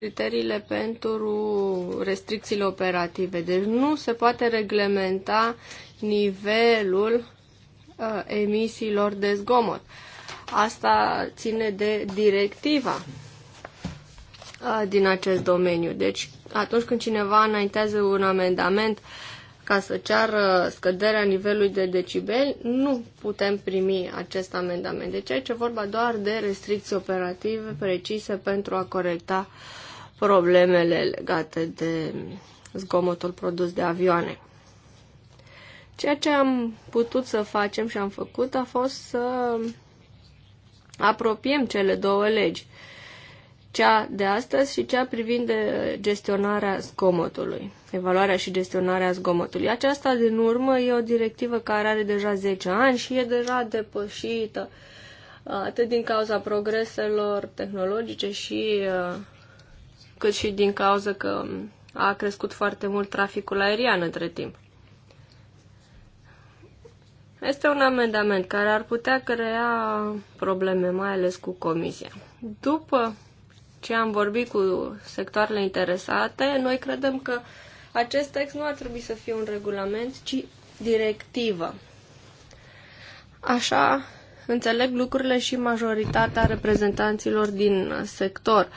criteriile pentru restricțiile operative. Deci nu se poate reglementa nivelul uh, emisiilor de zgomot. Asta ține de directiva uh, din acest domeniu. Deci atunci când cineva înaintează un amendament ca să ceară scăderea nivelului de decibel, nu putem primi acest amendament. Deci aici e vorba doar de restricții operative precise pentru a corecta uh, problemele legate de zgomotul produs de avioane. Ceea ce am putut să facem și am făcut a fost să apropiem cele două legi, cea de astăzi și cea privind de gestionarea zgomotului, evaluarea și gestionarea zgomotului. Aceasta, din urmă, e o directivă care are deja 10 ani și e deja depășită uh, atât din cauza progreselor tehnologice și uh, cât și din cauza că a crescut foarte mult traficul aerian între timp. Este un amendament care ar putea crea probleme, mai ales cu comisia. După ce am vorbit cu sectoarele interesate, noi credem că acest text nu ar trebui să fie un regulament, ci directivă. Așa înțeleg lucrurile și majoritatea reprezentanților din sector. Uh,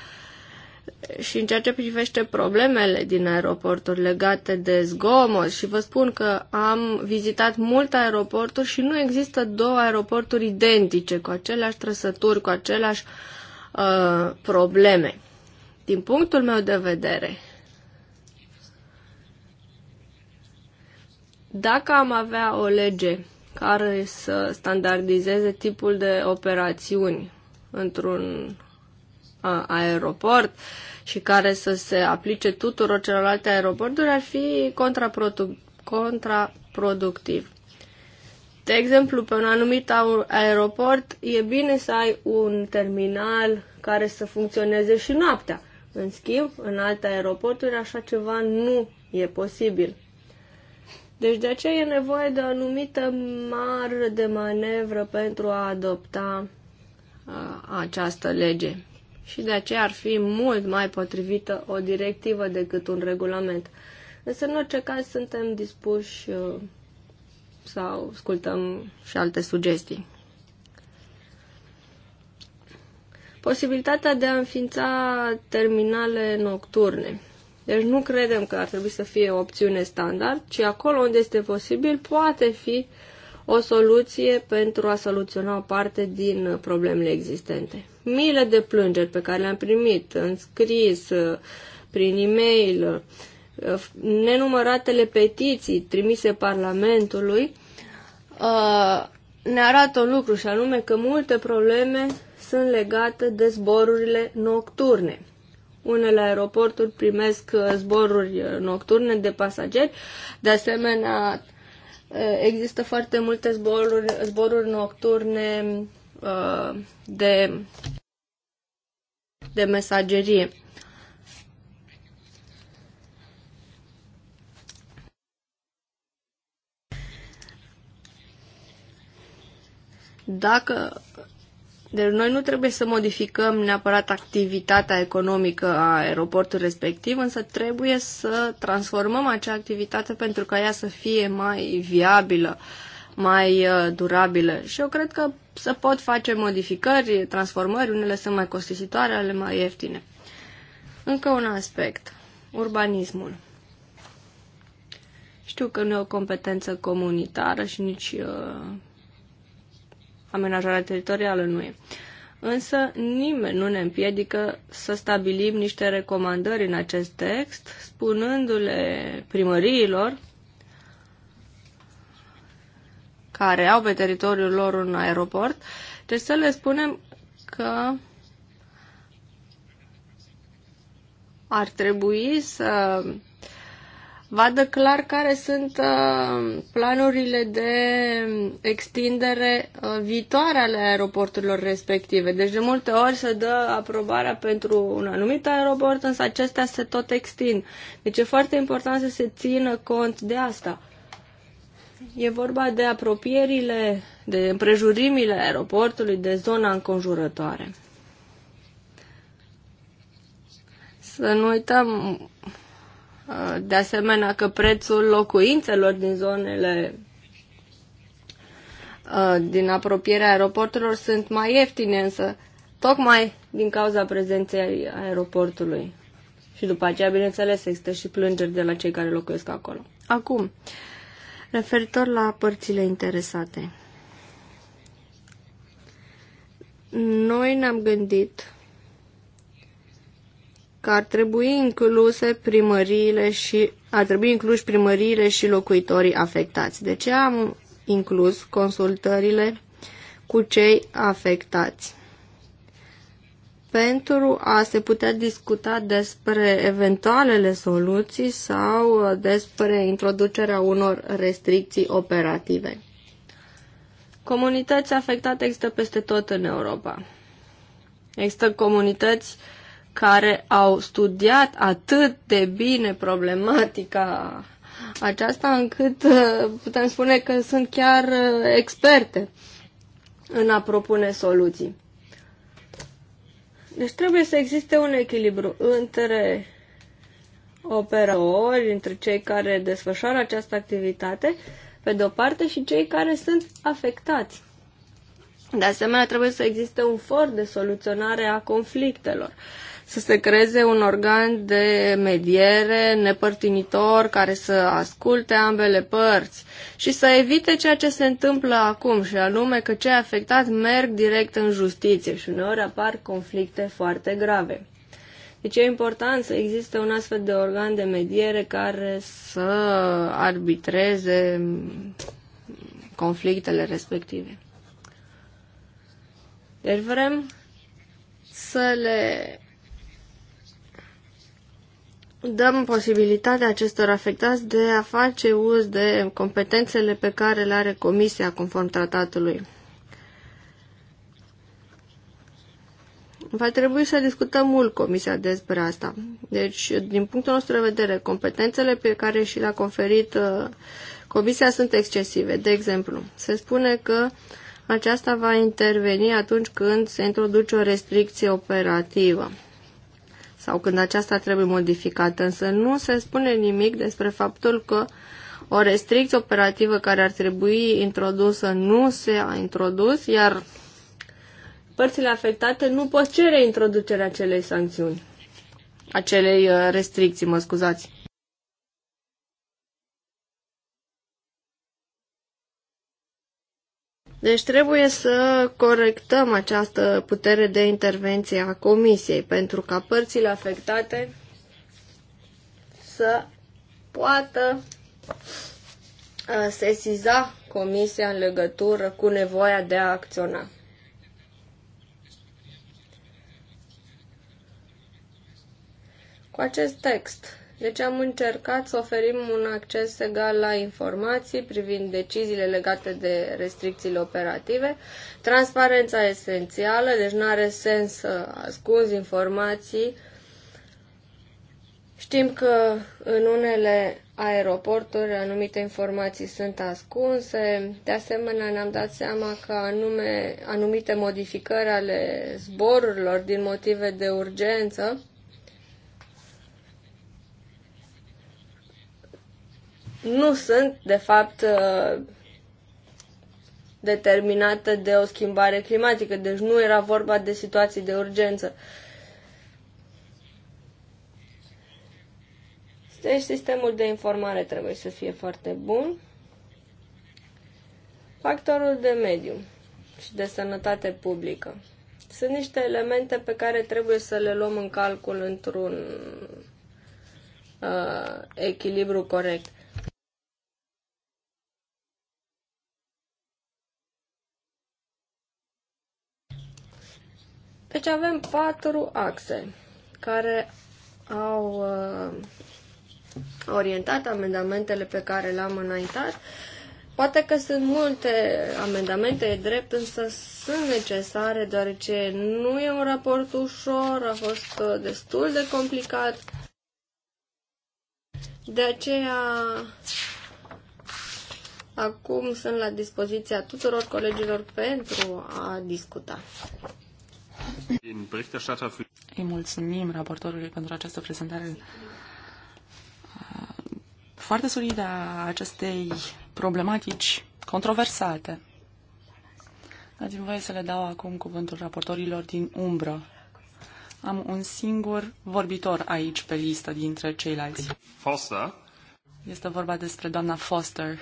și în ceea ce privește problemele din aeroporturi legate de zgomot și vă spun că am vizitat multe aeroporturi și nu există două aeroporturi identice, cu aceleași trăsături, cu aceleași uh, probleme. Din punctul meu de vedere, dacă am avea o lege care să standardizeze tipul de operațiuni într-un aeroport și care să se aplice tuturor celorlalte aeroporturi ar fi contraproductiv. De exemplu, pe un anumit aeroport e bine să ai un terminal care să funcționeze și noaptea. În schimb, în alte aeroporturi așa ceva nu e posibil. Deci de aceea e nevoie de o anumită mare de manevră pentru a adopta a, această lege și de aceea ar fi mult mai potrivită o directivă decât un regulament. Însă, în orice caz, suntem dispuși uh, sau ascultăm și alte sugestii. Posibilitatea de a înființa terminale nocturne. Deci nu credem că ar trebui să fie o opțiune standard, ci acolo unde este posibil poate fi o soluție pentru a soluționa o parte din problemele existente. Mile de plângeri pe care le-am primit în scris, uh, prin e-mail, uh, nenumăratele petiții trimise Parlamentului, uh, ne arată un lucru și anume că multe probleme sunt legate de zborurile nocturne. Unele aeroporturi primesc zboruri nocturne de pasageri, de asemenea există foarte multe zboruri, zboruri nocturne uh, de, de mesagerie. Dacă deci noi nu trebuie să modificăm neapărat activitatea economică a aeroportului respectiv, însă trebuie să transformăm acea activitate pentru ca ea să fie mai viabilă, mai uh, durabilă. Și eu cred că să pot face modificări, transformări, unele sunt mai costisitoare, ale mai ieftine. Încă un aspect, urbanismul. Știu că nu e o competență comunitară și nici uh, amenajarea teritorială nu e. Însă nimeni nu ne împiedică să stabilim niște recomandări în acest text, spunându-le primăriilor care au pe teritoriul lor un aeroport, deci să le spunem că ar trebui să vadă clar care sunt uh, planurile de extindere uh, viitoare ale aeroporturilor respective. Deci de multe ori se dă aprobarea pentru un anumit aeroport, însă acestea se tot extind. Deci e foarte important să se țină cont de asta. E vorba de apropierile, de împrejurimile aeroportului, de zona înconjurătoare. Să nu uităm uh, de asemenea că prețul locuințelor din zonele uh, din apropierea aeroporturilor sunt mai ieftine, însă tocmai din cauza prezenței aeroportului. Și după aceea, bineînțeles, există și plângeri de la cei care locuiesc acolo. Acum, uh, referitor la părțile interesate. Noi ne-am gândit că ar trebui incluse primăriile și ar trebui incluși primăriile și locuitorii afectați. De ce am inclus consultările cu cei afectați? pentru a se putea discuta despre eventualele soluții sau despre introducerea unor restricții operative. Comunități afectate există peste tot în Europa. Există comunități care au studiat atât de bine problematica aceasta încât uh, putem spune că sunt chiar uh, experte în a propune soluții. Deci trebuie să existe un echilibru între operatori, între cei care desfășoară această activitate, pe de-o parte, și cei care sunt afectați. De asemenea, trebuie să existe un for de soluționare a conflictelor. Uh, să se creeze un organ de mediere nepărtinitor care să asculte ambele părți și să evite ceea ce se întâmplă acum și anume că cei afectați merg direct în justiție și uneori apar conflicte foarte grave. Deci e important să existe un astfel de organ de mediere care să arbitreze conflictele respective. Deci vrem să le dăm posibilitatea acestor afectați de a face uz de competențele pe care le are Comisia conform tratatului. Va trebui să discutăm mult Comisia despre asta. Deci, din punctul nostru de vedere, competențele pe care și le-a conferit uh, Comisia sunt excesive. De exemplu, se spune că aceasta va interveni atunci când se introduce o restricție operativă sau când aceasta trebuie modificată, însă nu se spune nimic despre faptul că o restricție operativă care ar trebui introdusă nu se a introdus, iar părțile afectate nu pot cere introducerea acelei sancțiuni, acelei uh, restricții, mă scuzați. Deci trebuie să corectăm această putere de intervenție a Comisiei pentru ca părțile afectate să poată sesiza Comisia în legătură cu nevoia de a acționa. Cu acest text deci am încercat să oferim un acces egal la informații privind deciziile legate de restricțiile operative. Transparența esențială, deci nu are sens să ascunzi informații. Știm că în unele aeroporturi anumite informații sunt ascunse. De asemenea, ne-am dat seama că anume, anumite modificări ale zborurilor din motive de urgență nu sunt, de fapt, uh, determinată de o schimbare climatică, deci nu era vorba de situații de urgență. Deci sistemul de informare trebuie să fie foarte bun. Factorul de mediu și de sănătate publică. Sunt niște elemente pe care trebuie să le luăm în calcul într-un uh, echilibru corect. Deci avem patru axe care au uh, orientat amendamentele pe care le-am înaintat. Poate că sunt multe amendamente, e drept, însă sunt necesare, deoarece nu e un raport ușor, a fost uh, destul de complicat. De aceea, acum sunt la dispoziția tuturor colegilor pentru a discuta. Îi mulțumim raportorului pentru această prezentare uh, foarte solidă a acestei problematici controversate. Dați-mi voie să le dau acum cuvântul raportorilor din umbră. Am un singur vorbitor aici pe listă dintre ceilalți. Foster. Este vorba despre doamna Foster.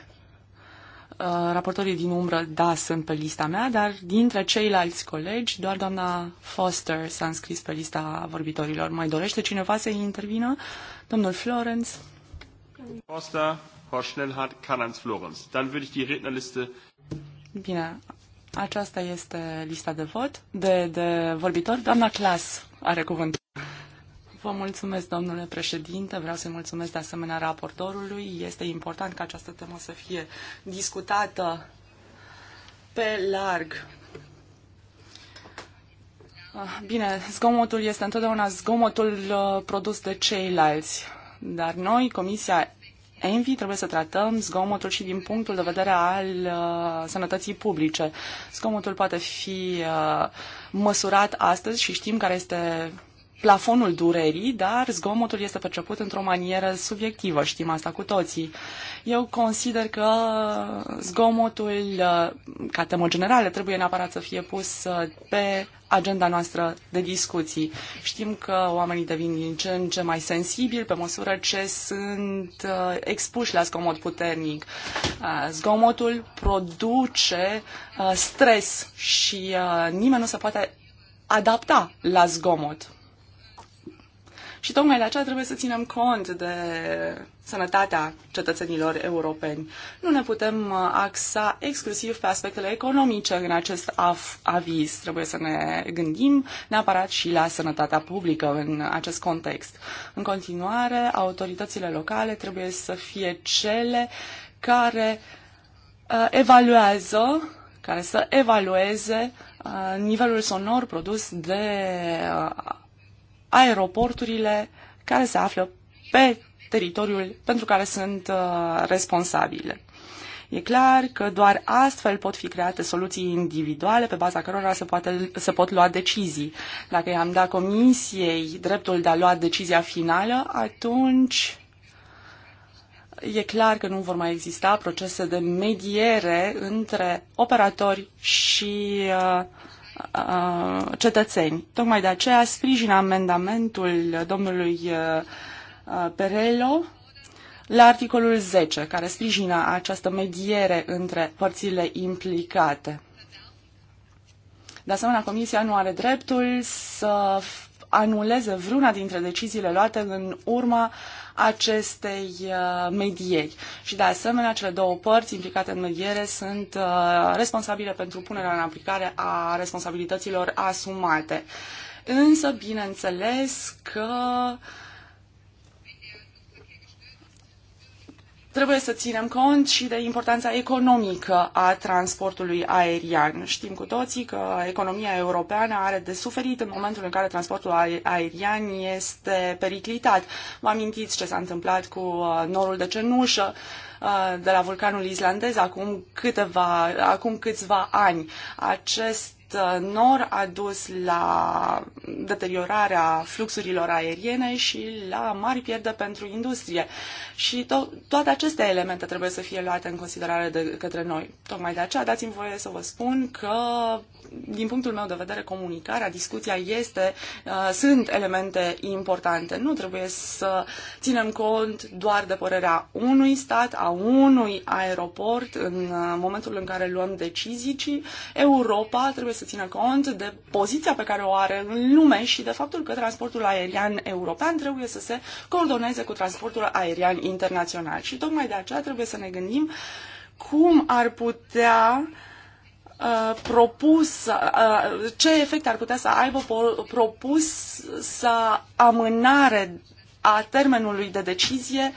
Uh, raportorii din umbră, da, sunt pe lista mea, dar dintre ceilalți colegi, doar doamna Foster s-a înscris pe lista vorbitorilor. Mai dorește cineva să intervină? Domnul Florence. Foster, Horst Schnellhardt, Karl-Heinz Florence. Dann würde ich die Rednerliste... Bine, aceasta este lista de vot, de, de vorbitori. Doamna Clas are cuvântul. Vă mulțumesc, domnule președinte. Vreau să-i mulțumesc de asemenea raportorului. Este important ca această temă să fie discutată pe larg. Ah, bine, zgomotul este întotdeauna zgomotul uh, produs de ceilalți, dar noi, Comisia Envi trebuie să tratăm zgomotul și din punctul de vedere al uh, sănătății publice. Zgomotul poate fi uh, măsurat astăzi și știm care este plafonul durerii, dar zgomotul este perceput într-o manieră subiectivă, știm asta cu toții. Eu consider că zgomotul, uh, ca temă generală, trebuie neapărat să fie pus uh, pe agenda noastră de discuții. Știm că oamenii devin din ce în ce mai sensibili pe măsură ce sunt uh, expuși la zgomot puternic. Zgomotul produce stres și nimeni nu se poate adapta la zgomot. Și tocmai de aceea trebuie să ținem cont de sănătatea cetățenilor europeni. Nu ne putem uh, axa exclusiv pe aspectele economice în acest aviz. Trebuie să ne gândim neapărat și la sănătatea publică în acest context. În continuare, autoritățile locale trebuie să fie cele care uh, evaluează, care să evalueze uh, nivelul sonor produs de aeroporturile care se află pe teritoriul pentru care sunt uh, responsabile. E clar că doar astfel pot fi create soluții individuale pe baza cărora se, poate, se pot lua decizii. Dacă i-am dat comisiei dreptul de a lua decizia finală, atunci e clar că nu vor mai exista procese de mediere între operatori și uh, Uh, cetățeni. Tocmai de aceea sprijin amendamentul domnului uh, uh, Perelo la articolul 10, care sprijină această mediere între părțile implicate. De asemenea, Comisia nu are dreptul să anuleze vreuna dintre deciziile luate în urma acestei uh, medieri. Și de asemenea, cele două părți implicate în mediere sunt uh, responsabile pentru punerea în aplicare a responsabilităților asumate. Însă, bineînțeles că uh, trebuie să ținem cont și de importanța economică a transportului aerian. Știm cu toții că economia europeană are de suferit în momentul în care transportul aerian este periclitat. Vă amintiți ce s-a întâmplat cu uh, norul de cenușă uh, de la vulcanul islandez acum, câteva, acum câțiva ani. Acest Uh, nor a dus la deteriorarea fluxurilor aeriene și la mari pierde pentru industrie. Și to- toate aceste elemente trebuie să fie luate în considerare de către noi. Tocmai de aceea dați-mi voie să vă spun că, din punctul meu de vedere, comunicarea, discuția este, uh, sunt elemente importante. Nu trebuie să ținem cont doar de părerea unui stat, a unui aeroport în uh, momentul în care luăm decizii, ci Europa trebuie să țină cont de poziția pe care o are în lume și de faptul că transportul aerian european trebuie să se coordoneze cu transportul aerian internațional. Și tocmai de aceea trebuie să ne gândim cum ar putea uh, propus, uh, ce efect ar putea să aibă propus să amânare a termenului de decizie,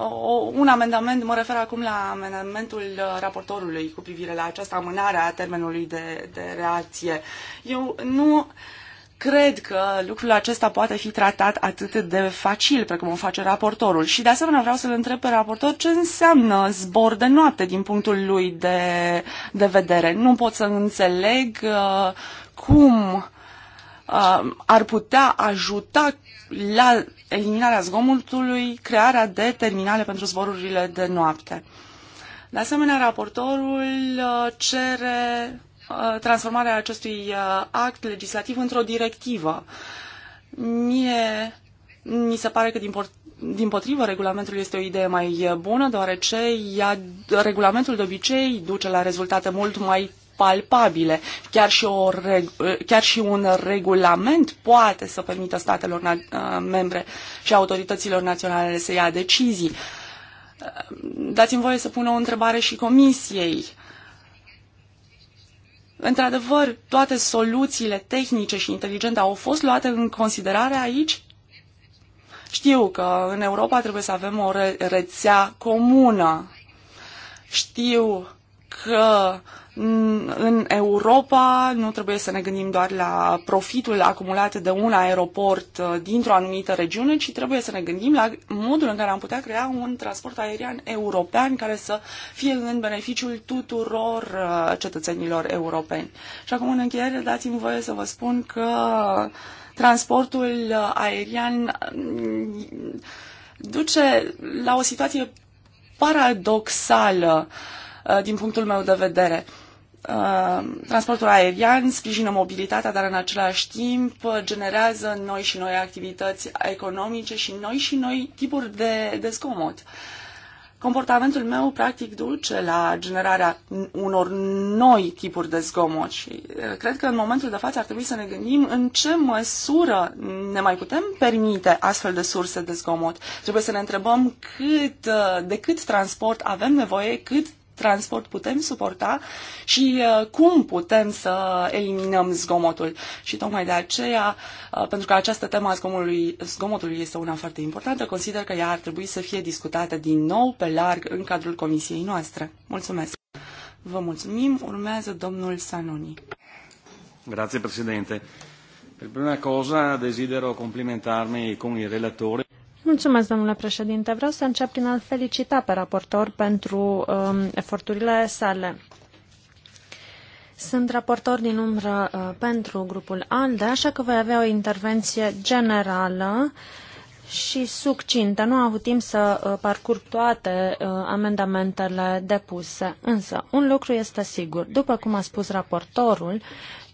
uh, un amendament, mă refer acum la amendamentul uh, raportorului cu privire la această amânare a termenului de, de reacție. Eu nu cred că lucrul acesta poate fi tratat atât de facil precum o face raportorul. Și de asemenea vreau să-l întreb pe raportor ce înseamnă zbor de noapte din punctul lui de, de vedere. Nu pot să înțeleg uh, cum uh, ar putea ajuta la eliminarea zgomotului, crearea de terminale pentru zborurile de noapte. De asemenea, raportorul uh, cere uh, transformarea acestui uh, act legislativ într-o directivă. Mie mi se pare că din, por- din potrivă regulamentul este o idee mai bună, deoarece ea, regulamentul de obicei duce la rezultate mult mai palpabile. Chiar și, o, chiar și un regulament poate să permită statelor uh, membre și autorităților naționale să ia decizii. Uh, dați-mi voie să pun o întrebare și Comisiei. Într-adevăr, toate soluțiile tehnice și inteligente au fost luate în considerare aici? Știu că în Europa trebuie să avem o re- rețea comună. Știu că uh, în Europa nu trebuie să ne gândim doar la profitul acumulat de un aeroport uh, dintr-o anumită regiune, ci trebuie să ne gândim la modul în care am putea crea un transport aerian european care să fie în beneficiul tuturor uh, cetățenilor europeni. Și acum, în încheiere, dați-mi voie să vă spun că transportul uh, aerian duce la o situație paradoxală din punctul meu de vedere. Uh, transportul aerian sprijină mobilitatea, dar în același timp generează noi și noi activități economice și noi și noi tipuri de, de zgomot. Comportamentul meu practic duce la generarea unor noi tipuri de zgomot și uh, cred că în momentul de față ar trebui să ne gândim în ce măsură ne mai putem permite astfel de surse de zgomot. Trebuie să ne întrebăm cât, uh, de cât transport avem nevoie, cât transport putem suporta și uh, cum putem să eliminăm zgomotul. Și tocmai de aceea, uh, pentru că această temă a zgomotului, zgomotului este una foarte importantă, consider că ea ar trebui să fie discutată din nou pe larg în cadrul comisiei noastre. Mulțumesc! Vă mulțumim. Urmează domnul Sanoni. Grazie președinte. Per prima cosa desidero complimentarmi con il relatore. Mulțumesc, domnule președinte. Vreau să încep prin a-l felicita pe raportor pentru um, eforturile sale. Sunt raportor din umbră uh, pentru grupul ALDE, așa că voi avea o intervenție generală uh, și succintă. Nu am avut timp să uh, parcurg toate uh, amendamentele depuse, însă un lucru este sigur. După cum a spus raportorul,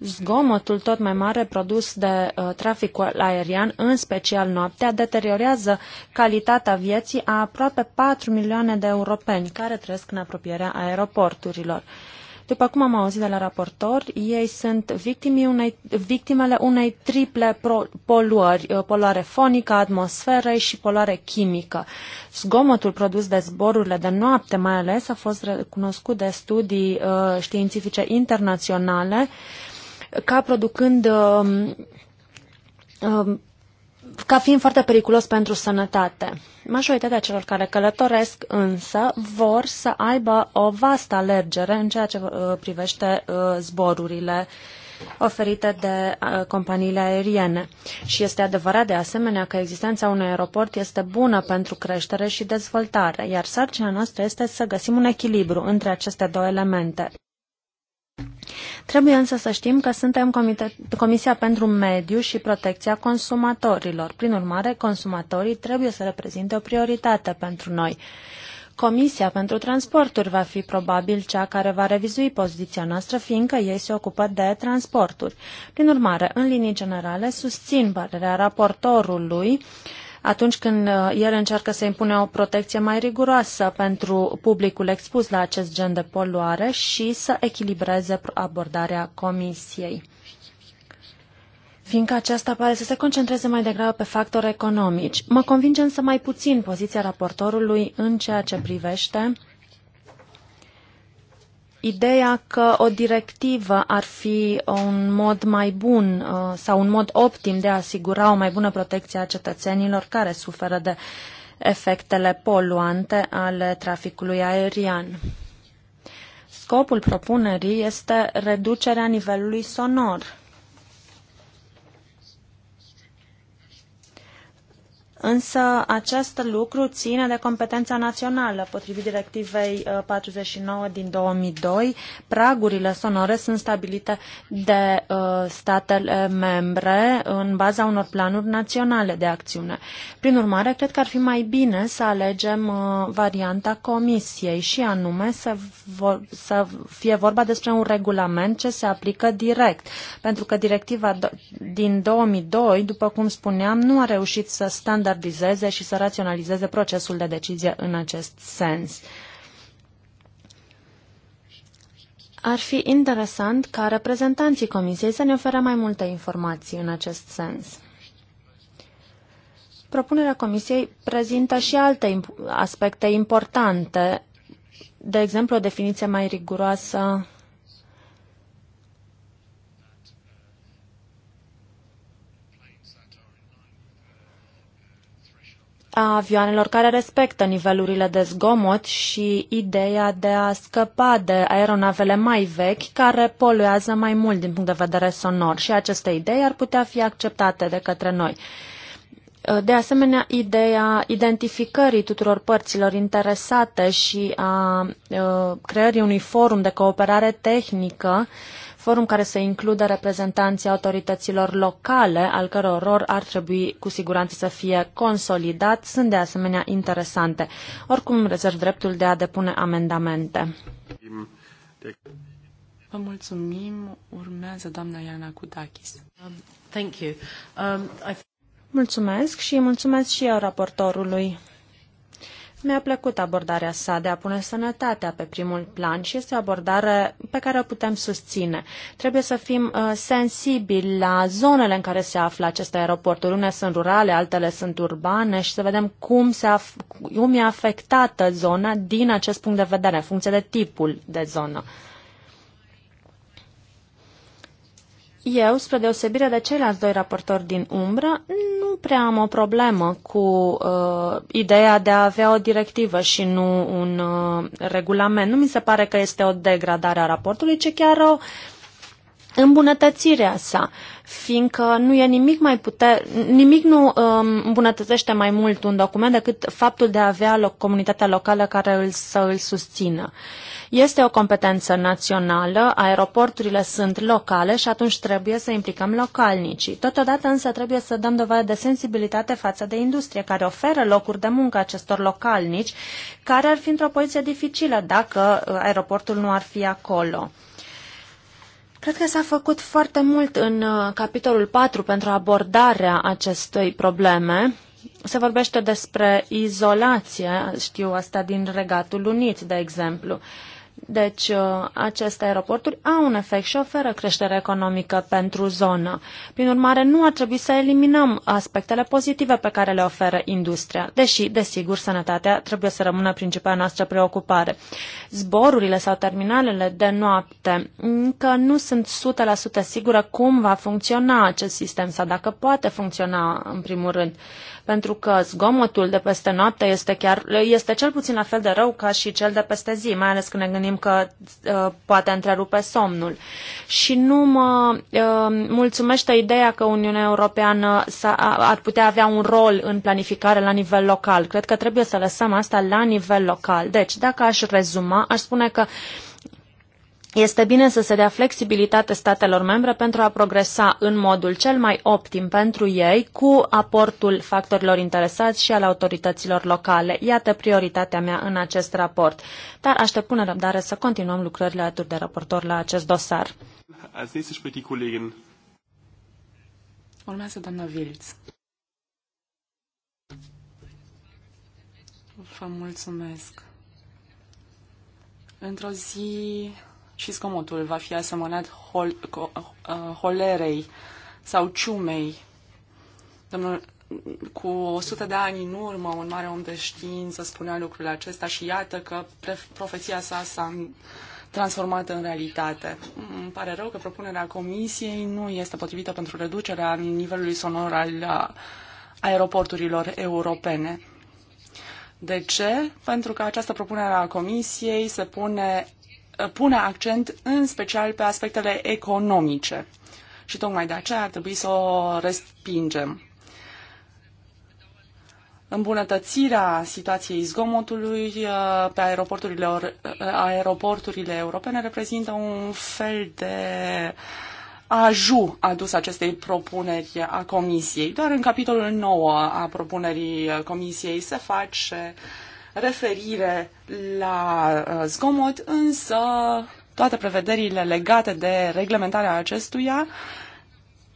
zgomotul tot mai mare produs de uh, traficul aerian, în special noaptea, deteriorează calitatea vieții a aproape 4 milioane de europeni care trăiesc în apropierea aeroporturilor. După cum am auzit de la raportor, ei sunt unei, victimele unei triple pro, poluări, uh, poluare fonică, atmosferei și poluare chimică. Zgomotul produs de zborurile de noapte, mai ales, a fost recunoscut de studii uh, științifice internaționale ca producând uh, uh, ca fiind foarte periculos pentru sănătate. Majoritatea celor care călătoresc însă vor să aibă o vastă alergere în ceea ce uh, privește uh, zborurile oferite de uh, companiile aeriene. Și este adevărat de asemenea că existența unui aeroport este bună pentru creștere și dezvoltare, iar sarcina noastră este să găsim un echilibru între aceste două elemente. Trebuie însă să știm că suntem Comisia pentru Mediu și Protecția Consumatorilor. Prin urmare, consumatorii trebuie să reprezinte o prioritate pentru noi. Comisia pentru Transporturi va fi probabil cea care va revizui poziția noastră, fiindcă ei se ocupă de transporturi. Prin urmare, în linii generale, susțin părerea raportorului uh, atunci când uh, el încearcă să impune o protecție mai riguroasă pentru publicul expus la acest gen de poluare și să echilibreze abordarea Comisiei fiindcă aceasta pare să se concentreze mai degrabă pe factori economici. Mă convinge însă mai puțin poziția raportorului în ceea ce privește ideea că o directivă ar fi un mod mai bun uh, sau un mod optim de a asigura o mai bună protecție a cetățenilor care suferă de efectele poluante ale traficului aerian. Scopul propunerii este reducerea nivelului sonor însă acest lucru ține de competența națională. Potrivit directivei 49 uh, din 2002, pragurile sonore sunt stabilite de uh, statele membre în baza unor planuri naționale de acțiune. Prin urmare, cred că ar fi mai bine să alegem uh, varianta comisiei și anume să, vor, să fie vorba despre un regulament ce se aplică direct, pentru că directiva din 2002, după cum spuneam, nu a reușit să standardizeze standardizeze și să raționalizeze procesul de decizie în acest sens. Ar fi interesant ca reprezentanții Comisiei să ne ofere mai multe informații în acest sens. Propunerea Comisiei prezintă și alte aspecte importante, de exemplu o definiție mai riguroasă a avioanelor care respectă nivelurile de zgomot și ideea de a scăpa de aeronavele mai vechi care poluează mai mult din punct de vedere sonor și aceste idei ar putea fi acceptate de către noi. De asemenea, ideea identificării tuturor părților interesate și a uh, creării unui forum de cooperare tehnică uh, forum care să includă reprezentanții autorităților locale, al căror rol ar trebui cu siguranță să fie consolidat, sunt de asemenea interesante. Oricum, rezerv dreptul de a depune amendamente. Vă mulțumim. Urmează doamna Iana Kudakis. Um, thank you. Um, I... Mulțumesc și mulțumesc și eu raportorului. Mi-a plăcut abordarea sa de a pune sănătatea pe primul plan și este o abordare pe care o putem susține. Trebuie să fim uh, sensibili la zonele în care se află aceste aeroporturi. Unele sunt rurale, altele sunt urbane și să vedem cum, se af- cum e afectată zona din acest punct de vedere, în funcție de tipul de zonă. Eu, spre deosebire de ceilalți doi raportori din umbră, nu prea am o problemă cu uh, ideea de a avea o directivă și nu un uh, regulament. Nu mi se pare că este o degradare a raportului, ci chiar o uh, îmbunătățirea sa, fiindcă nu e nimic mai puter, nimic nu um, îmbunătățește mai mult un document decât faptul de a avea loc, comunitatea locală care îl, să îl susțină. Este o competență națională, aeroporturile sunt locale și atunci trebuie să implicăm localnicii. Totodată însă trebuie să dăm dovadă de sensibilitate față de industrie care oferă locuri de muncă acestor localnici, care ar fi într-o poziție dificilă dacă uh, aeroportul nu ar fi acolo. Cred că s-a făcut foarte mult în uh, capitolul 4 pentru abordarea acestei probleme. Se vorbește despre izolație, știu asta din Regatul Unit, de exemplu. Uh, deci, uh, aceste aeroporturi au un efect și oferă creștere economică pentru zonă. Prin urmare, nu ar trebui să eliminăm aspectele pozitive pe care le oferă industria, deși, desigur, sănătatea trebuie să rămână principala noastră preocupare. Zborurile sau terminalele de noapte încă nu sunt 100% sigură cum va funcționa acest sistem sau dacă poate funcționa, în primul rând pentru că zgomotul de peste noapte este, chiar, este cel puțin la fel de rău ca și cel de peste zi, mai ales când ne gândim că uh, poate întrerupe somnul. Și nu mă uh, mulțumește ideea că Uniunea Europeană ar putea avea un rol în planificare la nivel local. Cred că trebuie să lăsăm asta la nivel local. Deci, dacă aș rezuma, aș spune că uh, este bine să se dea flexibilitate statelor membre pentru a progresa în modul cel mai optim pentru ei, cu aportul factorilor interesați și al autorităților locale. Iată prioritatea mea în acest raport. Dar aștept până răbdare să continuăm lucrările alături de raportor la acest dosar. Urmează doamna Vilț. Vă mulțumesc. Într-o zi și zgomotul va fi asemănat hol, uh, holerei sau ciumei. Domnul, cu 100 de ani în urmă, un mare om de știință spunea lucrurile acesta și iată că profeția sa s-a transformată în realitate. Mm, îmi pare rău că propunerea comisiei nu este potrivită pentru reducerea nivelului sonor al aeroporturilor europene. De ce? Pentru că această propunere a Comisiei se pune Uh, pune accent în special pe aspectele economice și tocmai de aceea ar trebui să o respingem. Îmbunătățirea situației zgomotului uh, pe aeroporturile, uh, aeroporturile europene reprezintă un fel de aju adus acestei propuneri a Comisiei. Doar în capitolul 9 a propunerii Comisiei se face uh, referire la uh, zgomot, însă toate prevederile legate de reglementarea acestuia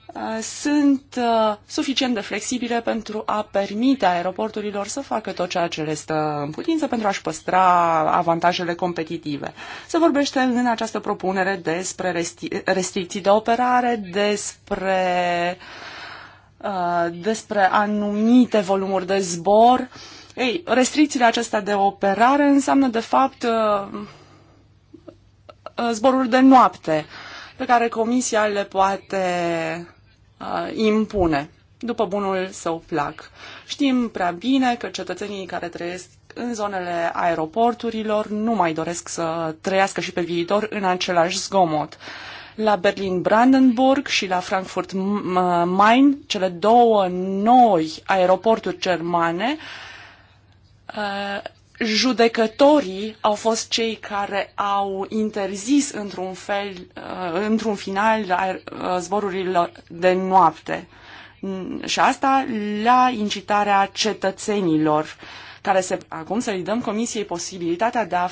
uh, sunt uh, suficient de flexibile pentru a permite aeroporturilor să facă tot ceea ce le stă în putință pentru a-și păstra avantajele competitive. Se vorbește în această propunere despre restricții de operare, despre, despre anumite volumuri de zbor, ei, restricțiile acestea de operare înseamnă, de fapt, uh, uh, zboruri de noapte pe care comisia le poate uh, impune după bunul său plac. Știm prea bine că cetățenii care trăiesc în zonele aeroporturilor nu mai doresc să trăiască și pe viitor în același zgomot. La Berlin-Brandenburg și la Frankfurt-Main, cele două noi aeroporturi germane, uh, Uh, judecătorii au fost cei care au interzis într-un fel, uh, într-un final, uh, zborurile de noapte. Și asta la incitarea cetățenilor, care se, acum să-i dăm comisiei posibilitatea de a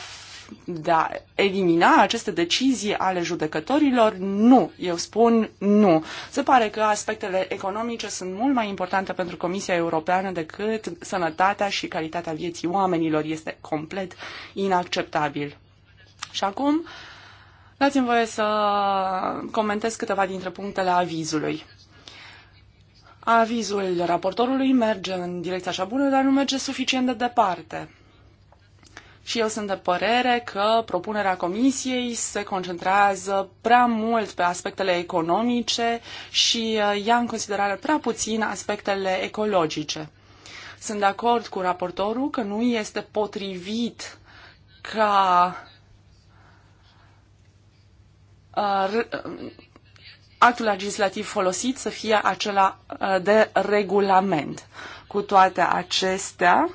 de a elimina aceste decizii ale judecătorilor? Nu, eu spun nu. Se pare că aspectele economice sunt mult mai importante pentru Comisia Europeană decât sănătatea și calitatea vieții oamenilor. Este complet inacceptabil. Și acum, dați-mi voie să comentez câteva dintre punctele avizului. Avizul raportorului merge în direcția așa bună, dar nu merge suficient de departe și eu sunt de părere că propunerea comisiei se concentrează prea mult pe aspectele economice și uh, ia în considerare prea puțin aspectele ecologice. Sunt de acord cu raportorul că nu este potrivit ca uh, actul legislativ folosit să fie acela uh, de regulament. Cu toate acestea,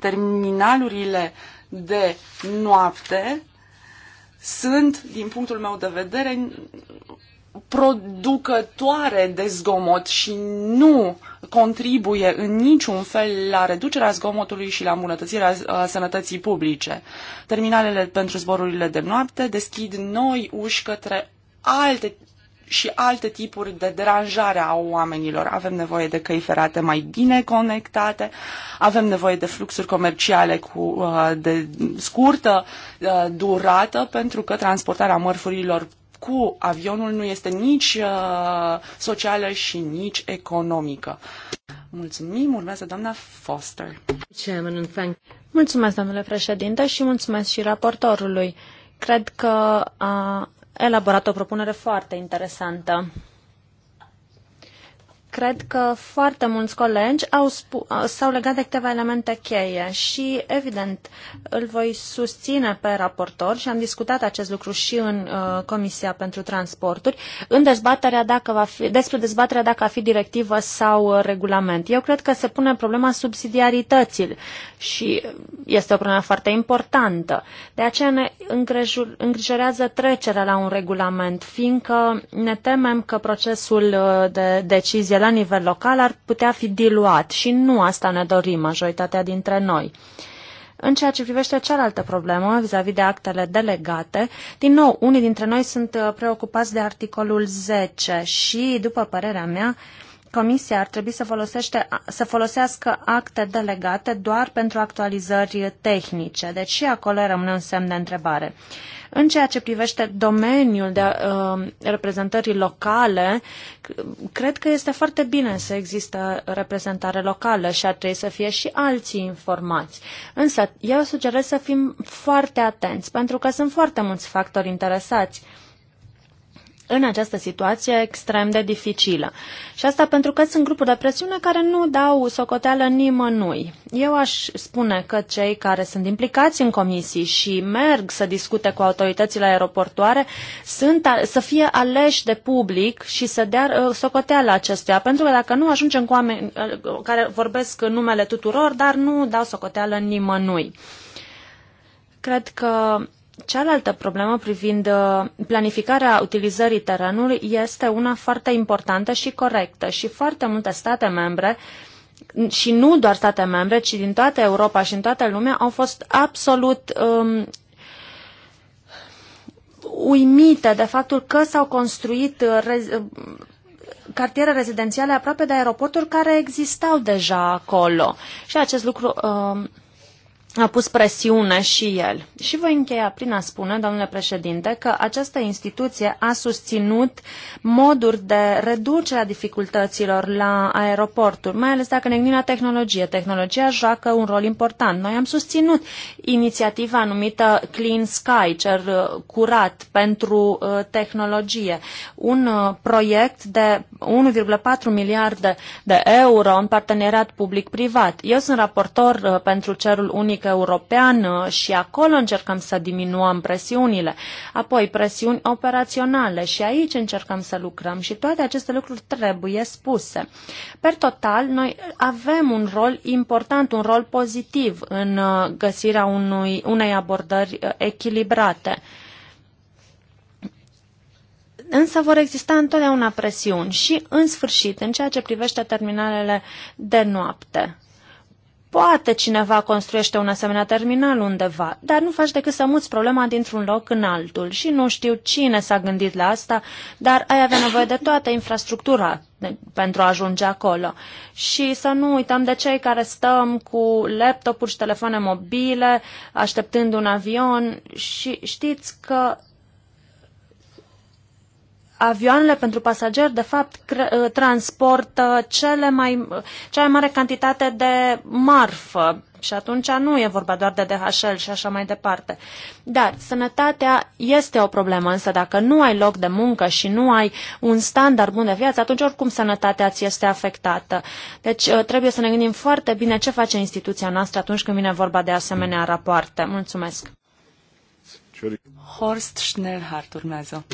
terminalurile de noapte sunt, din punctul meu de vedere, producătoare de zgomot și nu contribuie în niciun fel la reducerea zgomotului și la îmbunătățirea uh, sănătății publice. Terminalele pentru zborurile de noapte deschid noi uși către alte și alte tipuri de deranjare a oamenilor. Avem nevoie de căi ferate mai bine conectate, avem nevoie de fluxuri comerciale cu, uh, de scurtă uh, durată, pentru că transportarea mărfurilor cu avionul nu este nici uh, socială și nici economică. Mulțumim, urmează doamna Foster. Mulțumesc, domnule președinte, și mulțumesc și raportorului. Cred că a elaborat o propunere foarte interesantă cred că foarte mulți colegi au s-au legat de câteva elemente cheie și, evident, îl voi susține pe raportor și am discutat acest lucru și în uh, Comisia pentru Transporturi, în dezbaterea dacă va fi, despre dezbaterea dacă va fi directivă sau uh, regulament. Eu cred că se pune problema subsidiarității și este o problemă foarte importantă. De aceea ne îngrijorează trecerea la un regulament, fiindcă ne temem că procesul uh, de decizie la nivel local ar putea fi diluat și nu asta ne dorim majoritatea dintre noi. În ceea ce privește cealaltă problemă, vis-a-vis -vis de actele delegate, din nou, unii dintre noi sunt uh, preocupați de articolul 10 și, după părerea mea, uh, Comisia ar trebui să, folosește, să folosească acte delegate doar pentru actualizări tehnice. Deci și acolo rămâne un semn de întrebare. În ceea ce privește domeniul de uh, reprezentării locale, cred că este foarte bine să există reprezentare locală și ar trebui să fie și alții informați. Însă eu sugerez să fim foarte atenți, pentru că sunt foarte mulți factori interesați. Uh, în această situație extrem de dificilă. Și asta pentru că sunt grupuri de presiune care nu dau socoteală nimănui. Eu aș spune că cei care sunt implicați în comisii și merg să discute cu autoritățile aeroportoare sunt să fie aleși de public și să dea uh, socoteală acestuia, pentru că dacă nu ajungem cu oameni uh, care vorbesc în numele tuturor, dar nu dau socoteală nimănui. Cred că Cealaltă problemă privind uh, planificarea utilizării terenului este una foarte importantă și corectă și foarte multe state membre și nu doar state membre, ci din toată Europa și în toată lumea au fost absolut um, uimite de faptul că s-au construit uh, rez- uh, cartiere rezidențiale aproape de aeroporturi care existau deja acolo. Și acest lucru um, a pus presiune și el. Și voi încheia prin a spune, domnule președinte, că această instituție a susținut moduri de reducere a dificultăților la aeroporturi, mai ales dacă ne gândim la tehnologie. Tehnologia joacă un rol important. Noi am susținut inițiativa numită Clean Sky, cer uh, curat pentru uh, tehnologie, un uh, proiect de 1,4 miliarde de euro în parteneriat public-privat. Eu sunt raportor pentru cerul unic economică europeană și acolo încercăm să diminuăm presiunile, apoi presiuni operaționale și aici încercăm să lucrăm și toate aceste lucruri trebuie spuse. Per total, noi avem un rol important, un rol pozitiv în uh, găsirea unui, unei abordări uh, echilibrate. Însă vor exista întotdeauna presiuni și, în sfârșit, în ceea ce privește terminalele de noapte. Poate cineva construiește un asemenea terminal undeva, dar nu faci decât să muți problema dintr-un loc în altul și nu știu cine s-a gândit la asta, dar ai avea nevoie de toată infrastructura pentru a ajunge acolo. Și să nu uităm de cei care stăm cu laptopuri și telefoane mobile, așteptând un avion și știți că avioanele pentru pasageri, de fapt, uh, transportă cele mai, cea mai mare cantitate de marfă și atunci nu e vorba doar de DHL și așa mai departe. Dar sănătatea este o problemă, însă dacă nu ai loc de muncă și nu ai un standard bun de viață, atunci oricum sănătatea ți este afectată. Deci uh, trebuie să ne gândim foarte bine ce face instituția noastră atunci când vine vorba de asemenea rapoarte. Mulțumesc! Horst Schnellhardt urmează.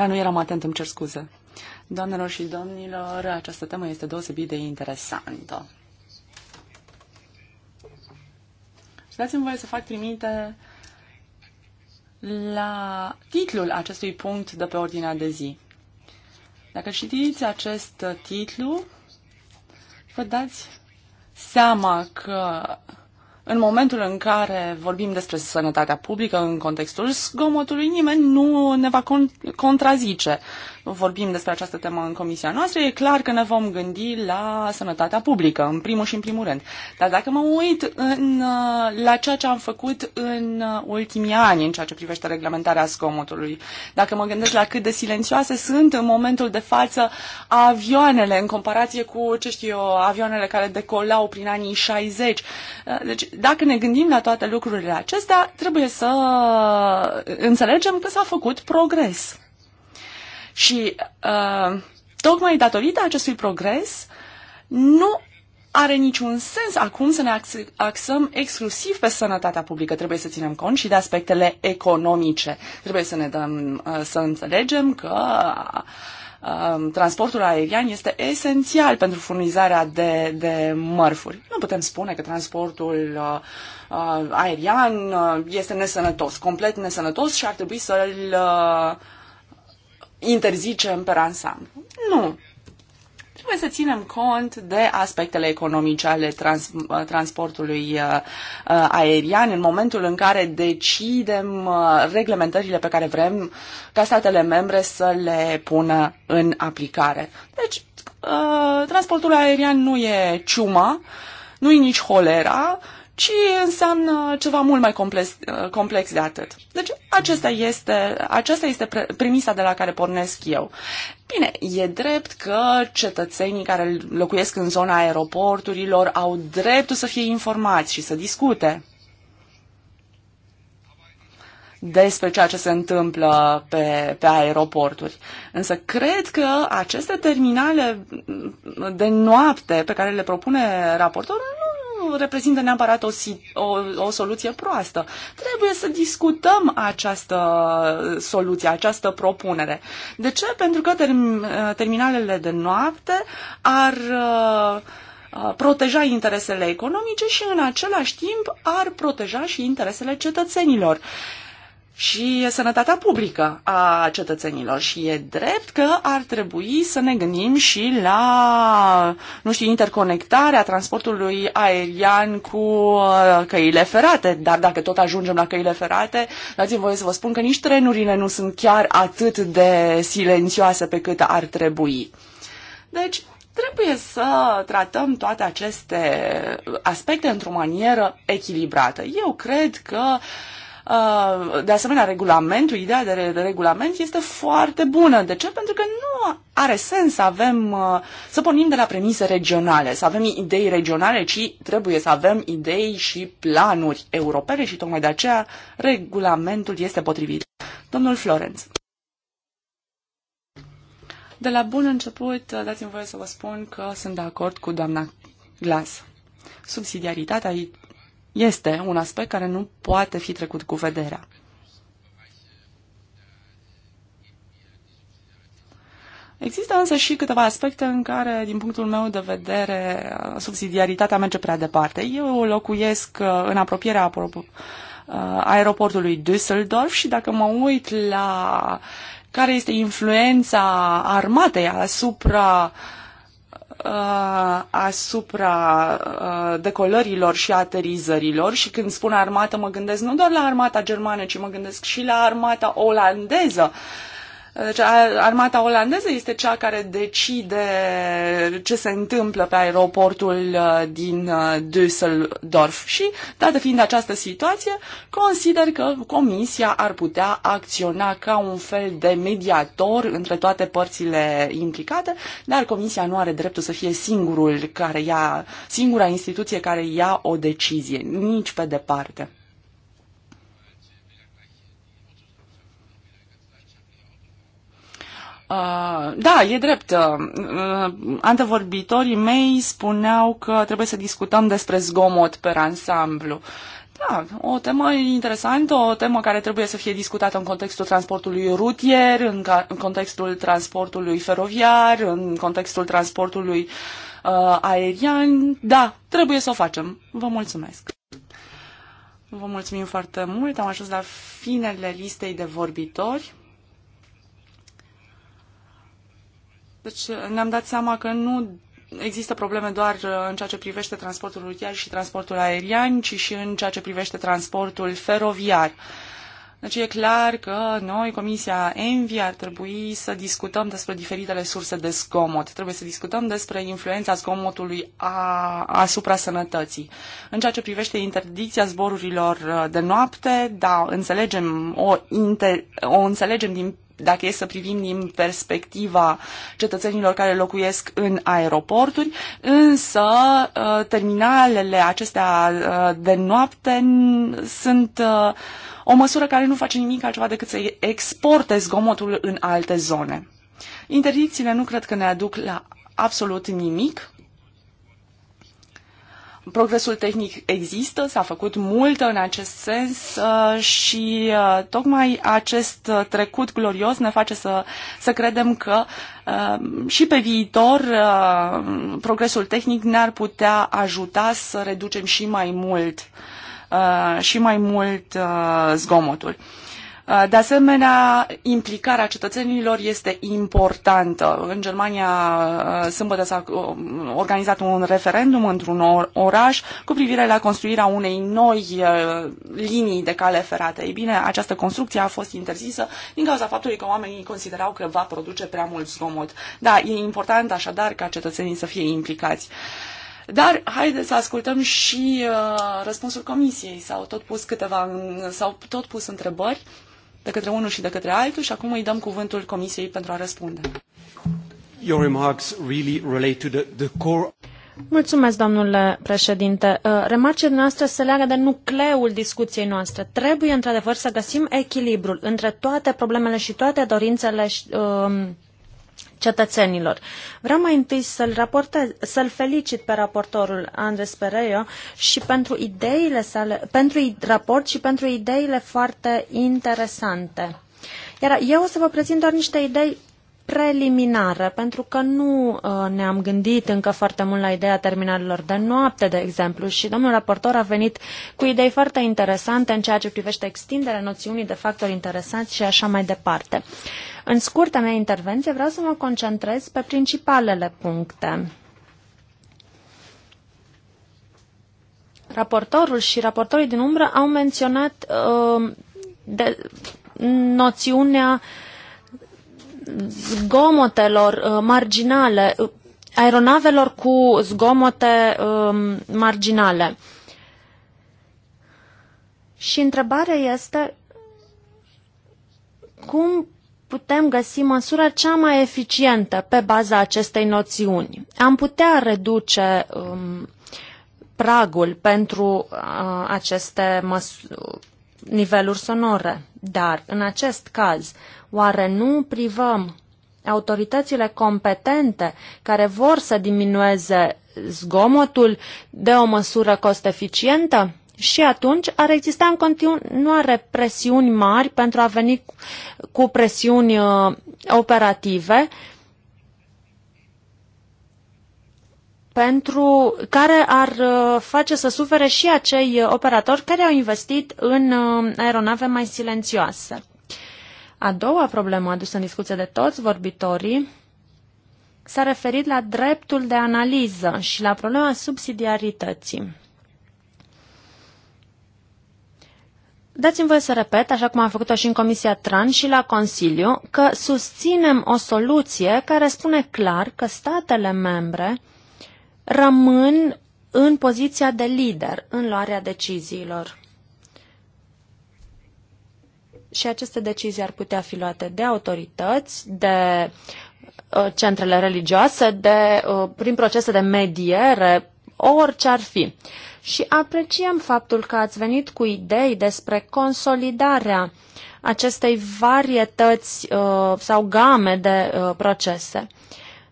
Da, nu eram atent, îmi cer scuze. Doamnelor și domnilor, această temă este deosebit de interesantă. Și dați-mi voie să fac primite la titlul acestui punct de pe ordinea de zi. Dacă știți acest titlu, vă dați seama că în momentul în care vorbim despre sănătatea publică în contextul zgomotului, nimeni nu ne va contrazice vorbim despre această temă în comisia noastră, e clar că ne vom gândi la sănătatea publică, în primul și în primul rând. Dar dacă mă uit în, uh, la ceea ce am făcut în uh, ultimii ani în ceea ce privește reglementarea zgomotului, dacă mă gândesc la cât de silențioase sunt în momentul de față avioanele în comparație cu, ce știu eu, avioanele care decolau prin anii 60. Uh, deci, dacă ne gândim la toate lucrurile acestea, trebuie să înțelegem că s-a făcut progres. Și uh, tocmai datorită acestui progres, nu are niciun sens acum să ne axăm exclusiv pe sănătatea publică. Trebuie să ținem cont și de aspectele economice. Trebuie să ne dăm, uh, să înțelegem că uh, transportul aerian este esențial pentru furnizarea de, de mărfuri. Nu putem spune că transportul uh, aerian este nesănătos, complet nesănătos și ar trebui să-l interzicem pe ansamblu. Nu. Trebuie să ținem cont de aspectele economice ale trans, transportului uh, uh, aerian în momentul în care decidem uh, reglementările pe care vrem ca statele membre să le pună în aplicare. Deci, uh, transportul aerian nu e ciuma, nu e nici holera, uh, ci înseamnă ceva mult mai complex, uh, complex de atât. Deci acesta este, aceasta este premisa de la care pornesc eu. Bine, e drept că cetățenii care locuiesc în zona aeroporturilor au dreptul să fie informați și să discute despre ceea ce se întâmplă pe, pe aeroporturi. Însă cred că aceste terminale de noapte pe care le propune raportorul nu reprezintă neapărat o, o, o soluție proastă. Trebuie să discutăm această soluție, această propunere. De ce? Pentru că term, uh, terminalele de noapte ar uh, uh, proteja interesele economice și în același timp ar proteja și interesele cetățenilor. Uh, și sănătatea publică a cetățenilor. Și e drept că ar trebui să ne gândim și la, nu știu, interconectarea transportului aerian cu uh, căile ferate. Dar dacă tot ajungem la căile ferate, dați-mi voie să vă spun că nici trenurile nu sunt chiar atât de silențioase pe cât ar trebui. Deci, trebuie să tratăm toate aceste aspecte într-o manieră echilibrată. Eu cred că uh, Uh, de asemenea, regulamentul, ideea de regulament este foarte bună. De ce? Pentru că nu are sens să avem, uh, să pornim de la premise regionale, să avem idei regionale, ci trebuie să avem idei și planuri europene și tocmai de aceea regulamentul este potrivit. Domnul Florenț. De la bun început, uh, dați-mi voie să vă spun că sunt de acord cu doamna Glas. Subsidiaritatea este un aspect care nu poate fi trecut cu vederea. Există însă și câteva aspecte în care, din punctul meu de vedere, subsidiaritatea merge prea departe. Eu locuiesc uh, în apropierea uh, aeroportului Düsseldorf și dacă mă uit la care este influența armatei asupra uh, Uh, asupra uh, decolărilor și aterizărilor și când spun armată mă gândesc nu doar la armata germană, ci mă gândesc și la armata olandeză. Uh, Uh, armata olandeză este cea care decide ce se întâmplă pe aeroportul uh, din uh, Düsseldorf și, dată fiind această situație, consider că Comisia ar putea acționa ca un fel de mediator între toate părțile implicate, dar Comisia nu are dreptul să fie singurul care ia, singura instituție care ia o decizie, nici pe departe. Uh, da, e drept. Uh, uh, antevorbitorii mei spuneau că trebuie să discutăm despre zgomot pe ansamblu. Da, o temă interesantă, o temă care trebuie să fie discutată în contextul transportului rutier, în, ca, în contextul transportului feroviar, în contextul transportului uh, aerian. Da, trebuie să o facem. Vă mulțumesc. Vă mulțumim foarte mult. Am ajuns la finele listei de vorbitori. Deci ne-am dat seama că nu există probleme doar uh, în ceea ce privește transportul rutier și transportul aerian, ci și în ceea ce privește transportul feroviar. Deci e clar că noi, Comisia Envi, ar trebui să discutăm despre diferitele surse de zgomot. Trebuie să discutăm despre influența zgomotului a, asupra sănătății. În ceea ce privește interdicția zborurilor uh, de noapte, da, înțelegem o, inter, o înțelegem din dacă e să privim din perspectiva cetățenilor care locuiesc în aeroporturi, însă uh, terminalele acestea uh, de noapte sunt uh, o măsură care nu face nimic altceva decât să exporte zgomotul în alte zone. Interdicțiile nu cred că ne aduc la absolut nimic. Progresul tehnic există, s-a făcut mult în acest sens uh, și uh, tocmai acest trecut glorios ne face să, să credem că uh, și pe viitor progresul tehnic ne-ar putea ajuta să reducem și mai mult și mai mult zgomotul. De asemenea, implicarea cetățenilor este importantă. În Germania, sâmbătă s-a organizat un referendum într-un oraș cu privire la construirea unei noi linii de cale ferată. Ei bine, această construcție a fost interzisă din cauza faptului că oamenii considerau că va produce prea mult zgomot. Da, e important așadar ca cetățenii să fie implicați. Dar haideți să ascultăm și uh, răspunsul comisiei. S-au tot pus câteva, s-au tot pus întrebări. Uh, de către unul și de către altul și acum îi dăm cuvântul Comisiei pentru a răspunde. Your remarks really relate to the, the core Mulțumesc, domnule președinte. Uh, remarcile noastre se leagă de nucleul discuției noastre. Trebuie, într-adevăr, să găsim echilibrul între toate problemele și toate dorințele um, cetățenilor. Vreau mai întâi să-l, să felicit pe raportorul Andres Pereio și pentru ideile sale, pentru raport și pentru ideile foarte interesante. Iar eu o să vă prezint doar niște idei preliminare, pentru că nu uh, ne-am gândit încă foarte mult la ideea terminalelor de noapte, de exemplu, și domnul raportor a venit cu idei foarte interesante în ceea ce privește extinderea noțiunii de factori interesanți și așa mai departe. Uh, în scurta mea intervenție vreau să mă concentrez pe principalele puncte. Raportorul și raportorii din umbră au menționat uh, de, noțiunea zgomotelor uh, marginale, uh, aeronavelor cu zgomote uh, marginale. Și întrebarea este cum putem găsi măsura cea mai eficientă pe baza acestei noțiuni. Am putea reduce um, pragul pentru uh, aceste niveluri sonore, dar în acest caz, oare nu privăm autoritățile competente care vor să diminueze zgomotul de o măsură cost eficientă? și atunci ar exista în continuare presiuni mari pentru a veni cu presiuni uh, operative pentru care ar uh, face să sufere și acei uh, operatori care au investit în aeronave mai silențioase. A doua problemă adusă în discuție de toți vorbitorii s-a referit la dreptul de analiză și la problema subsidiarității. Dați-mi voie să repet, așa cum am făcut-o și în Comisia TRAN și la Consiliu, că susținem o soluție care spune clar că statele membre rămân în poziția de lider în luarea deciziilor. Și aceste decizii ar putea fi luate de autorități, de uh, centrele religioase, de, uh, prin procese de mediere orice ar fi. Și apreciem faptul că ați venit cu idei despre consolidarea acestei varietăți uh, sau game de uh, procese.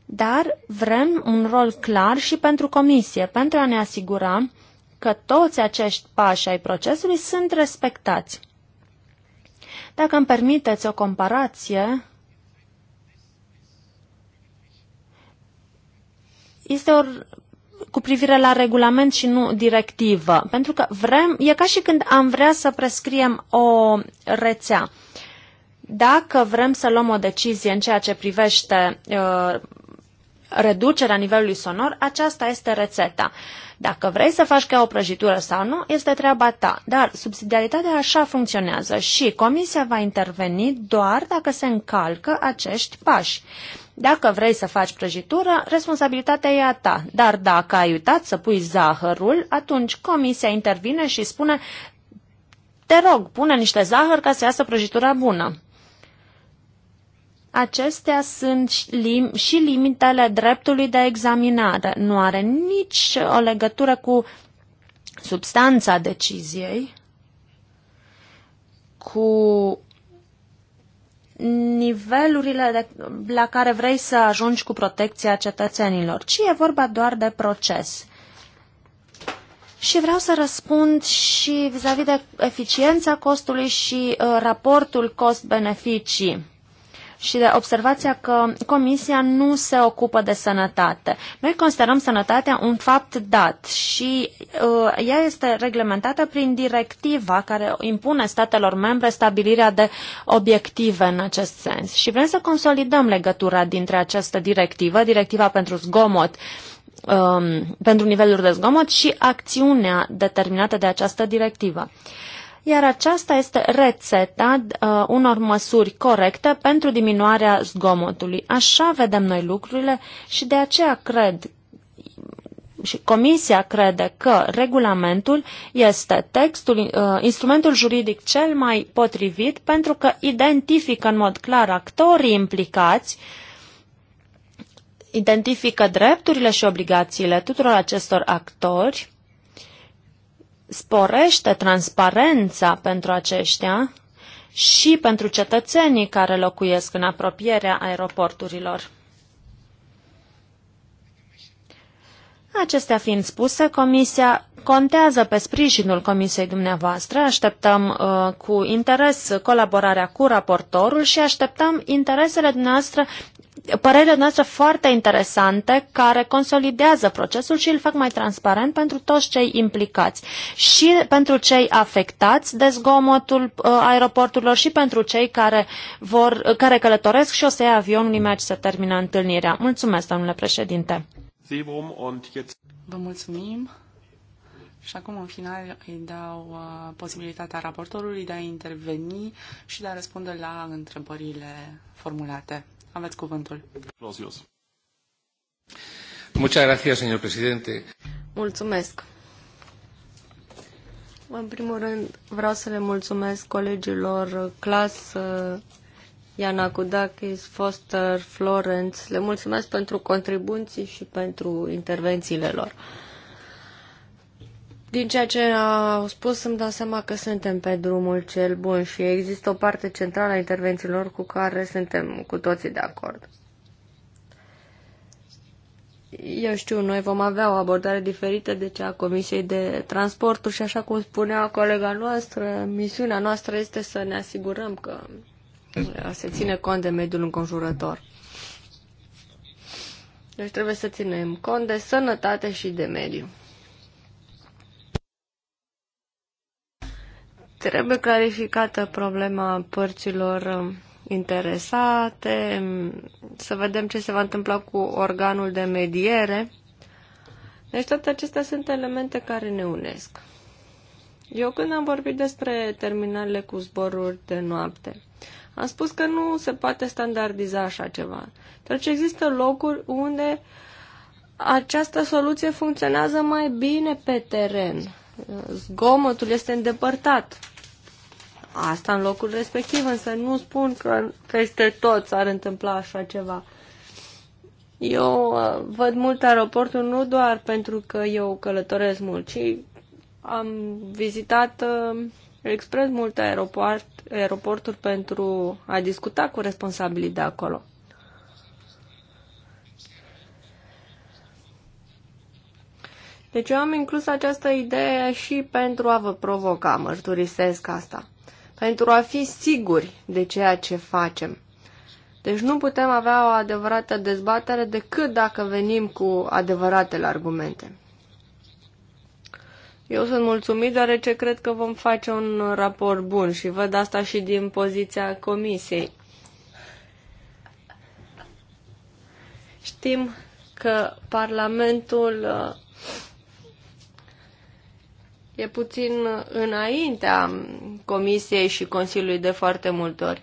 Dar vrem un rol clar și pentru comisie, pentru a ne asigura că toți acești pași ai procesului sunt respectați. Dacă îmi permiteți o comparație, este o cu privire la regulament și nu directivă. Pentru că vrem, e ca și când am vrea să prescriem o rețea. Dacă vrem să luăm o decizie în ceea ce privește uh, reducerea nivelului sonor, aceasta este rețeta. Dacă vrei să faci ca o prăjitură sau nu, este treaba ta. Dar subsidiaritatea așa funcționează și comisia va interveni doar dacă se încalcă acești pași. Dacă vrei să faci prăjitură, responsabilitatea e a ta. Dar dacă ai uitat să pui zahărul, atunci comisia intervine și spune te rog, pune niște zahăr ca să iasă prăjitura bună. Acestea sunt și limitele dreptului de examinare. Nu are nici o legătură cu substanța deciziei, cu nivelurile de, la care vrei să ajungi cu protecția cetățenilor, ci e vorba doar de proces. Și vreau să răspund și vis-a-vis -vis de eficiența costului și uh, raportul cost-beneficii și de observația că Comisia nu se ocupă de sănătate. Noi considerăm sănătatea un fapt dat și uh, ea este reglementată prin directiva care impune statelor membre stabilirea de obiective în acest sens. Și vrem să consolidăm legătura dintre această directivă, directiva pentru zgomot, um, pentru niveluri de zgomot și acțiunea determinată de această directivă iar aceasta este rețeta uh, unor măsuri corecte pentru diminuarea zgomotului. Așa vedem noi lucrurile și de aceea cred și Comisia crede că regulamentul este textul, uh, instrumentul juridic cel mai potrivit pentru că identifică în mod clar actorii implicați, identifică drepturile și obligațiile tuturor acestor actori sporește transparența pentru aceștia și pentru cetățenii care locuiesc în apropierea aeroporturilor. Acestea fiind spuse, Comisia contează pe sprijinul Comisiei dumneavoastră, așteptăm uh, cu interes colaborarea cu raportorul și așteptăm interesele dumneavoastră părerile noastre foarte interesante care consolidează procesul și îl fac mai transparent pentru toți cei implicați și pentru cei afectați de zgomotul uh, aeroporturilor și pentru cei care, vor, care călătoresc și o să ia avionul imediat să termină întâlnirea. Mulțumesc, domnule președinte. Vă mulțumim. Și acum, în final, îi dau uh, posibilitatea raportorului de a interveni și de a răspunde la întrebările formulate. Aveți cuvântul. Muchas gracias, señor presidente. Mulțumesc. În primul rând, vreau să le mulțumesc colegilor clas Iana Kudakis, Foster, Florence. Le mulțumesc pentru contribuții și pentru intervențiile lor. Din ceea ce au spus, îmi dau seama că suntem pe drumul cel bun și există o parte centrală a intervențiilor cu care suntem cu toții de acord. Eu știu, noi vom avea o abordare diferită de cea a Comisiei de Transporturi și așa cum spunea colega noastră, misiunea noastră este să ne asigurăm că se ține cont de mediul înconjurător. Deci trebuie să ținem cont de sănătate și de mediu. Trebuie clarificată problema părților interesate, să vedem ce se va întâmpla cu organul de mediere. Deci toate acestea sunt elemente care ne unesc. Eu când am vorbit despre terminalele cu zboruri de noapte, am spus că nu se poate standardiza așa ceva. Deci există locuri unde această soluție funcționează mai bine pe teren zgomotul este îndepărtat. Asta în locul respectiv, însă nu spun că peste tot s-ar întâmpla așa ceva. Eu uh, văd mult aeroportul nu doar pentru că eu călătoresc mult, ci am vizitat uh, expres multe aeroport, aeroporturi pentru a discuta cu responsabilii de acolo. Deci eu am inclus această idee și pentru a vă provoca, mărturisesc asta. Pentru a fi siguri de ceea ce facem. Deci nu putem avea o adevărată dezbatere decât dacă venim cu adevăratele argumente. Eu sunt mulțumit deoarece cred că vom face un raport bun și văd asta și din poziția comisiei. Știm că Parlamentul e puțin înaintea Comisiei și Consiliului de foarte multe ori.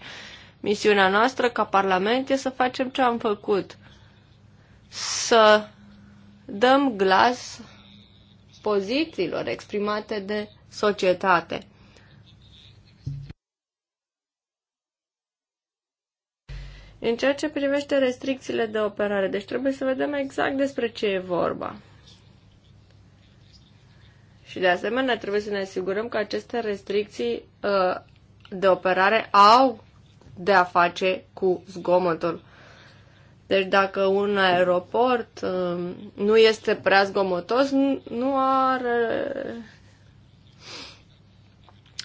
Misiunea noastră ca Parlament e să facem ce am făcut. Să dăm glas pozițiilor exprimate de societate. În ceea ce privește restricțiile de operare, deci trebuie să vedem exact despre ce e vorba. Și de asemenea trebuie să ne asigurăm că aceste restricții uh, de operare au de a face cu zgomotul. Deci dacă un aeroport uh, nu este prea zgomotos, nu are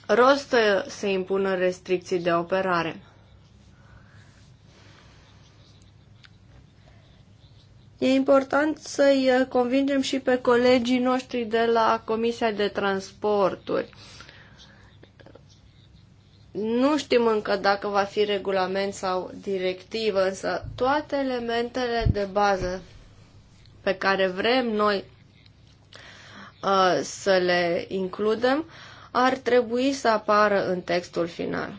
rost să impună restricții de operare. E important să-i uh, convingem și pe colegii noștri de la Comisia de Transporturi. Nu știm încă dacă va fi regulament sau directivă, însă toate elementele de bază pe care vrem noi uh, să le includem ar trebui să apară în textul final.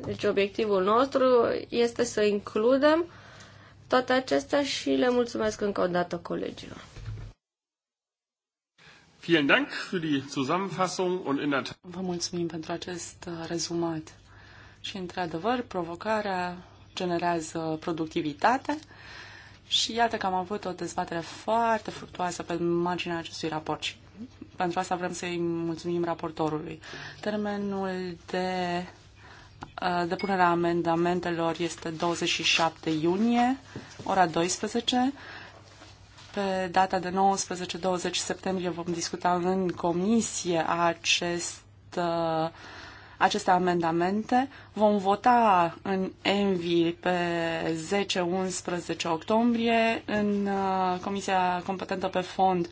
Deci obiectivul nostru este să includem toate acestea și le mulțumesc încă o dată colegilor. Vă mulțumim pentru acest uh, rezumat. Și, într-adevăr, provocarea generează productivitate și iată că am avut o dezbatere foarte fructuoasă pe marginea acestui raport și pentru asta vrem să-i mulțumim raportorului. Termenul de Uh, depunerea amendamentelor este 27 iunie, ora 12. Pe data de 19-20 septembrie vom discuta în comisie acest, uh, aceste amendamente. Vom vota în ENVI pe 10-11 octombrie, în uh, Comisia Competentă pe Fond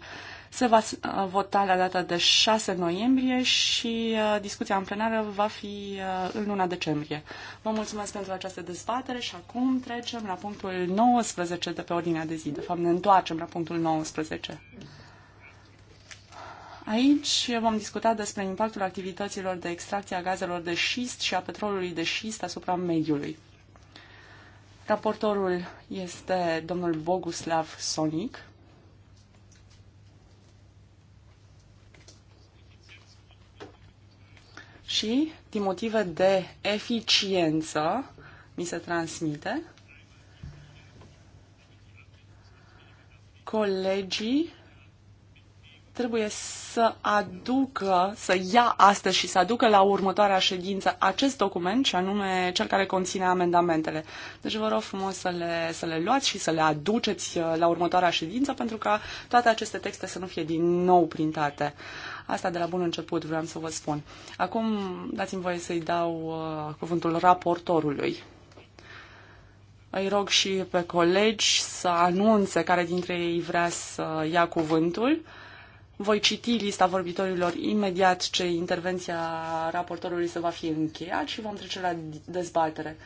se va uh, vota la data de 6 noiembrie și uh, discuția în plenară va fi uh, în luna decembrie. Vă mulțumesc pentru această dezbatere și acum trecem la punctul 19 de pe ordinea de zi. De fapt, ne întoarcem la punctul 19. Aici vom discuta despre impactul activităților de extracție a gazelor de șist și a petrolului de șist asupra mediului. Raportorul este domnul Boguslav Sonic. și, din motive de eficiență, mi se transmite, colegii trebuie să aducă, să ia astăzi și să aducă la următoarea ședință acest document, și anume cel care conține amendamentele. Deci vă rog frumos să le, să le luați și să le aduceți uh, la următoarea ședință, pentru ca toate aceste texte să nu fie din nou printate. Asta de la bun început vreau să vă spun. Acum dați-mi voie să-i dau uh, cuvântul raportorului. Îi rog și pe colegi să anunțe care dintre ei vrea să ia cuvântul. Voi citi lista vorbitorilor imediat ce intervenția raportorului se va fi încheiat și vom trece la dezbatere.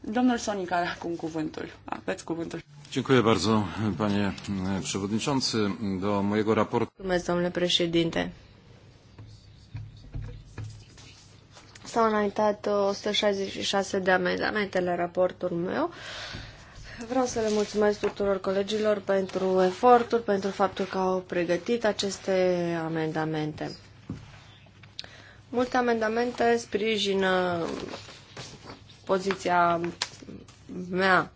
Domnul Sonic are acum cuvântul. Aveți cuvântul. Dziękuję bardzo, panie przewodniczący. Do mojego raportu... Mulțumesc, domnule președinte. S-au înaintat 166 uh, de amendamente la raportul meu. Vreau să le mulțumesc tuturor colegilor pentru eforturi, pentru faptul că au pregătit aceste amendamente. Multe amendamente sprijină poziția mea.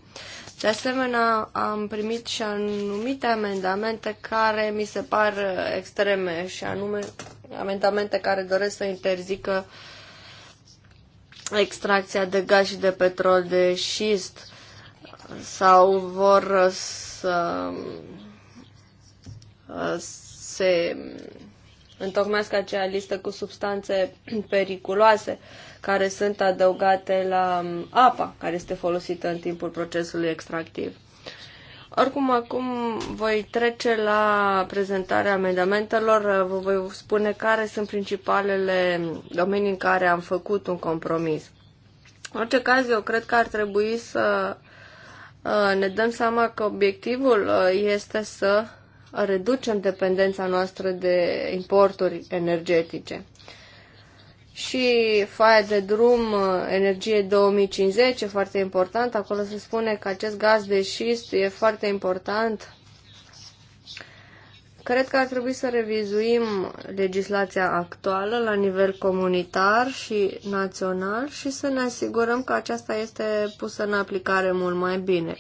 De asemenea, am primit și anumite amendamente care mi se par extreme și anume amendamente care doresc să interzică extracția de gaz și de petrol de șist sau vor să se întocmească acea listă cu substanțe periculoase care sunt adăugate la apa care este folosită în timpul procesului extractiv. Oricum, acum voi trece la prezentarea amendamentelor. Vă voi spune care sunt principalele domenii în care am făcut un compromis. În orice caz, eu cred că ar trebui să Uh, ne dăm seama că obiectivul uh, este să reducem dependența noastră de importuri energetice. Și faia de drum uh, Energie 2050 e foarte important. Acolo se spune că acest gaz de șist e foarte important Cred că ar trebui să revizuim legislația actuală la nivel comunitar și național și să ne asigurăm că aceasta este pusă în aplicare mult mai bine.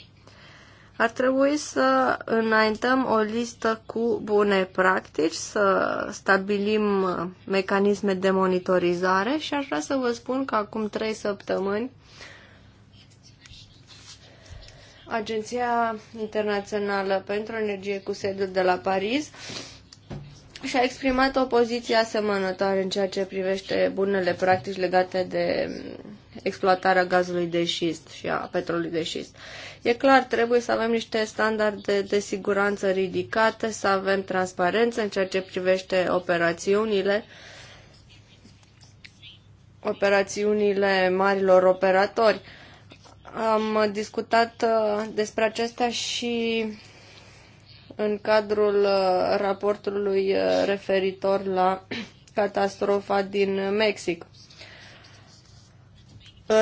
Ar trebui să înaintăm o listă cu bune practici, să stabilim mecanisme de monitorizare și aș vrea să vă spun că acum trei săptămâni Agenția Internațională pentru Energie cu sediul de la Paris și-a exprimat o poziție asemănătoare în ceea ce privește bunele practici legate de exploatarea gazului de șist și a petrolului de șist. E clar, trebuie să avem niște standarde de siguranță ridicate, să avem transparență în ceea ce privește operațiunile, operațiunile marilor operatori. Am discutat uh, despre acestea și în cadrul uh, raportului uh, referitor la catastrofa din Mexic.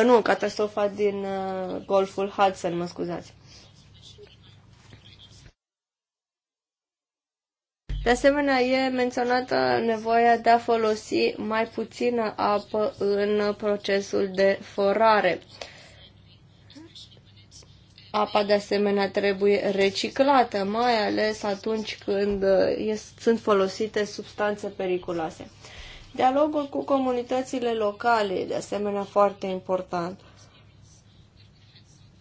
Nu, catastrofa din Golful Hudson, mă scuzați. De asemenea, e menționată nevoia de a folosi mai puțină apă în procesul de forare. Apa de asemenea trebuie reciclată, mai ales atunci când uh, sunt folosite substanțe periculoase. Dialogul cu comunitățile locale e de asemenea foarte important.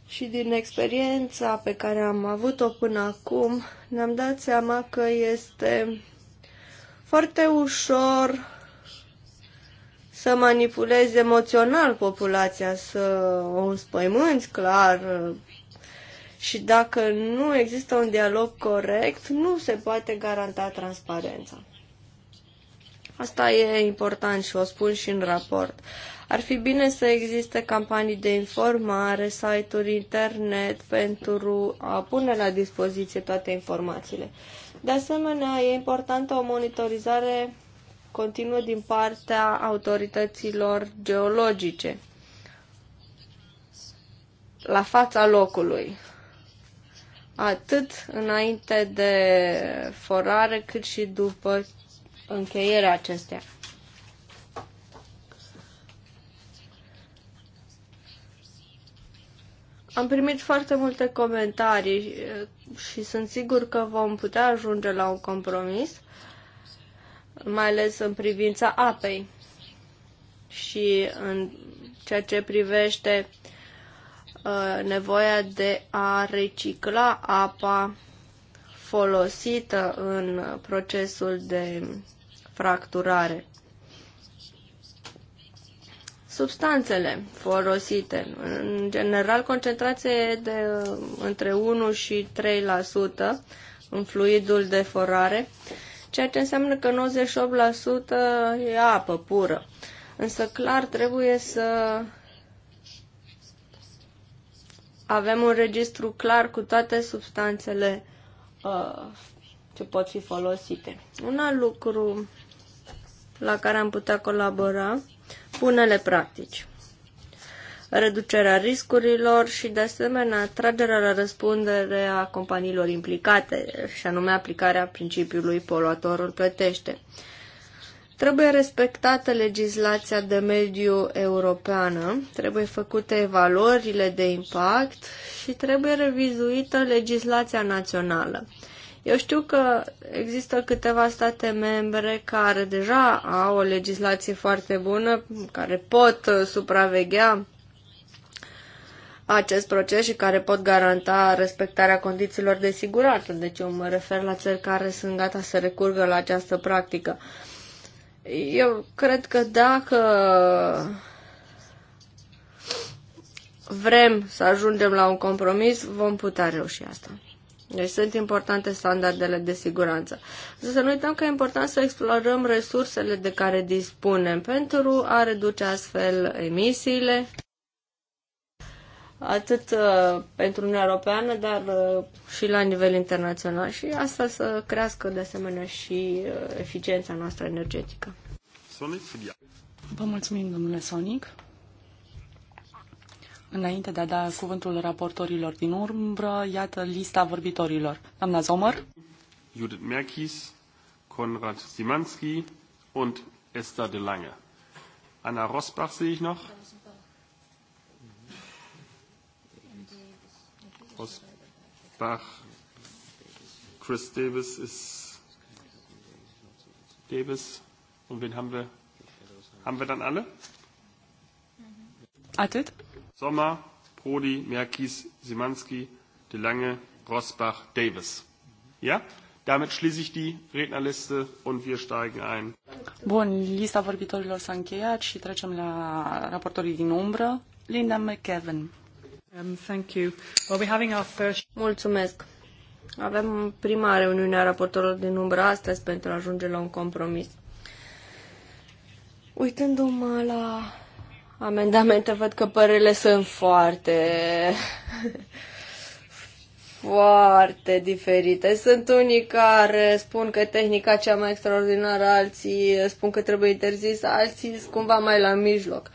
Și din experiența pe care am avut-o până acum, ne-am dat seama că este foarte ușor să manipulezi emoțional populația, să o înspăimânți clar, și dacă nu există un dialog corect, nu se poate garanta transparența. Asta e important și o spun și în raport. Ar fi bine să existe campanii de informare, site-uri internet pentru a pune la dispoziție toate informațiile. De asemenea, e importantă o monitorizare continuă din partea autorităților geologice la fața locului atât înainte de forare, cât și după încheierea acesteia. Am primit foarte multe comentarii eh, și sunt sigur că vom putea ajunge la un compromis, mai ales în privința apei și în ceea ce privește Uh, nevoia de a recicla apa folosită în procesul de fracturare. Substanțele folosite, în general concentrație de uh, între 1 și 3% în fluidul de forare, ceea ce înseamnă că 98% e apă pură. Însă clar trebuie să avem un registru clar cu toate substanțele uh, ce pot fi folosite. Un alt lucru la care am putea colabora, punele practici. Reducerea riscurilor și, de asemenea, tragerea la răspundere a companiilor implicate, și anume aplicarea principiului poluatorul plătește. Uh, Trebuie respectată legislația de mediu europeană, trebuie făcute evaluările de impact și trebuie revizuită legislația națională. Eu știu că există câteva state membre care deja au o legislație foarte bună, care pot uh, supraveghea acest proces și care pot garanta respectarea condițiilor de siguranță. Deci eu mă refer la țări care sunt gata să recurgă la această practică. Uh, eu cred că dacă vrem să ajungem la un compromis, vom putea reuși asta. Deci sunt importante standardele de siguranță. Să nu uităm că e important să explorăm resursele de care dispunem pentru a reduce astfel emisiile atât uh, pentru Uniunea Europeană, dar uh, și la nivel internațional și asta să crească de asemenea și uh, eficiența noastră energetică. Vă mulțumim, domnule Sonic. Înainte de a da cuvântul raportorilor din urmă, iată lista vorbitorilor. Doamna Zomăr. Judith Merkis, Konrad Simanski und Esther de Lange. Anna Rosbach sehe ich noch. Rosbach. Chris Davis ist Davis. Und wen haben wir? Haben wir dann alle? Atât? Sommer, Prodi, Merkis, Simanski, De Lange, Rosbach, Davis. Ja? Damit schließe ich die Rednerliste und wir steigen ein. Bun, lista vorbitorilor s-a încheiat și trecem la raportorii din umbră. Linda McKevin. Um, Mulțumesc. Avem prima reuniune a raportorilor din umbră astăzi pentru a ajunge la un compromis. Uitându-mă la amendamente, văd că părerile sunt foarte... foarte diferite. Sunt unii care spun că tehnica cea mai extraordinară, alții spun că trebuie interzis, alții sunt cumva mai la mijloc.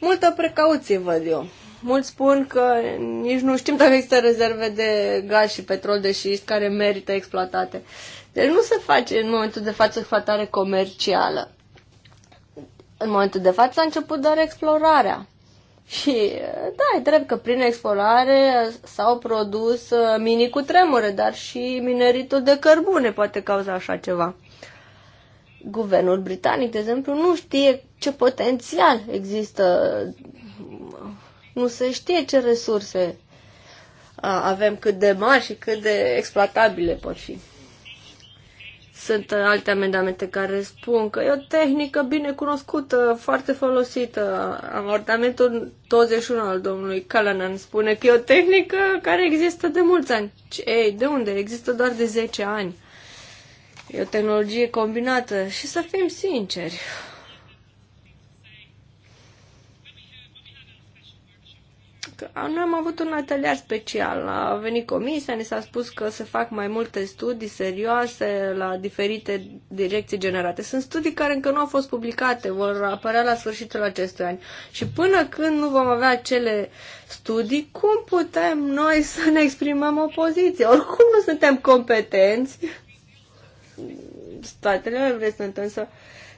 Multă precauție văd eu mulți spun că nici nu știm dacă există rezerve de gaz și petrol de șist care merită exploatate. Deci nu se face în momentul de față exploatare comercială. În momentul de față a început doar explorarea. Și da, e drept că prin explorare s-au produs uh, mini cu tremure, dar și mineritul de cărbune poate cauza așa ceva. Guvernul britanic, de exemplu, nu știe ce potențial există nu se știe ce resurse avem, cât de mari și cât de exploatabile pot fi. Sunt uh, alte amendamente care spun că e o tehnică bine cunoscută, foarte folosită. Amendamentul 21 al domnului Calanan spune că e o tehnică care există de mulți ani. Ei, de unde? Există doar de 10 ani. E o tehnologie combinată și să fim sinceri, Că noi am avut un atelier special. A venit comisia, ne s-a spus că se fac mai multe studii serioase la diferite direcții generate. Sunt studii care încă nu au fost publicate, vor apărea la sfârșitul acestui an. Și până când nu vom avea acele studii, cum putem noi să ne exprimăm opoziție? Oricum nu suntem competenți. Statele membre sunt însă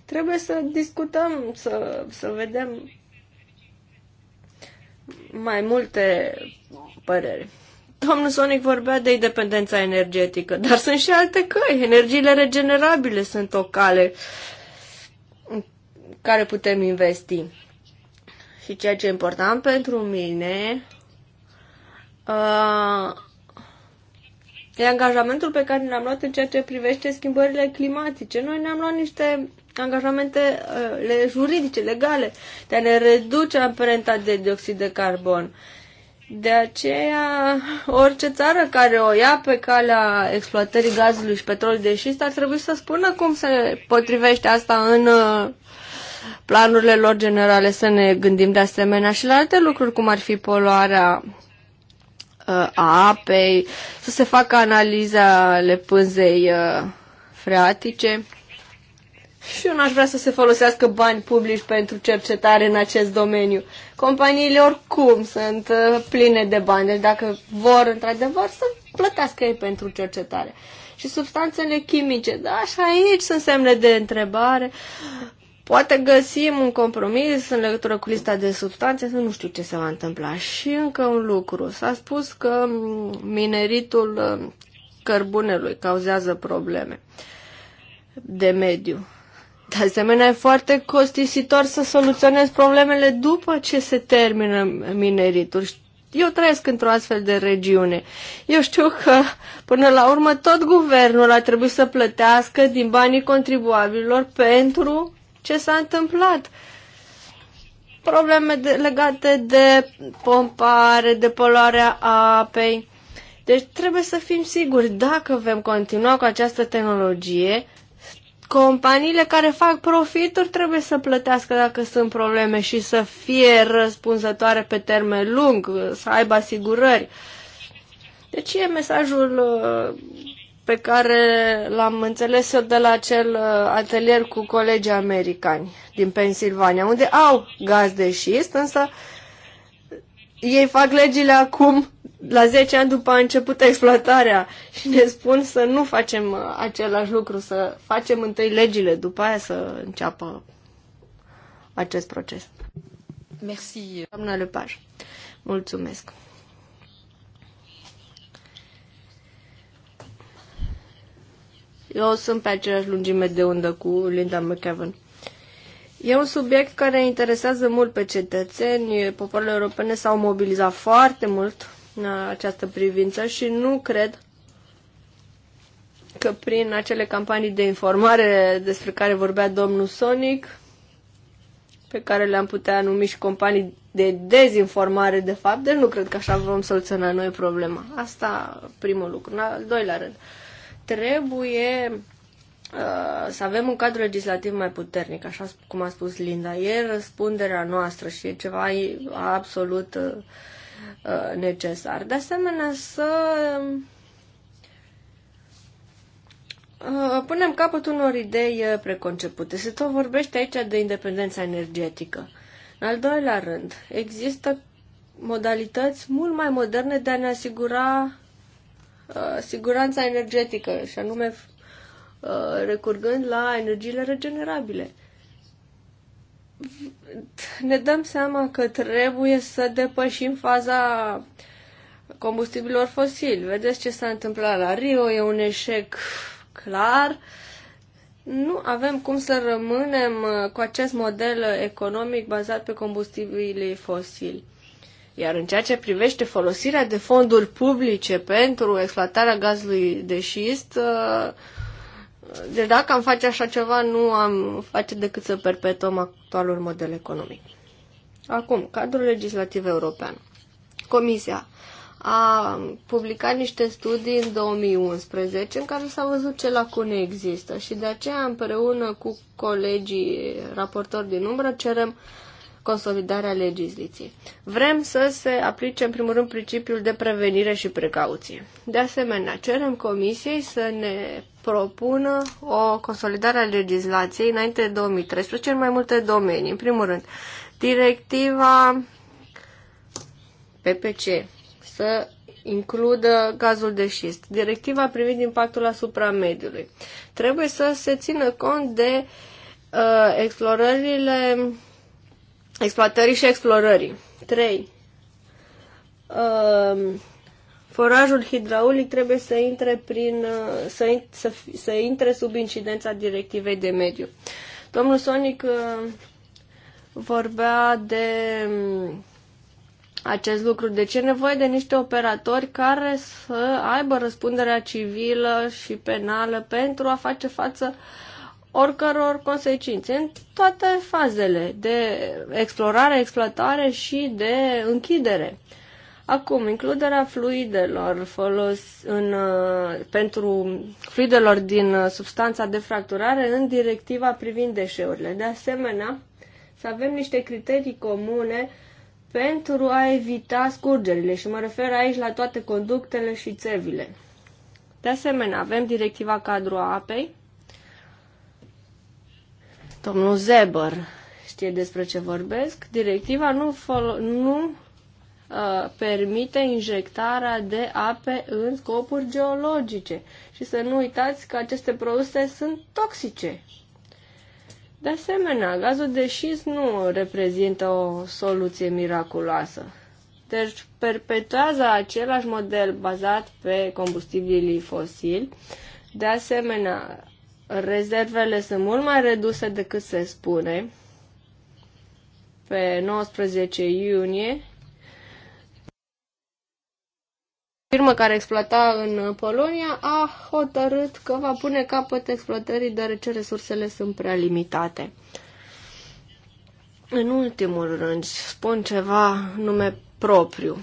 trebuie să discutăm, să, să vedem mai multe păreri. Domnul Sonic vorbea de independența energetică, dar sunt și alte căi. Energiile regenerabile sunt o cale în care putem investi. Și ceea ce e important pentru mine, uh, E angajamentul pe care ne-am luat în ceea ce privește schimbările climatice. Noi ne-am luat niște angajamente uh, le, juridice, legale, de a ne reduce amprenta de dioxid de carbon. De aceea, orice țară care o ia pe calea exploatării gazului și petrolului de șist ar trebui să spună cum se potrivește asta în uh, planurile lor generale, să ne gândim de asemenea și la alte lucruri, cum ar fi poluarea Uh, a apei, să se facă analiza ale pânzei uh, freatice. Și eu n-aș vrea să se folosească bani publici pentru cercetare în acest domeniu. Companiile oricum sunt uh, pline de bani, deci dacă vor într-adevăr să plătească ei pentru cercetare. Și substanțele chimice, da, și aici sunt semne de întrebare. Poate găsim un compromis în legătură cu lista de substanțe, să nu știu ce se va întâmpla. Și încă un lucru. S-a spus că mineritul uh, cărbunelui cauzează probleme de mediu. De asemenea, e foarte costisitor să soluționez problemele după ce se termină mineritul. Eu trăiesc într-o astfel de regiune. Eu știu că, până la urmă, tot guvernul a trebuit să plătească din banii contribuabililor pentru ce s-a întâmplat. Probleme de, legate de pompare, de poluarea apei. Deci trebuie să fim siguri, dacă vom continua cu această tehnologie, companiile care fac profituri trebuie să plătească dacă sunt probleme și să fie răspunzătoare pe termen lung, să aibă asigurări. Deci e mesajul uh, pe care l-am înțeles eu de la acel uh, atelier cu colegii americani din Pennsylvania, unde au gaz de șist, însă ei fac legile acum, la 10 ani după a început exploatarea și ne spun să nu facem uh, același lucru, să facem întâi legile, după aia să înceapă acest proces. Merci. Doamna Lepaj, mulțumesc. Eu sunt pe aceeași lungime de undă cu Linda McEwan. E un subiect care interesează mult pe cetățeni. Popoarele europene s-au mobilizat foarte mult în această privință și nu cred că prin acele campanii de informare despre care vorbea domnul Sonic, pe care le-am putea numi și companii de dezinformare, de fapt, deci nu cred că așa vom soluționa noi problema. Asta primul lucru. În al doilea rând. Uh, trebuie uh, să avem un cadru legislativ mai puternic, așa cum a spus Linda. E răspunderea noastră și e ceva absolut uh, uh, necesar. De asemenea, să punem capăt unor idei preconcepute. Se tot vorbește aici de independența energetică. În al doilea rând, există modalități mult mai moderne de a ne asigura Uh, siguranța energetică și anume uh, recurgând la energiile regenerabile. Ne dăm seama că trebuie să depășim faza combustibilor fosili. Vedeți ce s-a întâmplat la Rio, e un eșec clar. Nu avem cum să rămânem uh, cu acest model economic bazat pe combustibilii fosili. Iar în ceea ce privește folosirea de fonduri publice pentru exploatarea gazului de șist, uh, de dacă am face așa ceva, nu am face decât să perpetuăm actualul model economic. Acum, cadrul legislativ european. Comisia a publicat niște studii în 2011 în care s-a văzut ce lacune există și de aceea împreună cu colegii raportori din umbră cerem uh, consolidarea legislației. Vrem să se aplice, în primul rând, principiul de prevenire și precauție. De asemenea, cerem Comisiei să ne propună o consolidare a legislației înainte de 2013 în mai multe domenii. În primul rând, directiva PPC să includă gazul de șist. Directiva privind impactul asupra mediului. Trebuie să se țină cont de uh, explorările exploatării și explorării. 3. Uh, um, forajul hidraulic trebuie să intre, prin, uh, să, să, să intre sub incidența directivei de mediu. Domnul Sonic uh, vorbea de um, acest lucru. De ce nevoie de niște operatori care să aibă răspunderea civilă și penală pentru a face față uh, oricăror consecințe în toate fazele de explorare, exploatare și de închidere. Acum, includerea fluidelor folos în, uh, pentru fluidelor din uh, substanța de fracturare în directiva privind deșeurile. De asemenea, să avem niște criterii comune pentru a evita scurgerile și mă refer aici la toate conductele și țevile. De asemenea, avem directiva cadru a apei, domnul Zeber știe despre ce vorbesc, directiva nu, nu uh, permite injectarea de ape în scopuri geologice. Și să nu uitați că aceste produse sunt toxice. De asemenea, gazul de șist nu reprezintă o soluție miraculoasă. Deci perpetuează același model bazat pe combustibilii fosili. De asemenea, Rezervele sunt mult mai reduse decât se spune. Pe 19 iunie, firma care exploata în Polonia a hotărât că va pune capăt exploatării deoarece resursele sunt prea limitate. În ultimul rând, spun ceva nume propriu.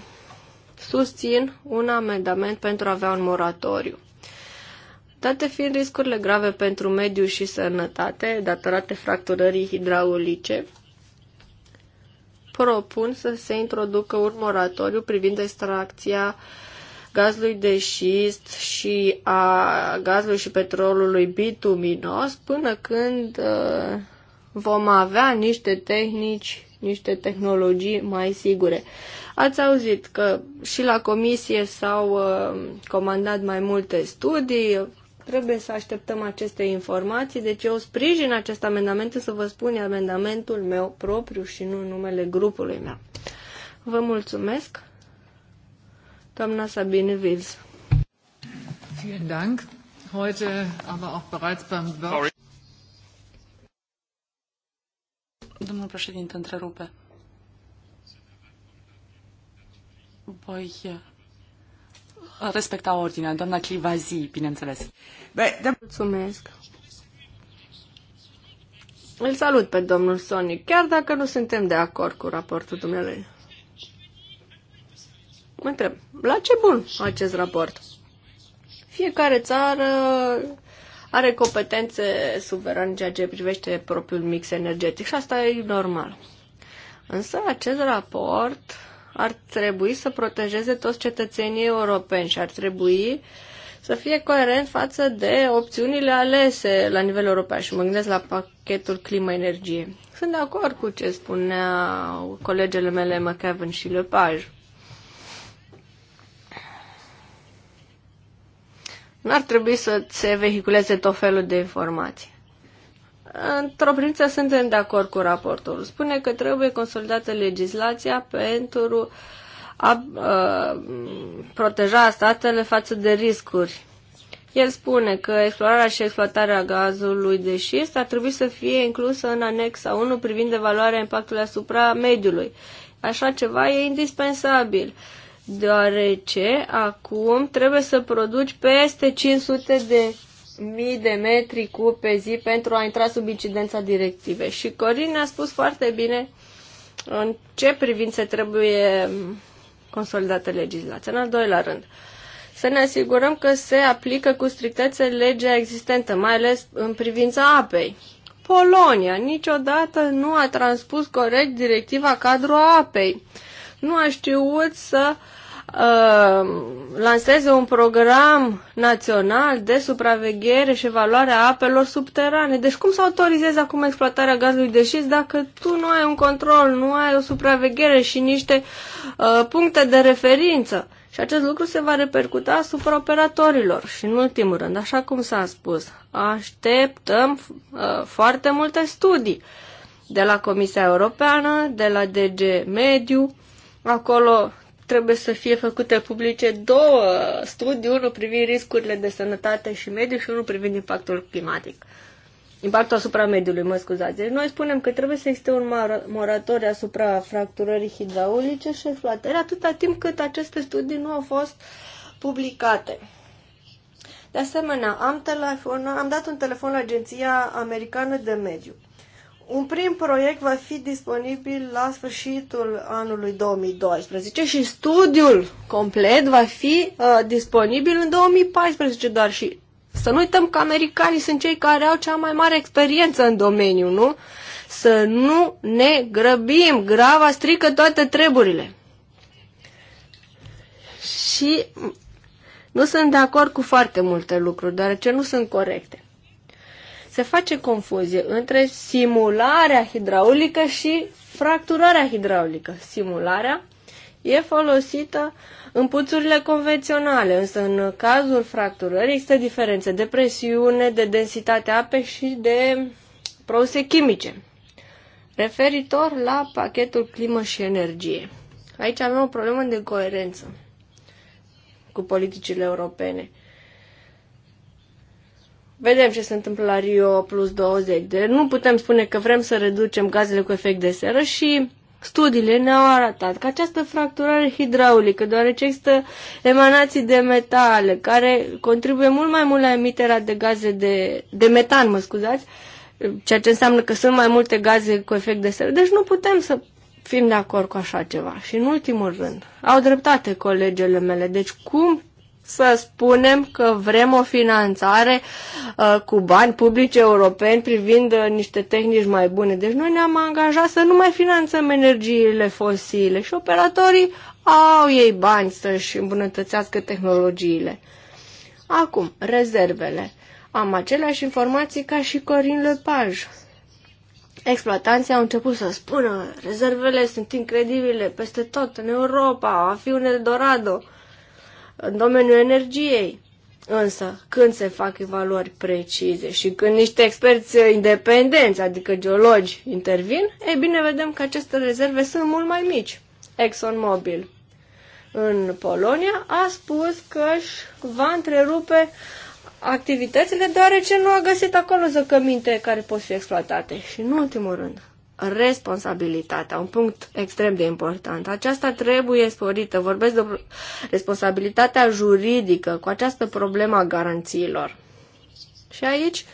Susțin un amendament pentru a avea un moratoriu toate fiind riscurile grave pentru mediu și sănătate datorate fracturării hidraulice, propun să se introducă un moratoriu privind extracția gazului de șist și a gazului și petrolului bituminos până când uh, vom avea niște tehnici, niște tehnologii mai sigure. Ați auzit că și la comisie s-au uh, comandat mai multe studii, Trebuie să așteptăm aceste informații, deci eu sprijin acest amendament, să vă spun amendamentul meu propriu și nu numele grupului meu. Vă mulțumesc, doamna Sabine Wils. Vielen Dank. Heute aber auch bereits beim Sorry. Domnul președinte, întrerupe. Voi respecta ordinea. Doamna Clivazi, bineînțeles. Be, de- Mulțumesc. Îl salut pe domnul Sonic, chiar dacă nu suntem de acord cu raportul dumnealui. Mă întreb, la ce bun acest raport? Fiecare țară are competențe suverane în ceea ce privește propriul mix energetic și asta e normal. Însă acest raport ar trebui să protejeze toți cetățenii europeni și ar trebui să fie coerent față de opțiunile alese la nivel european și mă gândesc la pachetul climă-energie. Sunt de acord cu ce spuneau colegele mele McEvan și Lepage. Nu ar trebui să se vehiculeze tot felul de informații. Într-o privință suntem de acord cu raportul. Spune că trebuie consolidată legislația pentru a, a proteja statele față de riscuri. El spune că explorarea și exploatarea gazului de șist ar trebui să fie inclusă în anexa 1 privind evaluarea impactului asupra mediului. Așa ceva e indispensabil, deoarece acum trebuie să produci peste 500 de mii de metri cu pe zi pentru a intra sub incidența directivei. Și Corin a spus foarte bine în ce privință trebuie consolidată legislația. În al doilea rând, să ne asigurăm că se aplică cu strictețe legea existentă, mai ales în privința apei. Polonia niciodată nu a transpus corect directiva cadru a apei. Nu a știut să uh, Uh, lanseze un program național de supraveghere și evaluare a apelor subterane. Deci cum să autorizezi acum exploatarea gazului de șist dacă tu nu ai un control, nu ai o supraveghere și niște uh, puncte de referință? Și acest lucru se va repercuta asupra operatorilor. Și în ultimul rând, așa cum s-a spus, așteptăm uh, foarte multe studii de la Comisia Europeană, de la DG Mediu. Acolo trebuie să fie făcute publice două studii, unul privind riscurile de sănătate și mediu și unul privind impactul climatic. Impactul asupra mediului, mă scuzați. Deci noi spunem că trebuie să existe un moratoriu asupra fracturării hidraulice și exploatării atâta timp cât aceste studii nu au fost publicate. De asemenea, am, telefon, am dat un telefon la Agenția Americană de Mediu. Un prim proiect va fi disponibil la sfârșitul anului 2012 și studiul complet va fi uh, disponibil în 2014 doar și să nu uităm că americanii sunt cei care au cea mai mare experiență în domeniu, nu? Să nu ne grăbim, grava strică toate treburile. Și nu sunt de acord cu foarte multe lucruri, deoarece nu sunt corecte. Se face confuzie între simularea hidraulică și fracturarea hidraulică. Simularea e folosită în puțurile convenționale, însă în cazul fracturării există diferențe de presiune, de densitate apei și de produse chimice. Referitor la pachetul climă și energie. Aici avem o problemă de coerență cu politicile europene. Vedem ce se întâmplă la Rio plus 20. De nu putem spune că vrem să reducem gazele cu efect de seră și studiile ne-au arătat că această fracturare hidraulică, deoarece există emanații de metale care contribuie mult mai mult la emiterea de gaze de, de metan, mă scuzați, ceea ce înseamnă că sunt mai multe gaze cu efect de seră. Deci nu putem să fim de acord cu așa ceva. Și în ultimul rând, au dreptate colegele mele. Deci cum să spunem că vrem o finanțare uh, cu bani publici europeni privind uh, niște tehnici mai bune. Deci noi ne-am angajat să nu mai finanțăm energiile fosile și operatorii au ei bani să-și îmbunătățească tehnologiile. Acum, rezervele. Am aceleași informații ca și Corin Lepaj. Exploatanții au început să spună, rezervele sunt incredibile peste tot în Europa, a fi un Eldorado în domeniul energiei. Însă, când se fac evaluări precise și când niște experți independenți, adică geologi, intervin, e bine, vedem că aceste rezerve sunt mult mai mici. ExxonMobil în Polonia a spus că își va întrerupe activitățile deoarece nu a găsit acolo zăcăminte care pot fi exploatate. Și în ultimul rând, responsabilitatea, un punct extrem de important. Aceasta trebuie sporită. Vorbesc de responsabilitatea juridică cu această problemă a garanțiilor. Și aici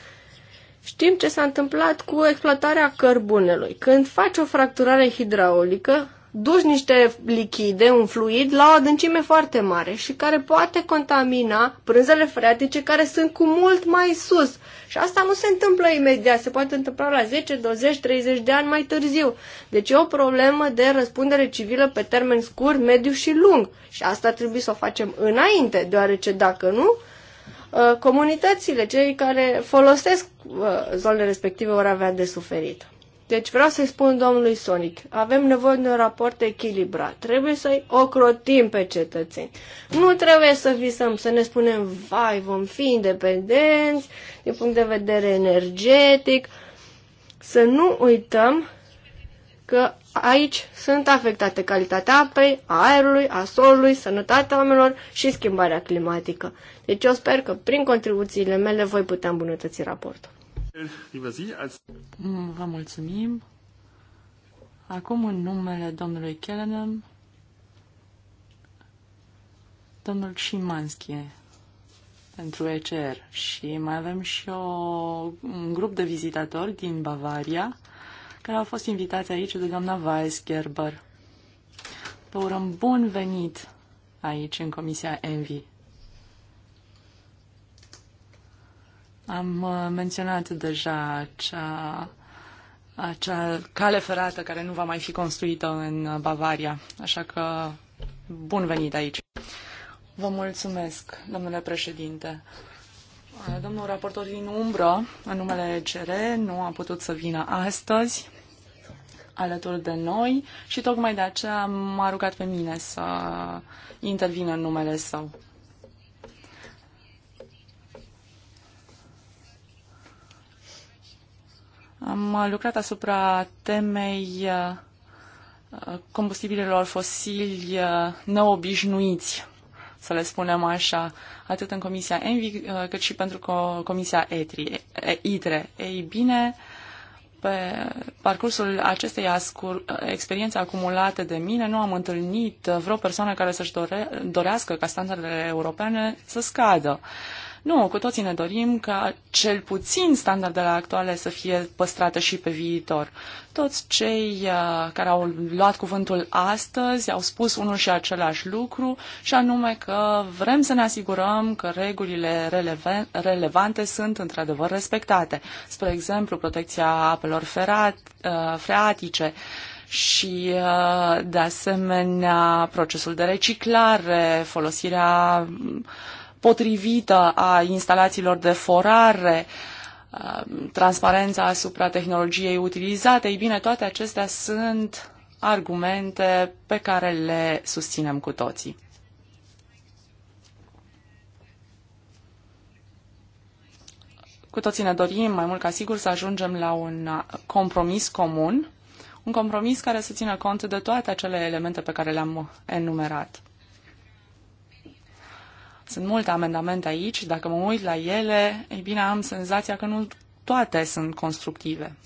știm ce s-a întâmplat cu exploatarea cărbunelui. Când faci o fracturare hidraulică, duci niște lichide, un fluid, la o adâncime foarte mare și care poate contamina prânzele freatice care sunt cu mult mai sus și asta nu se întâmplă imediat, se poate întâmpla la 10, 20, 30 de ani mai târziu. Deci e o problemă de răspundere civilă pe termen scurt, mediu și lung. Și asta trebuie să o facem înainte, deoarece dacă nu, uh, comunitățile, cei care folosesc uh, zonele respective, vor avea de suferit. Deci vreau să-i spun domnului Sonic, avem nevoie de un raport echilibrat. Trebuie să-i ocrotim pe cetățeni. Nu trebuie să visăm, să ne spunem, vai, vom fi independenți din punct de vedere energetic. Să nu uităm că aici sunt afectate calitatea apei, a aerului, a solului, sănătatea oamenilor și schimbarea climatică. Deci eu sper că prin contribuțiile mele voi putea îmbunătăți raportul. Vă mulțumim. Acum, în numele domnului Kellenham, domnul Șimanski pentru ECR și mai avem și o, un grup de vizitatori din Bavaria care au fost invitați aici de doamna Weisgerber. Vă urăm bun venit aici, în Comisia Envi. Am uh, menționat deja acea, acea cale ferată care nu va mai fi construită în uh, Bavaria, așa că bun venit aici. Vă mulțumesc, domnule președinte. Uh, domnul raportor din umbră, în numele CR, nu a putut să vină astăzi alături de noi și tocmai de aceea m-a rugat pe mine să intervin în numele său. Am lucrat asupra temei uh, combustibililor fosili uh, neobișnuiți, să le spunem așa, atât în Comisia Envi uh, cât și pentru Comisia ETRI, ITRE. Ei bine, pe parcursul acestei experiențe acumulate de mine, nu am întâlnit vreo persoană care să-și dore, dorească ca standardele europene să scadă. Uh, nu, cu toții ne dorim ca cel puțin standardele actuale să fie păstrate și pe viitor. Toți cei uh, care au luat cuvântul astăzi au spus unul și același lucru, și anume că vrem să ne asigurăm că regulile relevante sunt într-adevăr respectate. Spre exemplu, protecția apelor uh, freatice, și, uh, de asemenea, procesul de reciclare, folosirea potrivită a instalațiilor de forare, transparența asupra tehnologiei utilizate, ei bine, toate acestea sunt argumente pe care le susținem cu toții. Cu toții ne dorim, mai mult ca sigur, să ajungem la un compromis comun, un compromis care să țină cont de toate acele elemente pe care le-am enumerat. Sunt multe amendamente aici, dacă mă uit la ele, ei bine, am senzația că nu toate sunt constructive.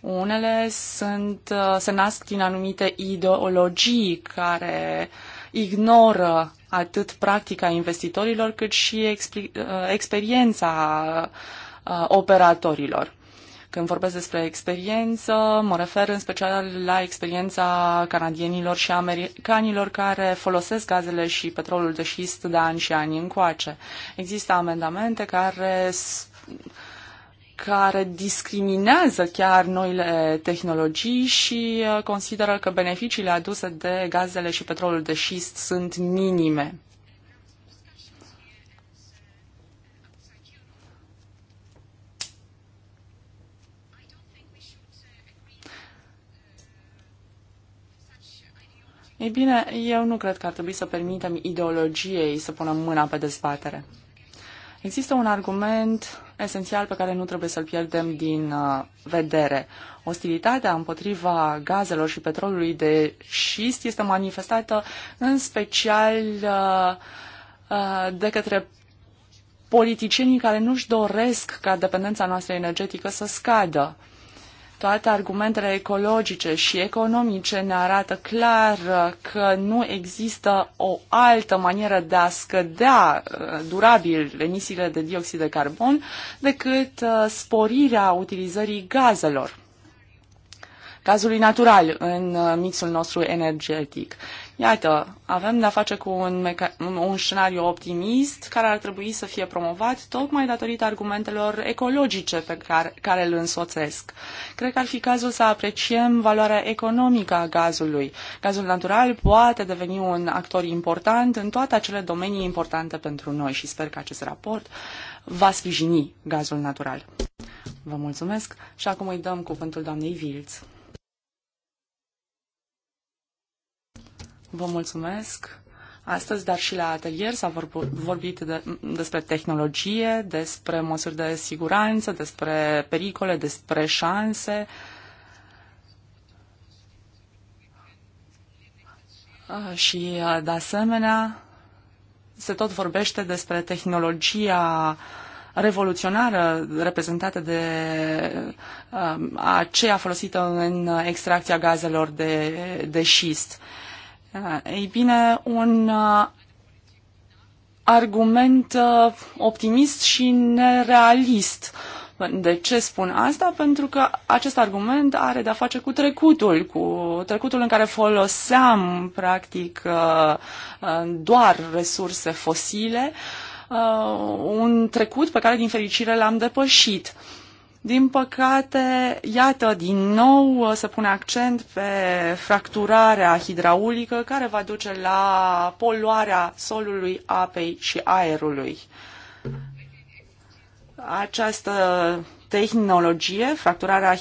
Unele sunt, uh, se nasc din anumite ideologii care ignoră atât practica investitorilor cât și uh, experiența uh, operatorilor. Când vorbesc despre experiență, mă refer în special la experiența canadienilor și americanilor care folosesc gazele și petrolul de șist de ani și ani încoace. Există amendamente care care discriminează chiar noile tehnologii și uh, consideră că beneficiile aduse de gazele și petrolul de șist sunt minime. Ei bine, eu nu cred că ar trebui să permitem ideologiei să pună mâna pe dezbatere. Există un argument esențial pe care nu trebuie să-l pierdem din uh, vedere. Ostilitatea împotriva gazelor și petrolului de șist este manifestată în special uh, uh, de către politicienii care nu-și doresc ca dependența noastră energetică să scadă. Toate argumentele ecologice și economice ne arată clar uh, că nu există o altă manieră de a scădea uh, durabil emisiile de dioxid de carbon decât uh, sporirea utilizării gazelor gazului natural în mixul nostru energetic. Iată, avem de-a face cu un, un scenariu optimist care ar trebui să fie promovat tocmai datorită argumentelor ecologice pe care, care îl însoțesc. Cred că ar fi cazul să apreciem valoarea economică a gazului. Gazul natural poate deveni un actor important în toate acele domenii importante pentru noi și sper că acest raport va sprijini gazul natural. Vă mulțumesc și acum îi dăm cuvântul doamnei Vilț. Vă mulțumesc. Astăzi, dar și la atelier s-a vorbit de, despre tehnologie, despre măsuri de siguranță, despre pericole, despre șanse. Și, de asemenea, se tot vorbește despre tehnologia revoluționară reprezentată de um, aceea folosită în extracția gazelor de, de șist. Eh, ei bine, un eh, argument eh, optimist și nerealist. De ce spun asta? Pentru că acest argument are de-a face cu trecutul, cu trecutul în care foloseam, practic, doar resurse fosile, un trecut pe care, din fericire, l-am depășit. Din păcate, iată, din nou uh, se pune accent pe fracturarea hidraulică care va duce la poluarea solului, apei și aerului. Această tehnologie, fracturarea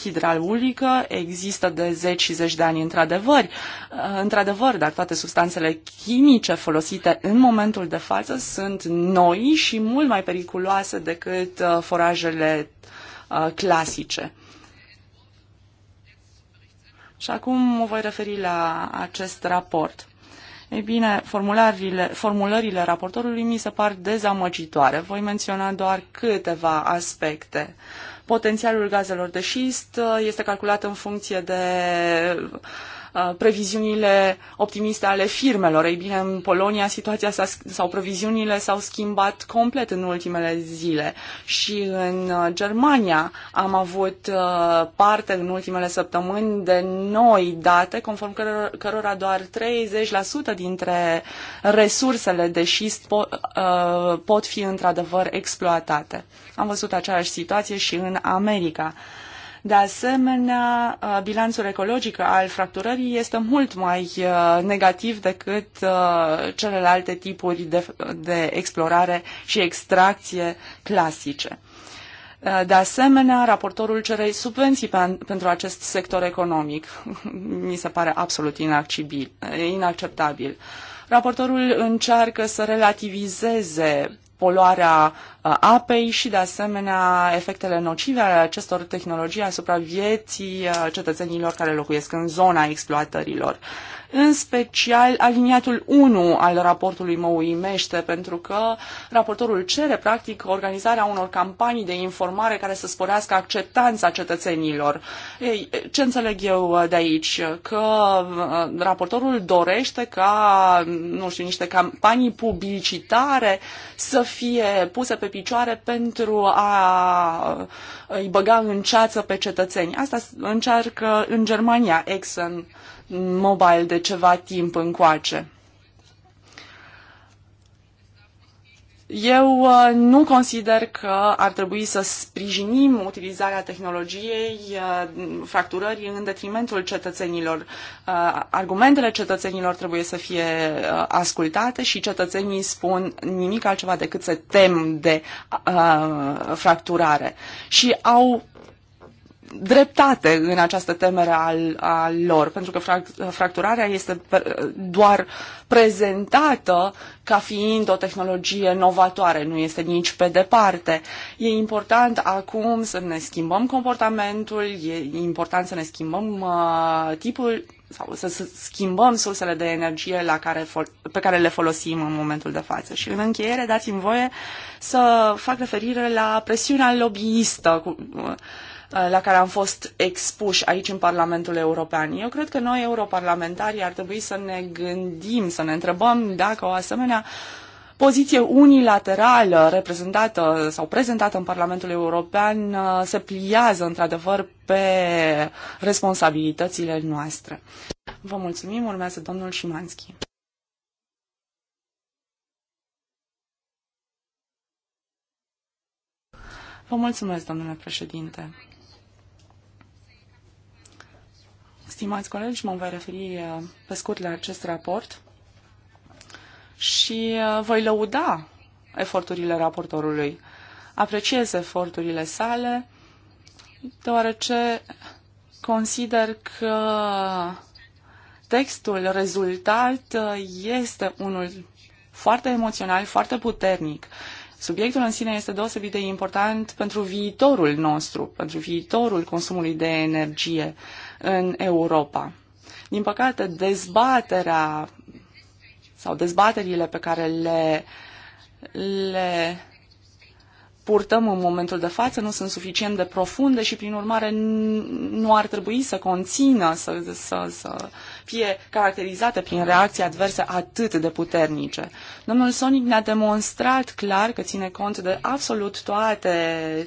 hidraulică, există de zeci și zeci de ani într-adevăr. Uh, într-adevăr, dar toate substanțele chimice folosite în momentul de față sunt noi și mult mai periculoase decât uh, forajele uh, Uh, clasice. Și acum mă voi referi la acest raport. Ei bine, formulările, formulările raportorului mi se par dezamăgitoare. Voi menționa doar câteva aspecte. Potențialul gazelor de șist uh, este calculat în funcție de uh, previziunile optimiste ale firmelor. Ei bine, în Polonia situația s-a, sau previziunile s-au schimbat complet în ultimele zile și în Germania am avut parte în ultimele săptămâni de noi date conform căror, cărora doar 30% dintre resursele de șist po, pot fi într-adevăr exploatate. Am văzut aceeași situație și în America. De asemenea, uh, bilanțul ecologic al fracturării este mult mai uh, negativ decât uh, celelalte tipuri de, de explorare și extracție clasice. De asemenea, raportorul cere subvenții pe, pentru acest sector economic. Mi se pare absolut inacceptabil. Raportorul încearcă să relativizeze poluarea uh, apei și, de asemenea, efectele nocive ale acestor tehnologii asupra vieții uh, cetățenilor care locuiesc în zona exploatărilor. În special, aliniatul 1 al raportului mă uimește, pentru că raportorul cere, practic, organizarea unor campanii de informare care să sporească acceptanța cetățenilor. Ei, ce înțeleg eu uh, de aici? Că uh, raportorul dorește ca, nu știu, niște campanii publicitare să fie puse pe picioare pentru a uh, îi băga în ceață pe cetățeni. Asta încearcă în Germania Exxon mobile de ceva timp încoace. Eu uh, nu consider că ar trebui să sprijinim utilizarea tehnologiei uh, fracturării în detrimentul cetățenilor. Uh, argumentele cetățenilor trebuie să fie ascultate și cetățenii spun nimic altceva decât să tem de fracturare și au dreptate în această temere al, a lor, pentru că fracturarea este doar prezentată ca fiind o tehnologie novatoare, nu este nici pe departe. E important acum să ne schimbăm comportamentul, e important să ne schimbăm uh, tipul sau să, să schimbăm sursele de energie la care, pe care le folosim în momentul de față. Și în încheiere dați-mi voie să fac referire la presiunea lobbyistă cu, uh, Uh, la care am fost expuși aici în Parlamentul European. Eu cred că noi, europarlamentarii, ar trebui să ne gândim, să ne întrebăm dacă o asemenea poziție unilaterală reprezentată sau prezentată în Parlamentul European uh, se pliază într-adevăr pe responsabilitățile noastre. Vă mulțumim, urmează domnul Șimanski. Vă mulțumesc, domnule președinte. Stimați colegi, mă voi referi uh, pe scurt la acest raport și uh, voi lăuda eforturile raportorului. Apreciez eforturile sale, deoarece consider că textul rezultat uh, este unul foarte emoțional, foarte puternic. Subiectul în sine este deosebit de important pentru viitorul nostru, pentru viitorul consumului de energie. Uh, în Europa. Din păcate, dezbaterea sau dezbaterile pe care le, le purtăm în momentul de față nu sunt suficient de profunde și, prin urmare, nu ar trebui să conțină, să, să, să fie caracterizată prin reacții adverse atât de puternice. Domnul Sonic ne-a demonstrat clar că ține cont de absolut toate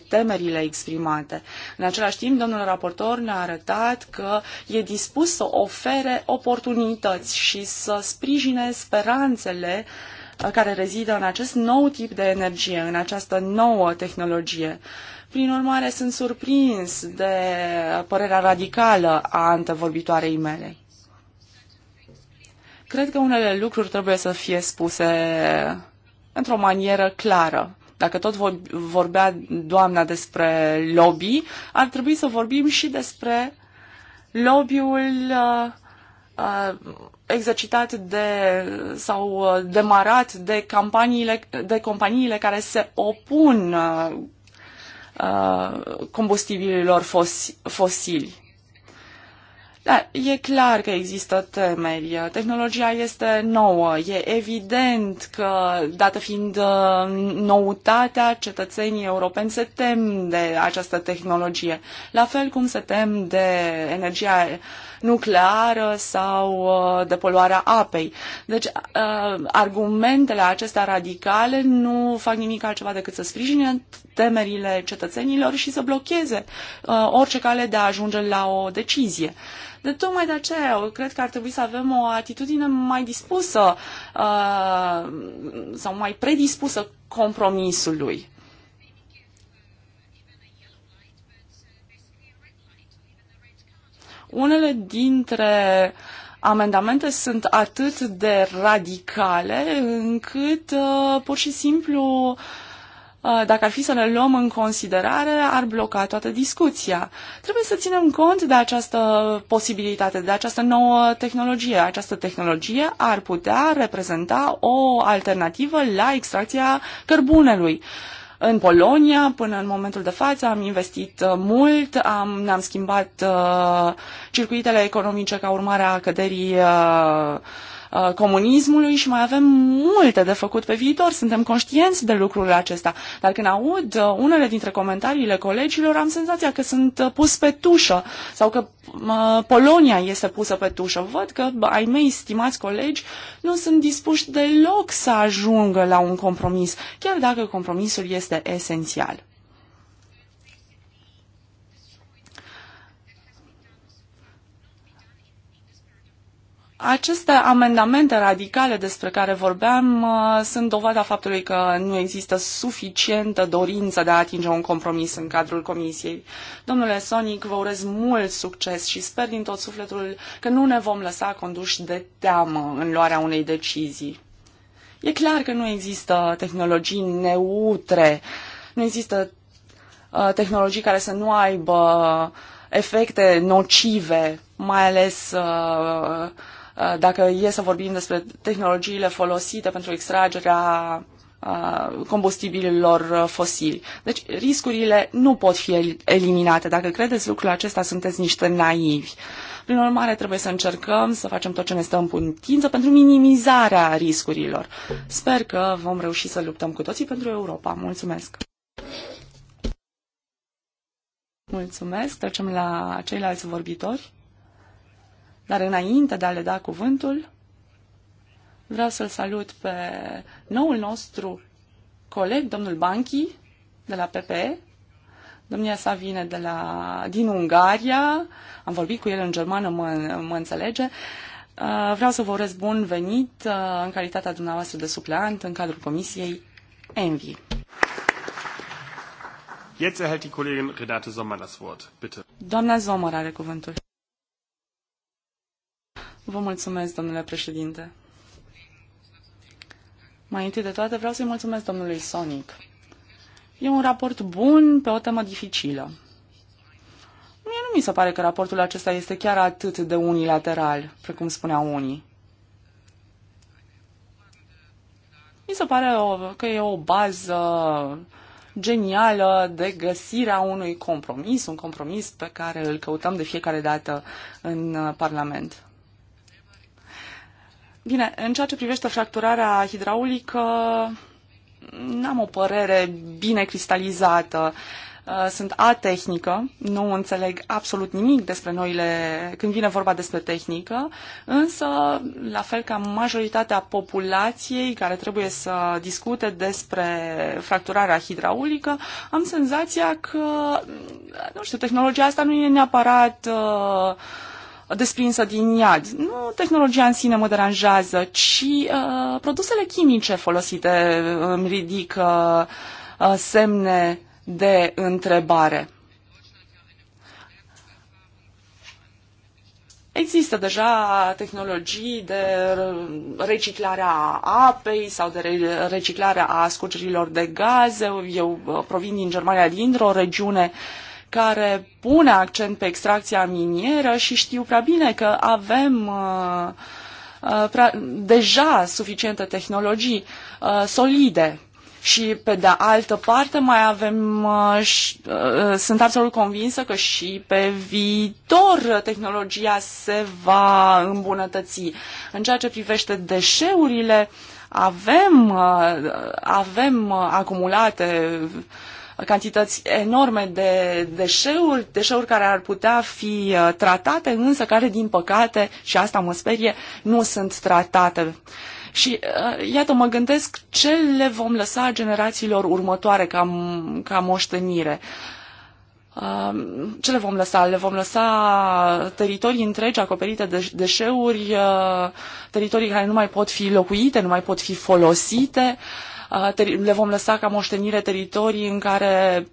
temerile exprimate. În același timp, domnul raportor ne-a arătat că e dispus să ofere oportunități și să sprijine speranțele uh, care rezidă în acest nou tip de energie, în această nouă tehnologie. Prin urmare, sunt surprins de părerea radicală a antevorbitoarei mele. Cred că unele lucruri trebuie să fie spuse într-o manieră clară. Dacă tot vorbea doamna despre lobby, ar trebui să vorbim și despre lobby-ul uh, uh, exercitat de sau uh, demarat de campaniile, de companiile care se opun uh, uh combustibililor fos, fosili. Da, e clar că există temeri. Tehnologia este nouă. E evident că, dată fiind uh, noutatea, cetățenii europeni se tem de această tehnologie. La fel cum se tem de energia nucleară sau uh, de poluarea apei. Deci uh, argumentele acestea radicale nu fac nimic altceva decât să sprijine temerile cetățenilor și să blocheze uh, orice cale de a ajunge la o decizie. De tocmai de aceea, eu cred că ar trebui să avem o atitudine mai dispusă uh, sau mai predispusă compromisului. Unele dintre amendamente sunt atât de radicale încât uh, pur și simplu uh, dacă ar fi să le luăm în considerare, ar bloca toată discuția. Trebuie să ținem cont de această posibilitate, de această nouă tehnologie. Această tehnologie ar putea reprezenta o alternativă la extracția cărbunelui în Polonia până în momentul de față, am investit uh, mult, am, ne-am schimbat uh, circuitele economice ca urmare a căderii uh, Uh, comunismului și mai avem multe de făcut pe viitor. Suntem conștienți de lucrurile acesta. Dar când aud uh, unele dintre comentariile colegilor, am senzația că sunt uh, pus pe tușă sau că Polonia este pusă pe tușă. Văd că ai mei stimați colegi nu sunt dispuși deloc să ajungă la un compromis, chiar dacă compromisul este esențial. Aceste amendamente radicale despre care vorbeam uh, sunt dovada faptului că nu există suficientă dorință de a atinge un compromis în cadrul comisiei. Domnule Sonic, vă urez mult succes și sper din tot sufletul că nu ne vom lăsa conduși de teamă în luarea unei decizii. E clar că nu există tehnologii neutre, nu există uh, tehnologii care să nu aibă efecte nocive, mai ales uh, Uh, dacă e să vorbim despre tehnologiile folosite pentru extragerea uh, combustibililor uh, fosili. Deci riscurile nu pot fi eliminate. Dacă credeți lucrul acesta, sunteți niște naivi. Prin urmare, trebuie să încercăm să facem tot ce ne stă în putință pentru minimizarea riscurilor. Sper că vom reuși să luptăm cu toții pentru Europa. Mulțumesc! Mulțumesc! Trecem la ceilalți vorbitori. Dar înainte de a le da cuvântul, vreau să-l salut pe noul nostru coleg, domnul Banchi, de la PPE. Domnia sa vine de la, din Ungaria, am vorbit cu el în germană, mă, mă înțelege. Uh, vreau să vă urez bun venit uh, în calitatea dumneavoastră de supleant în cadrul Comisiei Envi. Jetzt erhält die Kollegin Renate Sommer das Wort. Bitte. Doamna Sommer are cuvântul. Vă mulțumesc, domnule președinte. Mai întâi de toate vreau să-i mulțumesc domnului Sonic. E un raport bun pe o temă dificilă. Mie nu mi se pare că raportul acesta este chiar atât de unilateral, precum spuneau unii. Mi se pare că e o bază genială de găsirea unui compromis, un compromis pe care îl căutăm de fiecare dată în Parlament. Bine, în ceea ce privește fracturarea hidraulică, n-am o părere bine cristalizată. Uh, sunt atehnică, nu înțeleg absolut nimic despre noile, când vine vorba despre tehnică, însă, la fel ca majoritatea populației care trebuie să discute despre fracturarea hidraulică, am senzația că, nu știu, tehnologia asta nu e neapărat uh, desprinsă din iad. Nu tehnologia în sine mă deranjează, ci uh, produsele chimice folosite îmi ridică uh, semne de întrebare. Există deja tehnologii de reciclare a apei sau de reciclare a scurgerilor de gaze. Eu uh, provin din Germania, dintr-o regiune uh, care pune accent pe extracția minieră și știu prea bine că avem uh, uh, prea, deja suficiente tehnologii uh, solide. Și pe de altă parte mai avem, sunt absolut convinsă că și pe viitor tehnologia se va îmbunătăți. În ceea ce privește deșeurile, avem, avem acumulate uh, cantități enorme de deșeuri, deșeuri care ar putea fi uh, tratate, însă care, din păcate, și asta mă sperie, nu sunt tratate. Și uh, iată, mă gândesc ce le vom lăsa generațiilor următoare ca, ca moștenire. Uh, ce le vom lăsa? Le vom lăsa teritorii întregi acoperite de deșeuri, teritorii care nu mai pot fi locuite, nu mai pot fi folosite. Uh, le vom lăsa ca moștenire teritorii în care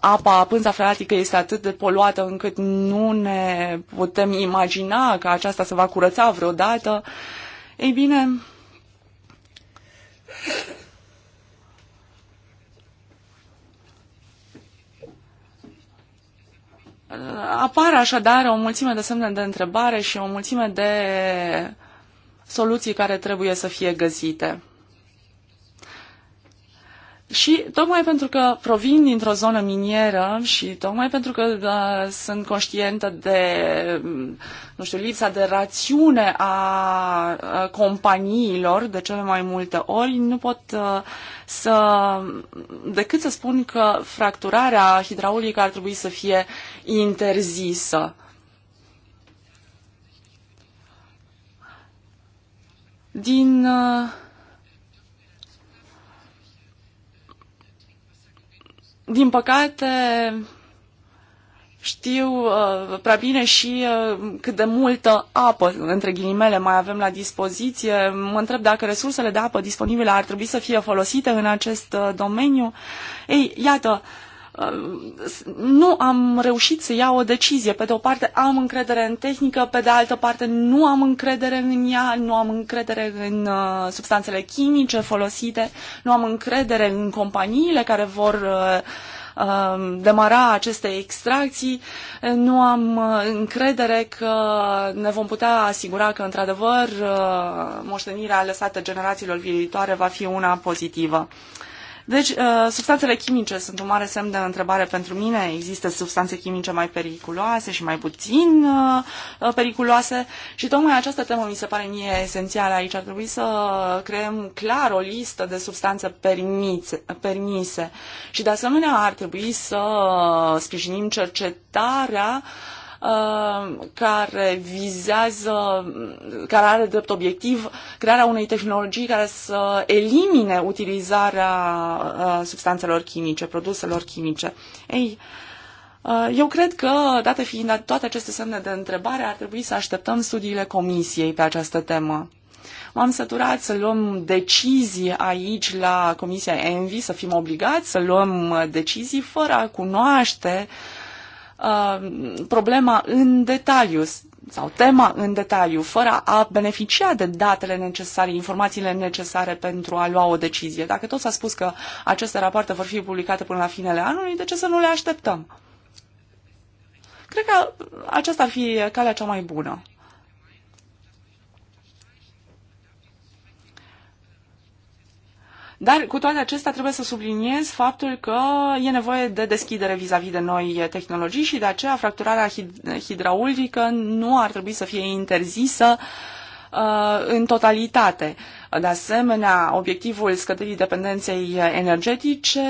apa, pânza freatică este atât de poluată încât nu ne putem imagina că aceasta se va curăța vreodată. Ei bine, Apar așadar o mulțime de semne de întrebare și o mulțime de soluții care trebuie să fie găsite. Și tocmai pentru că provin dintr-o zonă minieră și tocmai pentru că da, sunt conștientă de, nu știu, lipsa de rațiune a, a companiilor de cele mai multe ori, nu pot a, uh, să, decât să spun că fracturarea hidraulică ar trebui să fie interzisă. Din... A, uh, Din păcate, știu uh, prea bine și uh, cât de multă apă, între ghilimele, mai avem la dispoziție. Mă întreb dacă resursele de apă disponibile ar trebui să fie folosite în acest uh, domeniu. Ei, iată, uh, nu am reușit să iau o decizie. Pe de o parte am încredere în tehnică, pe de altă parte nu am încredere în ea, nu am încredere în uh, substanțele chimice folosite, nu am încredere în companiile care vor uh, um, demara aceste extracții, uh, nu am uh, încredere că ne vom putea asigura că, într-adevăr, uh, moștenirea lăsată generațiilor viitoare va fi una pozitivă. Deci, uh, substanțele chimice sunt un mare semn de întrebare pentru mine. Există substanțe chimice mai periculoase și mai puțin uh, uh, periculoase și tocmai această temă mi se pare mie esențială aici. Ar trebui să creăm clar o listă de substanțe permise, permise. și de asemenea ar trebui să sprijinim cercetarea uh, Uh, care vizează, care are drept obiectiv crearea unei tehnologii care să elimine utilizarea uh, substanțelor chimice, produselor chimice. Ei, uh, eu cred că, date fiind toate aceste semne de întrebare, ar trebui să așteptăm studiile comisiei pe această temă. M-am săturat să luăm decizii aici la Comisia Envi, să fim obligați să luăm decizii fără a cunoaște uh, Uh, problema în detaliu sau tema în detaliu, fără a beneficia de datele necesare, informațiile necesare pentru a lua o decizie. Dacă tot s-a spus că aceste rapoarte vor fi publicate până la finele anului, de ce să nu le așteptăm? Cred că aceasta ar fi calea cea mai bună. Dar cu toate acestea trebuie să subliniez faptul că e nevoie de deschidere vis-a-vis -vis de noi tehnologii și de aceea fracturarea hid- hidraulică nu ar trebui să fie interzisă uh, în totalitate. Uh, de asemenea, obiectivul scăderii dependenței energetice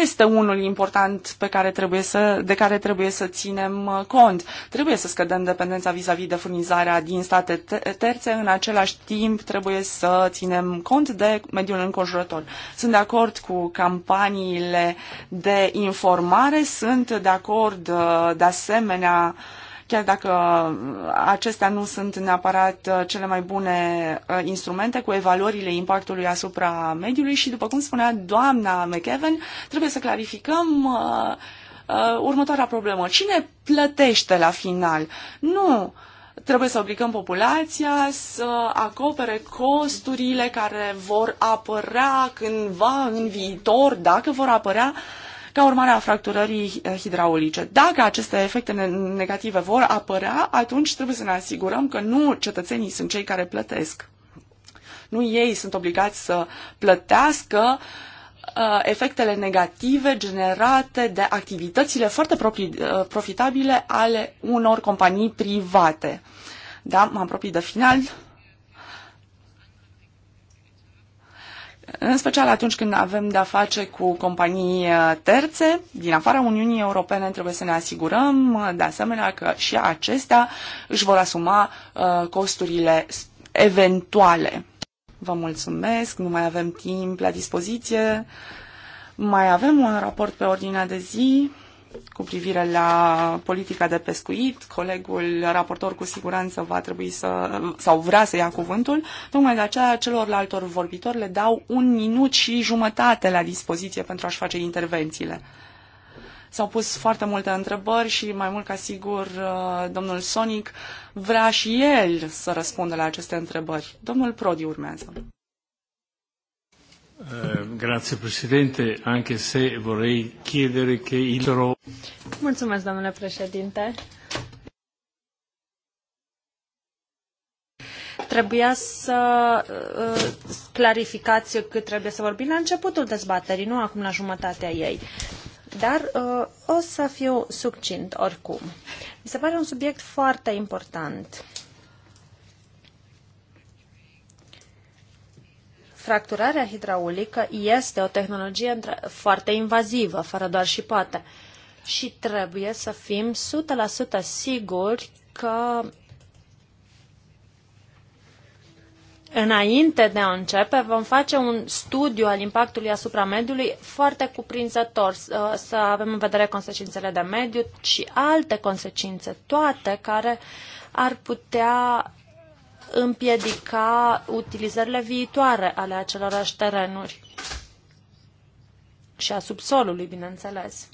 este unul important pe care trebuie să, de care trebuie să ținem cont. Trebuie să scădem dependența vis-a-vis -vis de furnizarea din state terțe, în același timp trebuie să ținem cont de mediul înconjurător. Sunt de acord cu campaniile de informare, sunt de acord de asemenea chiar dacă acestea nu sunt neapărat uh, cele mai bune uh, instrumente cu evaluările impactului asupra mediului și, după cum spunea doamna McEwen, trebuie să clarificăm uh, următoarea problemă. Cine plătește la final? Nu trebuie să obligăm populația să acopere costurile care vor apărea cândva în viitor, dacă vor apărea, uh, ca urmare a fracturării eh, hidraulice. Dacă aceste efecte negative vor apărea, atunci trebuie să ne asigurăm că nu cetățenii sunt cei care plătesc. Nu ei sunt obligați să plătească eh, efectele negative generate de activitățile foarte eh, profitabile ale unor companii private. Da, m-am apropiat de final. în special atunci când avem de-a face cu companii uh, terțe din afara Uniunii Europene, trebuie să ne asigurăm uh, de asemenea că și acestea își vor asuma uh, costurile eventuale. Vă mulțumesc, nu mai avem timp la dispoziție. Mai avem un raport pe ordinea de zi cu privire la politica de pescuit. Colegul raportor cu siguranță va trebui să, sau vrea să ia cuvântul. Tocmai de aceea celorlaltor vorbitori le dau un minut și jumătate la dispoziție pentru a-și face intervențiile. S-au pus foarte multe întrebări și mai mult ca sigur uh, domnul Sonic vrea și el să răspundă la aceste întrebări. Domnul Prodi urmează. Eh, grazie Presidente, anche se vorrei chiedere che il Mulțumesc, domnule președinte. Trebuia să uh, clarificați cât trebuie să vorbim la începutul dezbaterii, nu acum la jumătatea ei. Dar uh, o să fiu succint oricum. Mi se pare un subiect foarte important. Uh, fracturarea hidraulică este o tehnologie foarte invazivă, fără doar și poate. Și trebuie să fim 100% siguri că înainte de a începe, vom face un studiu al impactului asupra mediului foarte cuprinzător, uh, să avem în vedere consecințele de mediu și alte consecințe, toate care ar putea împiedica utilizările viitoare ale acelorași terenuri și a subsolului, bineînțeles.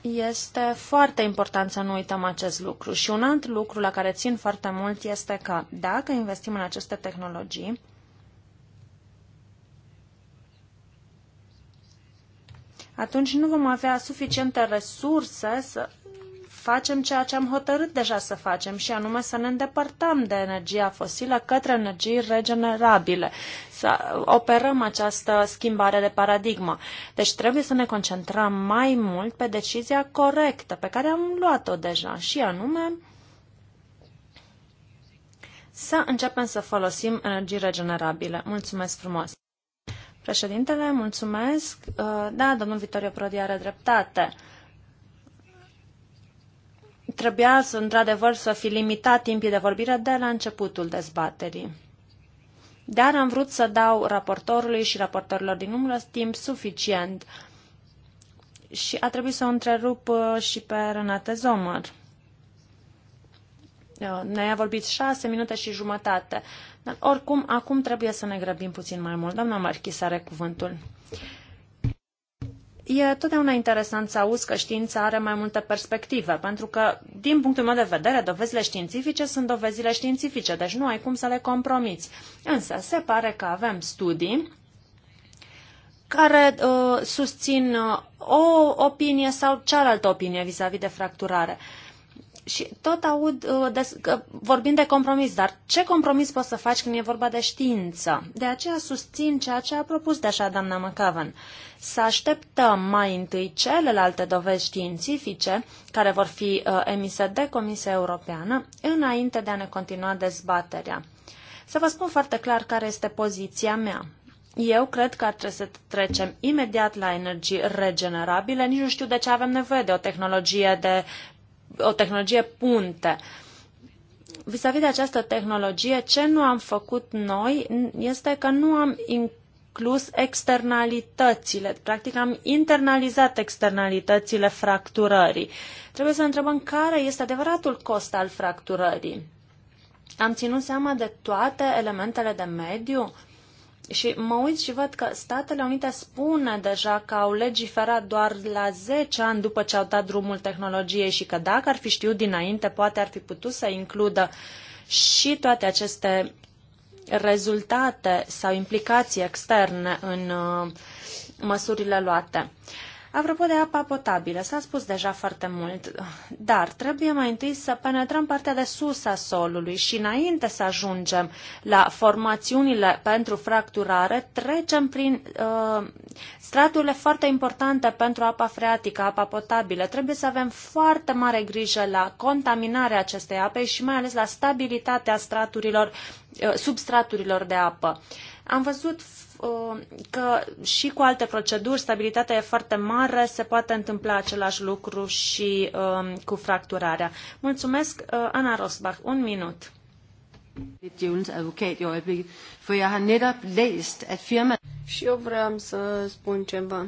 Este foarte important să nu uităm acest lucru și un alt lucru la care țin foarte mult este că dacă investim în aceste tehnologii, atunci nu vom avea suficiente resurse să facem ceea ce am hotărât deja să facem și anume să ne îndepărtăm de energia fosilă către energii regenerabile, să operăm această schimbare de paradigmă. Deci trebuie să ne concentrăm mai mult pe decizia corectă pe care am luat-o deja și anume să începem să folosim energii regenerabile. Mulțumesc frumos! Președintele, mulțumesc. Uh, da, domnul Vitorio Prodi are dreptate. Trebuia, să, într-adevăr, să fi limitat timpii de vorbire de la începutul dezbaterii. Dar am vrut să dau raportorului și raportorilor din umbră timp suficient și a trebuit să o întrerup uh, și pe Renate Zomăr. Uh, ne-a vorbit șase minute și jumătate. Dar oricum, acum trebuie să ne grăbim puțin mai mult. Doamna Marchis are cuvântul. E totdeauna interesant să auzi că știința are mai multe perspective, pentru că, din punctul meu de vedere, dovezile științifice sunt dovezile științifice, deci nu ai cum să le compromiți. Însă, se pare că avem studii care uh, susțin uh, o opinie sau cealaltă opinie vis-a-vis -vis de fracturare. Uh, și tot aud uh, des, că vorbim de compromis, dar ce compromis poți să faci când e vorba de știință? De aceea susțin ceea ce a propus de așa doamna McAvan. Să așteptăm mai întâi celelalte dovezi științifice care vor fi uh, emise de Comisia Europeană înainte de a ne continua dezbaterea. Să vă spun foarte clar care este poziția mea. Eu cred că ar trebui să trecem imediat la energii regenerabile. Nici nu știu de ce avem nevoie de o tehnologie de o tehnologie punte. Vis-a-vis -vis de această tehnologie, ce nu am făcut noi este că nu am inclus externalitățile. Practic am internalizat externalitățile fracturării. Trebuie să întrebăm care este adevăratul cost al fracturării. Am ținut seama de toate elementele de mediu? Și mă uit și văd că Statele Unite spune deja că au legiferat doar la 10 ani după ce au dat drumul tehnologiei și că dacă ar fi știut dinainte, poate ar fi putut să includă și toate aceste rezultate sau implicații externe în uh, măsurile luate. Uh, Apropo de apa potabilă, s-a spus deja foarte mult, dar trebuie mai întâi să penetrăm partea de sus a solului și înainte să ajungem la formațiunile pentru fracturare, trecem prin uh, straturile foarte importante pentru apa freatică, apa potabilă. Trebuie să avem foarte mare grijă la contaminarea acestei ape și mai ales la stabilitatea straturilor, uh, substraturilor de apă. Uh, am văzut uh, că și cu alte proceduri, stabilitatea e foarte mare, se poate întâmpla același lucru și um, cu fracturarea. Mulțumesc, uh, Ana Rosbach. Un minut. Djævelens advokat i øjeblikket, for jeg har netop læst, at firma... Și eu vreau să spun ceva.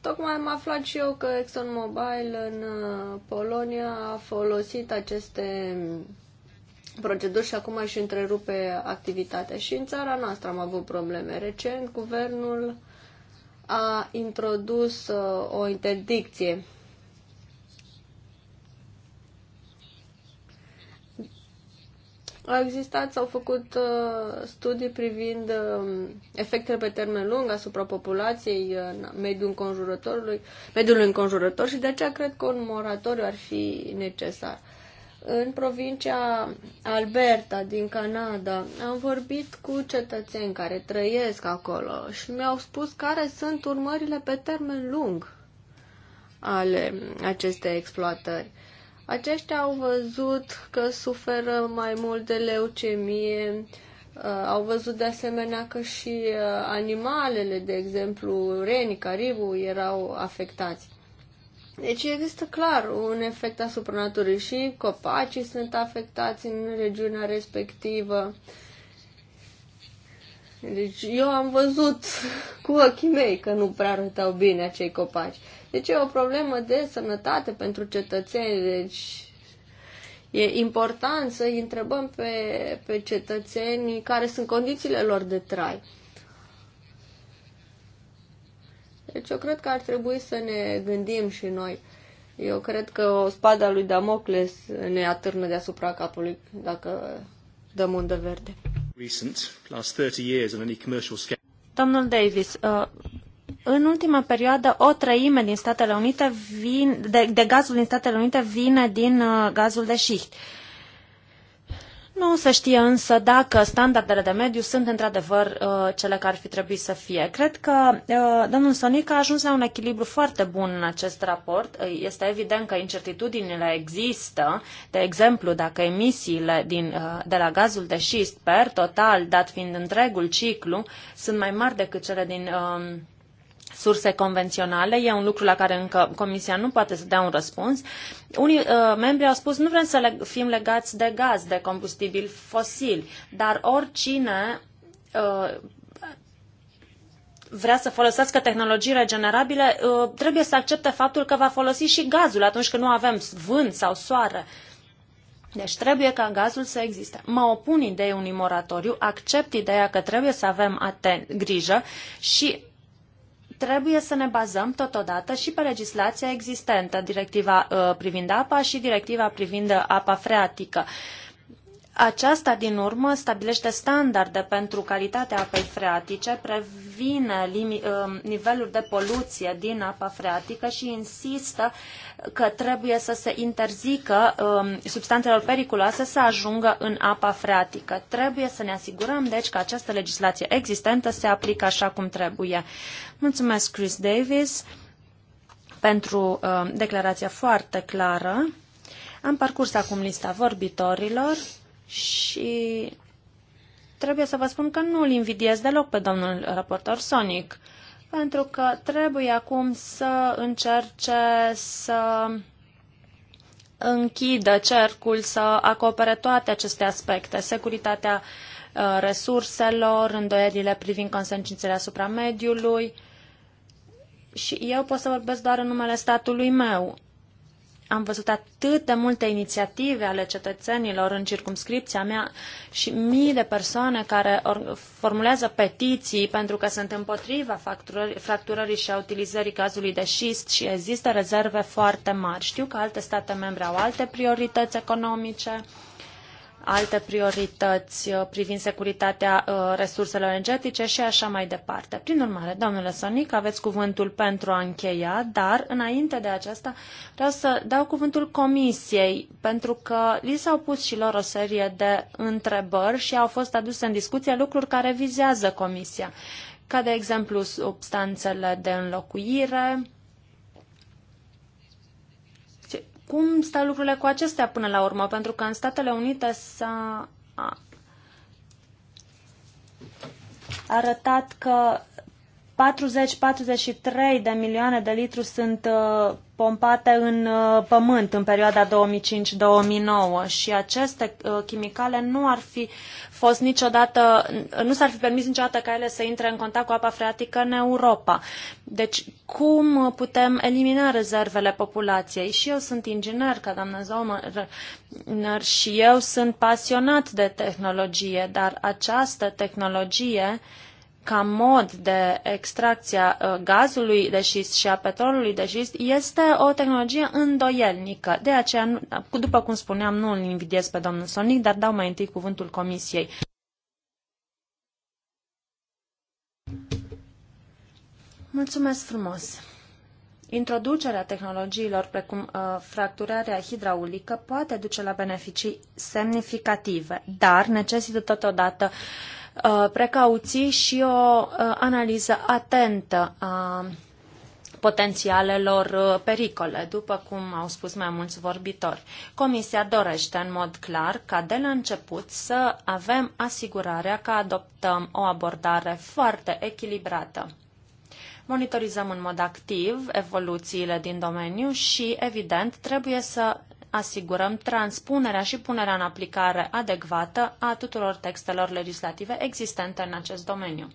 Tocmai am aflat și eu că ExxonMobil în uh, Polonia a folosit aceste proceduri și acum își întrerupe activitatea. Și în țara noastră am avut probleme. Recent, guvernul a introdus uh, o interdicție Au existat, s-au făcut uh, studii privind uh, efectele pe termen lung asupra populației, uh, mediul înconjurătorului, mediul înconjurător și de aceea cred că un moratoriu ar fi necesar. În provincia Alberta din Canada am vorbit cu cetățeni care trăiesc acolo și mi-au spus care sunt urmările pe termen lung ale acestei exploatări. Aceștia au văzut că suferă mai mult de leucemie, uh, au văzut de asemenea că și uh, animalele, de exemplu, renii, caribu, erau afectați. Deci există clar un efect asupra naturii și copacii sunt afectați în regiunea respectivă. Deci eu am văzut cu ochii mei că nu prea arătau bine acei copaci. Deci e o problemă de sănătate pentru cetățeni, deci e important să îi întrebăm pe, pe cetățenii care sunt condițiile lor de trai. Deci eu cred că ar trebui să ne gândim și noi. Eu cred că o spada lui Damocles ne atârnă deasupra capului dacă dăm undă verde. Recent, last 30 years on any commercial scale. Domnul Davis, uh, în ultima perioadă o treime din Statele Unite vin, de, de gazul din Statele Unite vine din uh, gazul de șicht. Uh, nu se știe însă dacă standardele de mediu sunt într-adevăr uh, cele care ar fi trebuit să fie. Cred că uh, domnul Sonic a ajuns la un echilibru foarte bun în acest raport. Uh, este evident că incertitudinile există, de exemplu, dacă emisiile din, de la gazul de șist per total, dat fiind întregul ciclu, sunt mai mari decât cele din Uh, surse convenționale. E un lucru la care încă Comisia nu poate să dea un răspuns. Unii uh, membri au spus nu vrem să le- fim legați de gaz, de combustibil fosil, dar oricine uh, vrea să folosească tehnologii regenerabile, uh, trebuie să accepte faptul că va folosi și gazul atunci când nu avem vânt sau soare. Deci trebuie ca gazul să existe. Mă opun ideea unui moratoriu, accept ideea că trebuie să avem aten- grijă și trebuie să ne bazăm totodată și pe legislația existentă, directiva uh, privind apa și directiva privind apa freatică. Uh, aceasta, din urmă, stabilește standarde pentru calitatea apei freatice, previne ă, nivelul de poluție din apa freatică și insistă că trebuie să se interzică ă, substanțelor periculoase să ajungă în apa freatică. Trebuie să ne asigurăm, deci, că această legislație existentă se aplică așa cum trebuie. Mulțumesc, Chris Davis, pentru ă, declarația foarte clară. Am parcurs acum lista vorbitorilor și trebuie să vă spun că nu îl invidiez deloc pe domnul raportor Sonic, pentru că trebuie acum să încerce să închidă cercul, să acopere toate aceste aspecte, securitatea uh, resurselor, îndoierile privind consecințele asupra mediului. Și eu pot să vorbesc doar în numele statului meu. Am văzut atât de multe inițiative ale cetățenilor în circumscripția mea și mii de persoane care formulează petiții pentru că sunt împotriva fracturării și a utilizării gazului de șist și există rezerve foarte mari. Știu că alte state membre au alte priorități economice alte priorități uh, privind securitatea uh, resurselor energetice și așa mai departe. Prin urmare, domnule Sonic, aveți cuvântul pentru a încheia, dar înainte de aceasta vreau să dau cuvântul comisiei, pentru că li s-au pus și lor o serie de întrebări și au fost aduse în discuție lucruri care vizează comisia, ca de exemplu substanțele de înlocuire, cum stau lucrurile cu acestea până la urmă? Pentru că în Statele Unite s-a arătat că 40-43 de milioane de litri sunt uh, pompate în uh, pământ în perioada 2005-2009 și aceste uh, chimicale nu ar fi fost niciodată, nu s-ar fi permis niciodată ca ele să intre în contact cu apa freatică în Europa. Deci cum putem elimina rezervele populației? Și eu sunt inginer ca doamna Zomer și eu sunt pasionat de tehnologie, dar această tehnologie ca mod de extracție a uh, gazului de șist și a petrolului de șist este o tehnologie îndoielnică. De aceea, da, după cum spuneam, nu îl invidiez pe domnul Sonic, dar dau mai întâi cuvântul comisiei. Mulțumesc frumos! Introducerea tehnologiilor precum uh, fracturarea hidraulică poate duce la beneficii semnificative, dar necesită totodată uh, Uh, precauții și o uh, analiză atentă a potențialelor uh, pericole, după cum au spus mai mulți vorbitori. Comisia dorește în mod clar ca de la început să avem asigurarea că adoptăm o abordare foarte echilibrată. Monitorizăm în mod activ evoluțiile din domeniu și, evident, trebuie să asigurăm transpunerea și punerea în aplicare adecvată a tuturor textelor legislative existente în acest domeniu.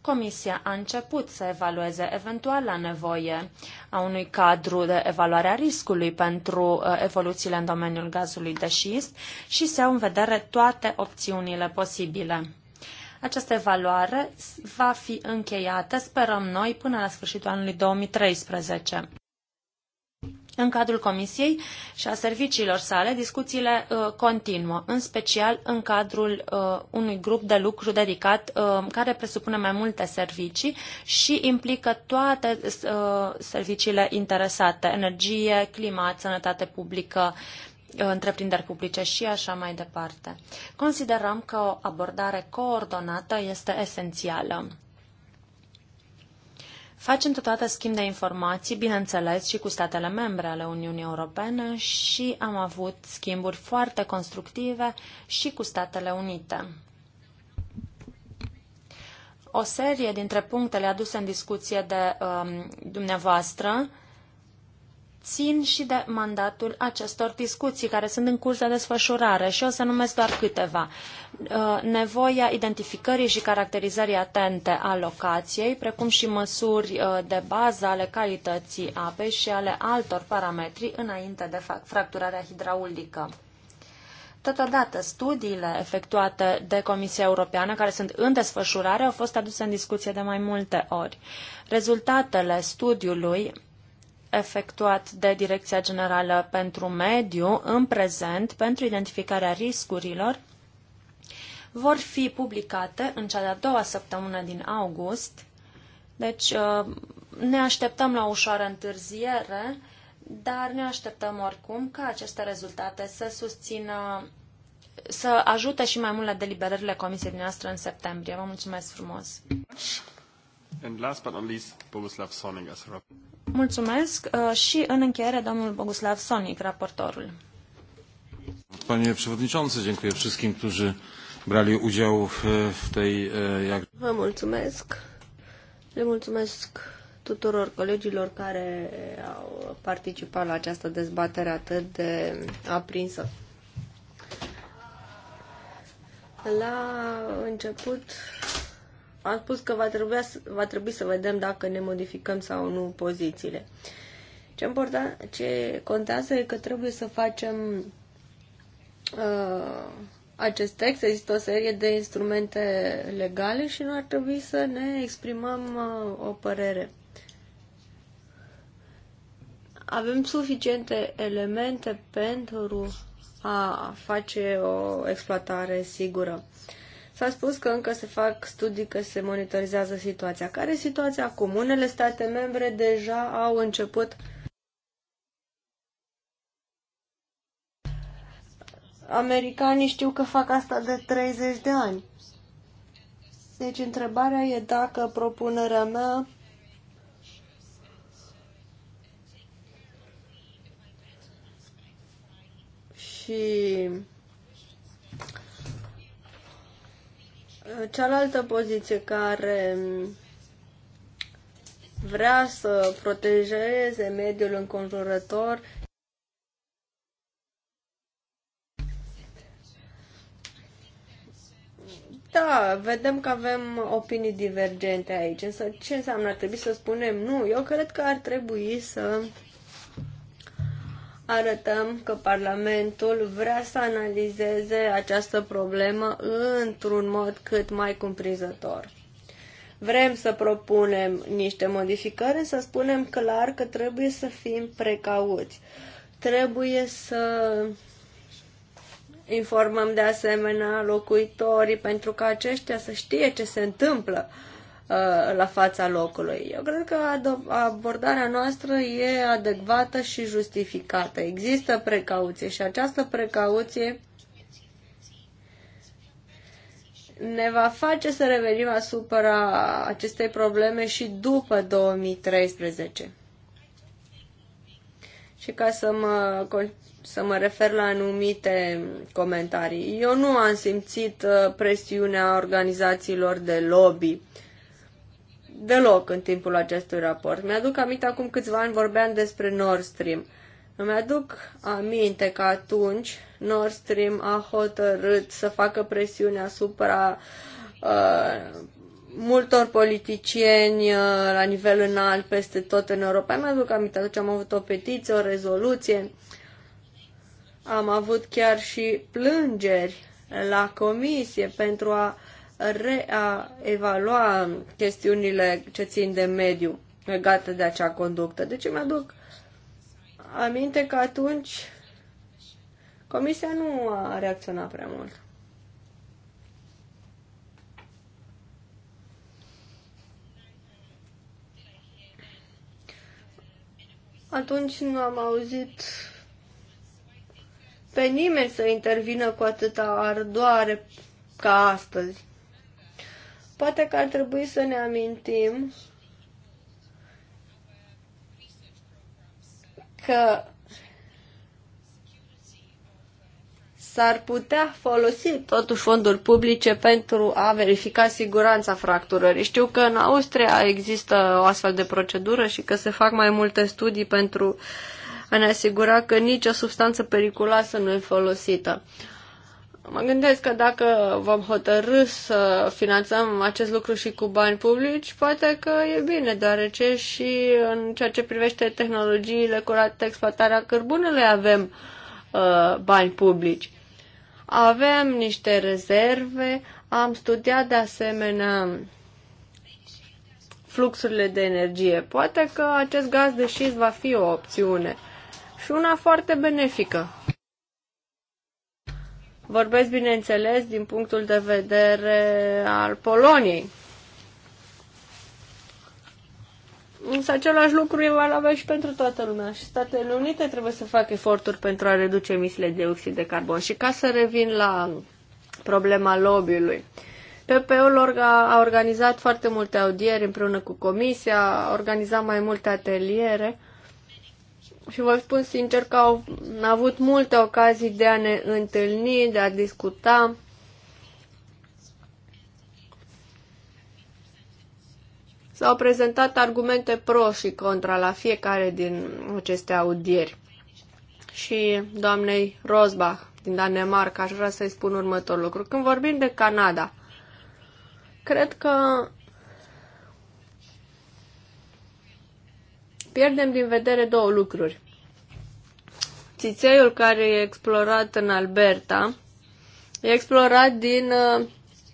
Comisia a început să evalueze eventuala nevoie a unui cadru de evaluare a riscului pentru uh, evoluțiile în domeniul gazului de șist și se au în vedere toate opțiunile posibile. Această evaluare va fi încheiată, sperăm noi, până la sfârșitul anului 2013. În cadrul Comisiei și a serviciilor sale, discuțiile uh, continuă, în special în cadrul uh, unui grup de lucru dedicat uh, care presupune mai multe servicii și implică toate uh, serviciile interesate, energie, climat, sănătate publică, uh, întreprinderi publice și așa mai departe. Considerăm că o abordare coordonată este esențială. Facem totodată schimb de informații, bineînțeles, și cu statele membre ale Uniunii Europene și am avut schimburi foarte constructive și cu Statele Unite. O serie dintre punctele aduse în discuție de um, dumneavoastră uh, țin și de mandatul acestor discuții care sunt în curs de desfășurare și o să numesc doar câteva. Uh, nevoia identificării și caracterizării atente a locației, precum și măsuri uh, de bază ale calității apei și ale altor parametri înainte de fracturarea hidraulică. Totodată, studiile efectuate de Comisia Europeană, care sunt în desfășurare, au fost aduse în discuție de mai multe ori. Rezultatele studiului efectuat de Direcția Generală pentru Mediu în prezent pentru identificarea riscurilor vor fi publicate în cea de-a doua săptămână din august. Deci uh, ne așteptăm la ușoară întârziere, dar ne așteptăm oricum ca aceste rezultate să susțină să ajute și mai mult la deliberările comisiei noastre în septembrie. Vă mulțumesc frumos! And last but not least, Boguslav Soning as Mulțumesc uh, și în încheiere domnul Boguslav Sonic, raportorul. Panie przewodniczący, dziękuję wszystkim, którzy brali udział w tej... Jak... Vă mulțumesc. Le mulțumesc tuturor colegilor care au participat la această dezbatere atât de aprinsă. La început am spus că va trebui, va trebui să vedem dacă ne modificăm sau nu pozițiile. Ce, important, ce contează e că trebuie să facem uh, acest text. Există o serie de instrumente legale și nu ar trebui să ne exprimăm uh, o părere. Avem suficiente elemente pentru a face o exploatare sigură. Uh, S-a spus că încă se fac studii, că se monitorizează situația. Care e situația acum? Unele state membre deja au început Americanii știu că fac asta de 30 de ani. Deci întrebarea e dacă propunerea mea și Cealaltă poziție care vrea să protejeze mediul înconjurător Da, vedem că avem opinii divergente aici, însă ce înseamnă? Ar trebui să spunem nu. Eu cred că ar trebui să arătăm că Parlamentul vrea să analizeze această problemă într-un mod cât mai cuprinzător. Vrem să propunem niște modificări, să spunem clar că trebuie să fim precauți. Trebuie să informăm de asemenea locuitorii pentru ca aceștia să știe ce se întâmplă uh, Uh, la fața locului. Eu cred că abordarea noastră e adecvată și justificată. Există precauție și această precauție ne va face să revenim asupra acestei probleme și după 2013. Și ca să mă, să mă refer la anumite comentarii, eu nu am simțit uh, presiunea organizațiilor de lobby uh, deloc în timpul acestui raport. Mi-aduc aminte acum câțiva ani vorbeam despre Nord Stream. Îmi aduc aminte că atunci Nord Stream a hotărât să facă presiune asupra uh, multor politicieni uh, la nivel înalt peste tot în Europa. Îmi aduc aminte, atunci am avut o petiție, o rezoluție. Am avut chiar și plângeri la comisie pentru a re- a evalua chestiunile ce țin de mediu legate de acea conductă. Deci îmi aduc aminte că atunci Comisia nu a reacționat prea mult. Atunci nu am auzit pe nimeni să intervină cu atâta ardoare ca astăzi. Poate că ar trebui să ne amintim că s-ar putea folosi totuși fonduri publice pentru a verifica siguranța fracturării. Știu că în Austria există o astfel de procedură și că se fac mai multe studii pentru a ne asigura că nicio substanță periculoasă nu e folosită. Mă gândesc că dacă vom hotărâ să finanțăm acest lucru și cu bani publici, poate că e bine, deoarece și în ceea ce privește tehnologiile curate, exploatarea cărbunele, avem uh, bani publici. Avem niște rezerve, am studiat de asemenea fluxurile de energie. Poate că acest gaz de șist va fi o opțiune și una foarte benefică. Vorbesc, bineînțeles, din punctul de vedere al Poloniei. Însă același lucru e valabil și pentru toată lumea. Și Statele Unite trebuie să facă eforturi pentru a reduce emisiile de oxid de carbon. Și ca să revin la problema lobby-ului. PPO-ul a organizat foarte multe audieri împreună cu comisia, a organizat mai multe ateliere. Uh, și vă spun sincer că au avut multe ocazii de a ne întâlni, de a discuta. S-au prezentat argumente pro și contra la fiecare din aceste audieri. Și doamnei Rosbach din Danemarca aș vrea să-i spun următorul lucru. Când vorbim de Canada, cred că pierdem din vedere două lucruri. Țițeiul care e explorat în Alberta e explorat din uh,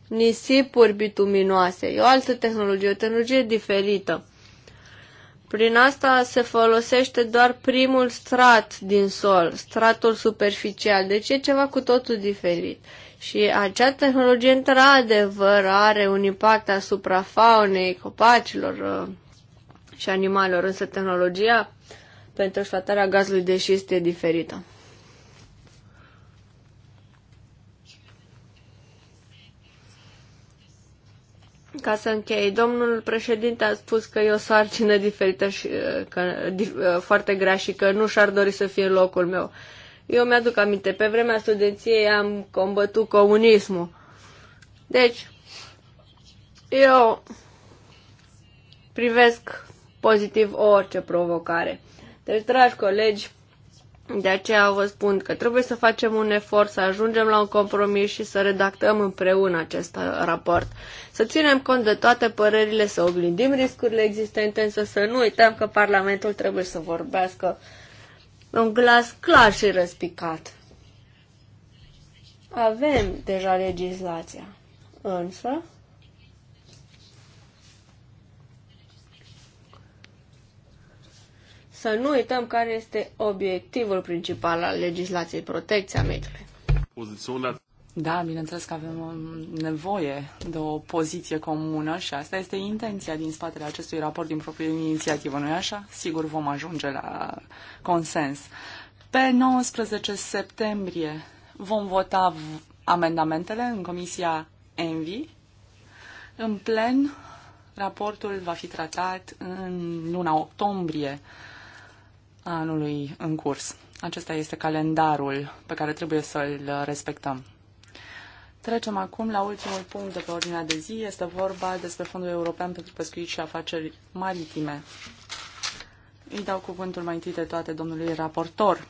nisipuri bituminoase. E o altă tehnologie, o tehnologie diferită. Prin asta se folosește doar primul strat din sol, stratul superficial, deci e ceva cu totul diferit. Și acea tehnologie, într-adevăr, are un impact asupra faunei, copacilor, uh, și animalelor, însă tehnologia pentru exploatarea gazului de șist este diferită. Ca să închei, domnul președinte a spus că e o sarcină diferită și uh, că, uh, foarte grea și că nu și-ar dori să fie în locul meu. Eu mi-aduc aminte, pe vremea studenției am combătut comunismul. Deci, eu privesc pozitiv orice provocare. Deci, dragi colegi, de aceea vă spun că trebuie să facem un efort, să ajungem la un compromis și să redactăm împreună acest raport. Să ținem cont de toate părerile, să oglindim riscurile existente, însă să nu uităm că Parlamentul trebuie să vorbească un glas clar și răspicat. Avem deja legislația, însă să nu uităm care este obiectivul principal al legislației, protecția mediului. Da, bineînțeles că avem nevoie de o poziție comună și asta este intenția din spatele acestui raport din propria inițiativă, nu-i așa? Sigur vom ajunge la consens. Pe 19 septembrie vom vota amendamentele în Comisia Envi. În plen, raportul va fi tratat în luna octombrie anului în curs. Acesta este calendarul pe care trebuie să-l respectăm. Trecem acum la ultimul punct de pe ordinea de zi. Este vorba despre Fondul European pentru Pescuit și Afaceri Maritime. Îi dau cuvântul mai întâi de toate domnului raportor.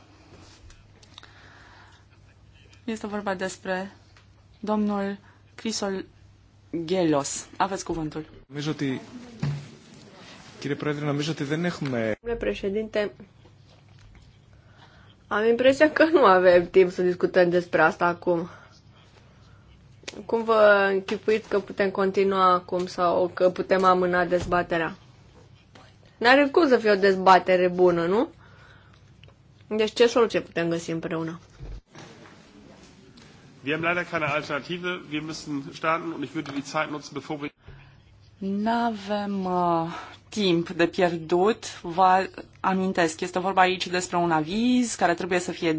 Este vorba despre domnul Crisol Gelos. Aveți cuvântul. Domnule președinte, am impresia că nu avem timp să discutăm despre asta acum. Cum vă închipuiți că putem continua acum sau că putem amâna dezbaterea? N-are cum să fie o dezbatere bună, nu? Deci ce soluție putem găsi împreună? Wir haben leider keine Alternative. Wir müssen starten und ich würde die Zeit nutzen, bevor wir... N-avem uh, timp de pierdut. Vă amintesc, este vorba aici despre un aviz care trebuie să fie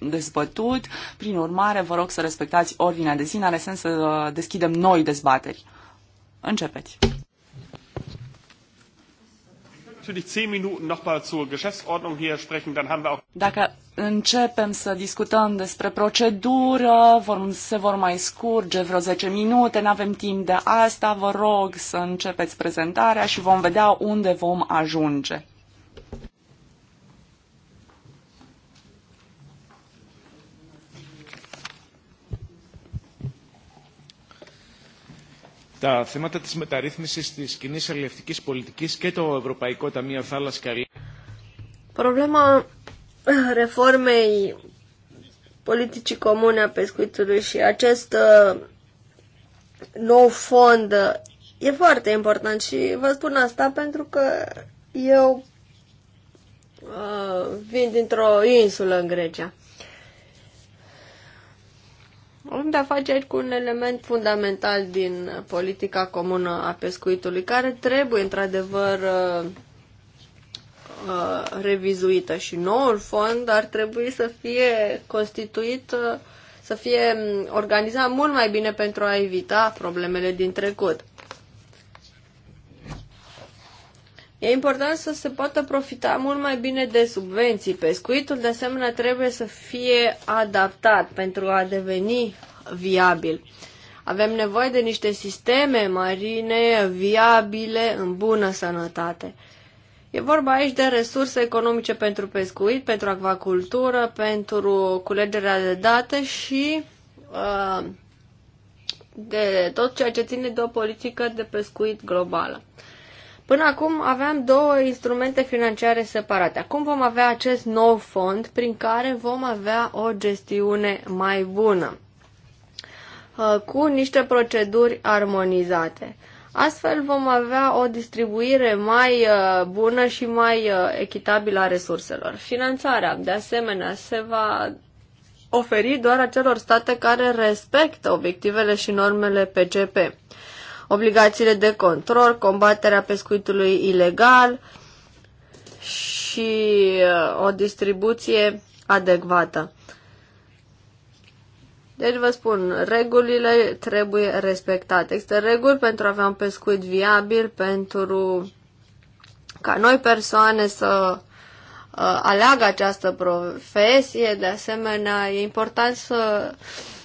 dezbătut. Prin urmare, vă rog să respectați ordinea de zi, în are sens să deschidem noi dezbateri. Începeți! natürlich zehn Minuten nochmal zur Geschäftsordnung hier sprechen, dann haben wir auch. Dacă începem să discutăm despre procedură, vor, se vor mai scurge vreo 10 minute, nu avem timp de asta, vă rog să începeți prezentarea și vom vedea unde vom ajunge. τα θέματα της μεταρρύθμισης της κοινή αλληλευτικής πολιτικής και το Ευρωπαϊκό Ταμείο Θάλασσας Καρία. Problema reformei politicii comune a pescuitului și acest nou fond e foarte important și vă spun asta pentru că eu uh, vin dintr-o insulă în Grecia. Avem de-a face aici cu un element fundamental din politica comună a pescuitului, care trebuie într-adevăr uh, uh, revizuită și noul fond ar trebui să fie constituit, uh, să fie mm, organizat mult mai bine pentru a evita problemele din trecut. E important să se poată profita mult mai bine de subvenții. Pescuitul, de asemenea, trebuie să fie adaptat pentru a deveni viabil. Avem nevoie de niște sisteme marine viabile în bună sănătate. E vorba aici de resurse economice pentru pescuit, pentru acvacultură, pentru culegerea de date și uh, de tot ceea ce ține de o politică de pescuit globală. Până acum aveam două instrumente financiare separate. Acum vom avea acest nou fond prin care vom avea o gestiune mai bună uh, cu niște proceduri armonizate. Astfel vom avea o distribuire mai uh, bună și mai uh, echitabilă a resurselor. Finanțarea, de asemenea, se va oferi doar acelor state care respectă obiectivele și normele PCP obligațiile de control, combaterea pescuitului ilegal și uh, o distribuție adecvată. Deci vă spun, regulile trebuie respectate. Există reguli pentru a avea un pescuit viabil, pentru ca noi persoane să uh, aleagă această profesie. De asemenea, e important să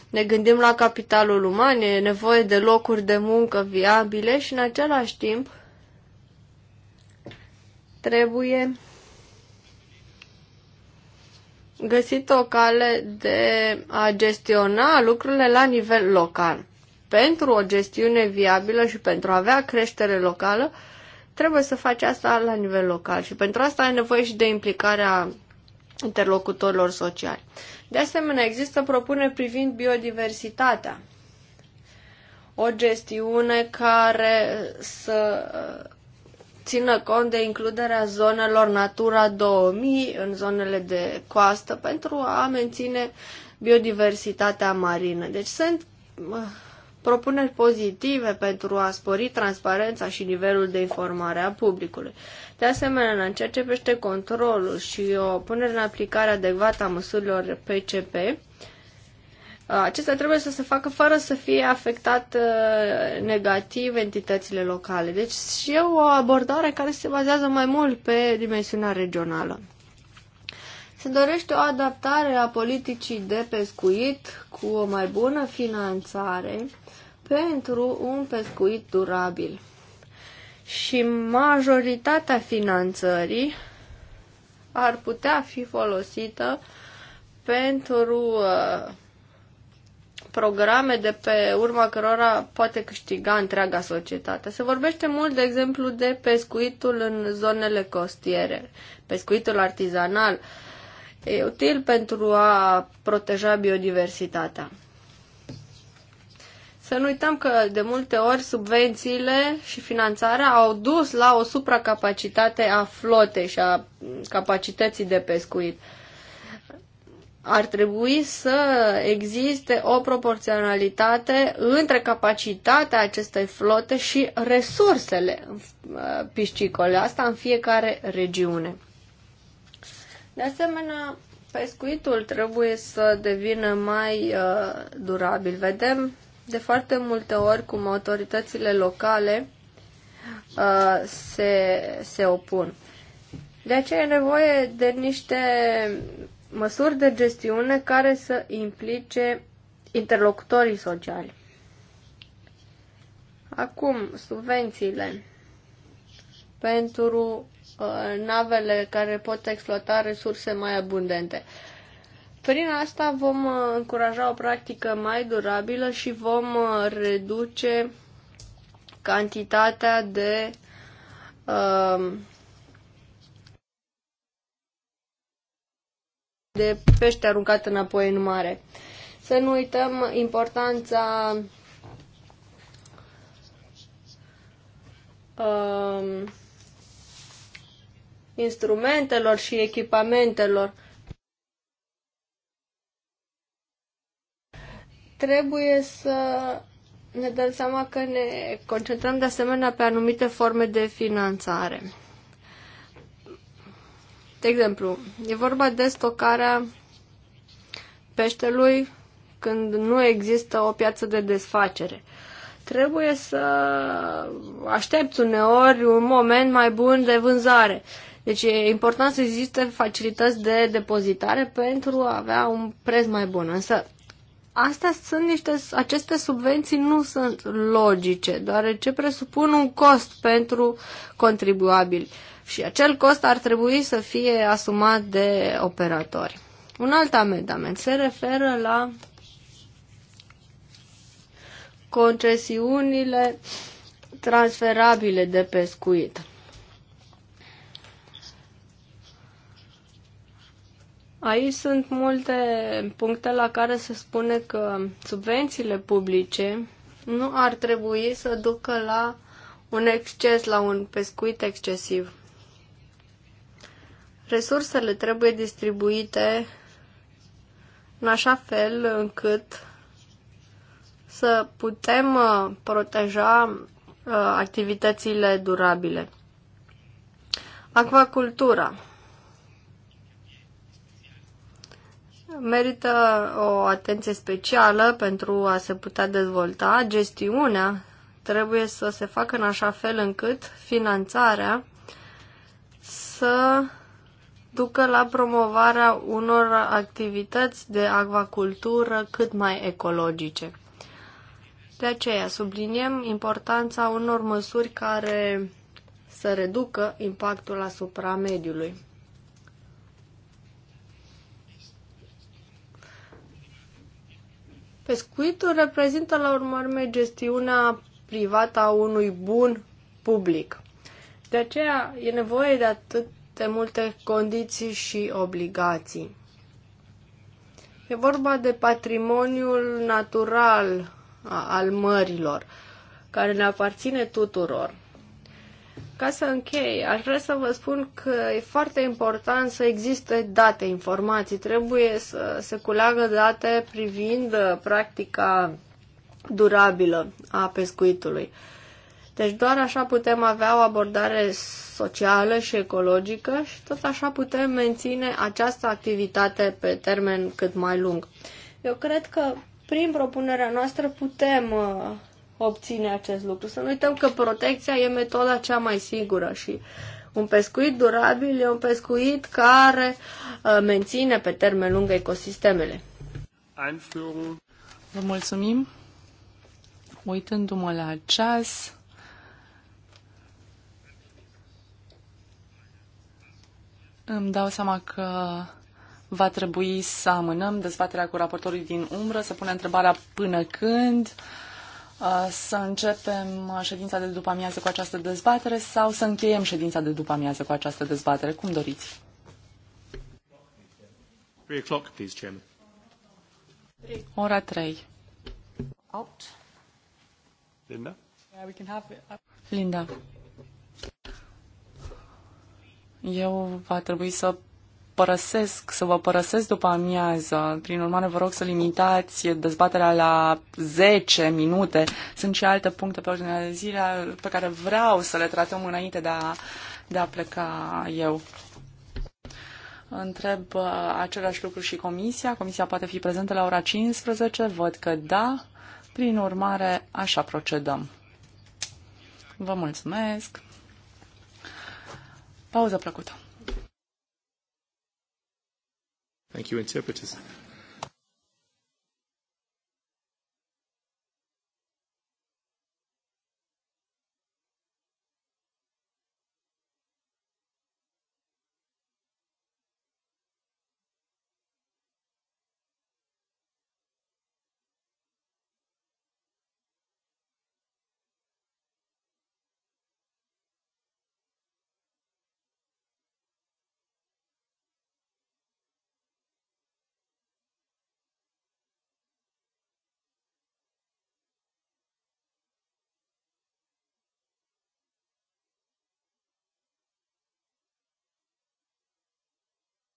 ne gândim la capitalul uman, e nevoie de locuri de muncă viabile și în același timp trebuie găsit o cale de a gestiona lucrurile la nivel local. Pentru o gestiune viabilă și pentru a avea creștere locală, trebuie să faci asta la nivel local și pentru asta ai nevoie și de implicarea interlocutorilor sociali. De asemenea, există propuneri privind biodiversitatea. O gestiune care să uh, țină cont de includerea zonelor Natura 2000 în zonele de coastă pentru a menține biodiversitatea marină. Deci sunt uh, propuneri pozitive pentru a spori transparența și nivelul de informare a publicului. De asemenea, în ceea ce privește controlul și o punere în aplicare adecvată a măsurilor PCP, acestea trebuie să se facă fără să fie afectat uh, negativ entitățile locale. Deci și o abordare care se bazează mai mult pe dimensiunea regională. Se dorește o adaptare a politicii de pescuit cu o mai bună finanțare pentru un pescuit durabil. Și majoritatea finanțării ar putea fi folosită pentru uh, programe de pe urma cărora poate câștiga întreaga societate. Se vorbește mult, de exemplu, de pescuitul în zonele costiere, pescuitul artizanal. E util pentru a proteja biodiversitatea. Să nu uităm că de multe ori subvențiile și finanțarea au dus la o supracapacitate a flotei și a capacității de pescuit. Ar trebui să existe o proporționalitate între capacitatea acestei flote și resursele uh, piscicole, asta în fiecare regiune. De asemenea, pescuitul trebuie să devină mai uh, durabil. Vedem de foarte multe ori cum autoritățile locale uh, se, se opun. De aceea e nevoie de niște măsuri de gestiune care să implice interlocutorii sociali. Acum, subvențiile pentru uh, navele care pot exploata resurse mai abundente. Prin asta vom uh, încuraja o practică mai durabilă și vom uh, reduce cantitatea de um, de pește aruncat înapoi în mare. Să nu uităm importanța um, instrumentelor și echipamentelor. trebuie să ne dăm seama că ne concentrăm de asemenea pe anumite forme de finanțare. De exemplu, e vorba de stocarea peștelui când nu există o piață de desfacere. Trebuie să aștepți uneori un moment mai bun de vânzare. Deci e important să existe facilități de depozitare pentru a avea un preț mai bun. Însă astea sunt niște, aceste subvenții nu sunt logice, deoarece presupun un cost pentru contribuabili și acel cost ar trebui să fie asumat de operatori. Un alt amendament se referă la concesiunile transferabile de pescuit. Aici sunt multe puncte la care se spune că subvențiile publice nu ar trebui să ducă la un exces, la un pescuit excesiv. Resursele trebuie distribuite în așa fel încât să putem uh, proteja uh, activitățile durabile. Acvacultura merită o atenție specială pentru a se putea dezvolta. Gestiunea trebuie să se facă în așa fel încât finanțarea să ducă la promovarea unor activități de acvacultură cât mai ecologice. De aceea subliniem importanța unor măsuri care să reducă impactul asupra mediului. Pescuitul reprezintă la urmă gestiunea privată a unui bun public. De aceea e nevoie de atât de multe condiții și obligații. E vorba de patrimoniul natural al mărilor, care ne aparține tuturor. Ca să închei, aș vrea să vă spun că e foarte important să existe date, informații. Trebuie să se culeagă date privind uh, practica durabilă a pescuitului. Deci doar așa putem avea o abordare socială și ecologică și tot așa putem menține această activitate pe termen cât mai lung. Eu cred că prin propunerea noastră putem uh, obține acest lucru. Să nu uităm că protecția e metoda cea mai sigură și un pescuit durabil e un pescuit care uh, menține pe termen lung ecosistemele. Vă mulțumim. Uitându-mă la ceas, îmi dau seama că va trebui să amânăm dezbaterea cu raportorii din umbră, să punem întrebarea până când. Uh, să începem ședința de după amiază cu această dezbatere sau să încheiem ședința de după amiază cu această dezbatere, cum doriți. 3 o'clock, please, Chairman. Ora 3. Out. Linda? Yeah, we can have it. Linda. Eu va trebui să părăsesc, să vă părăsesc după amiază. Prin urmare, vă rog să limitați dezbaterea la 10 minute. Sunt și alte puncte pe ordinea de zile pe care vreau să le tratăm înainte de a, de a pleca eu. Întreb uh, același lucru și comisia. Comisia poate fi prezentă la ora 15. Văd că da. Prin urmare, așa procedăm. Vă mulțumesc. Pauză plăcută. Thank you, interpreters.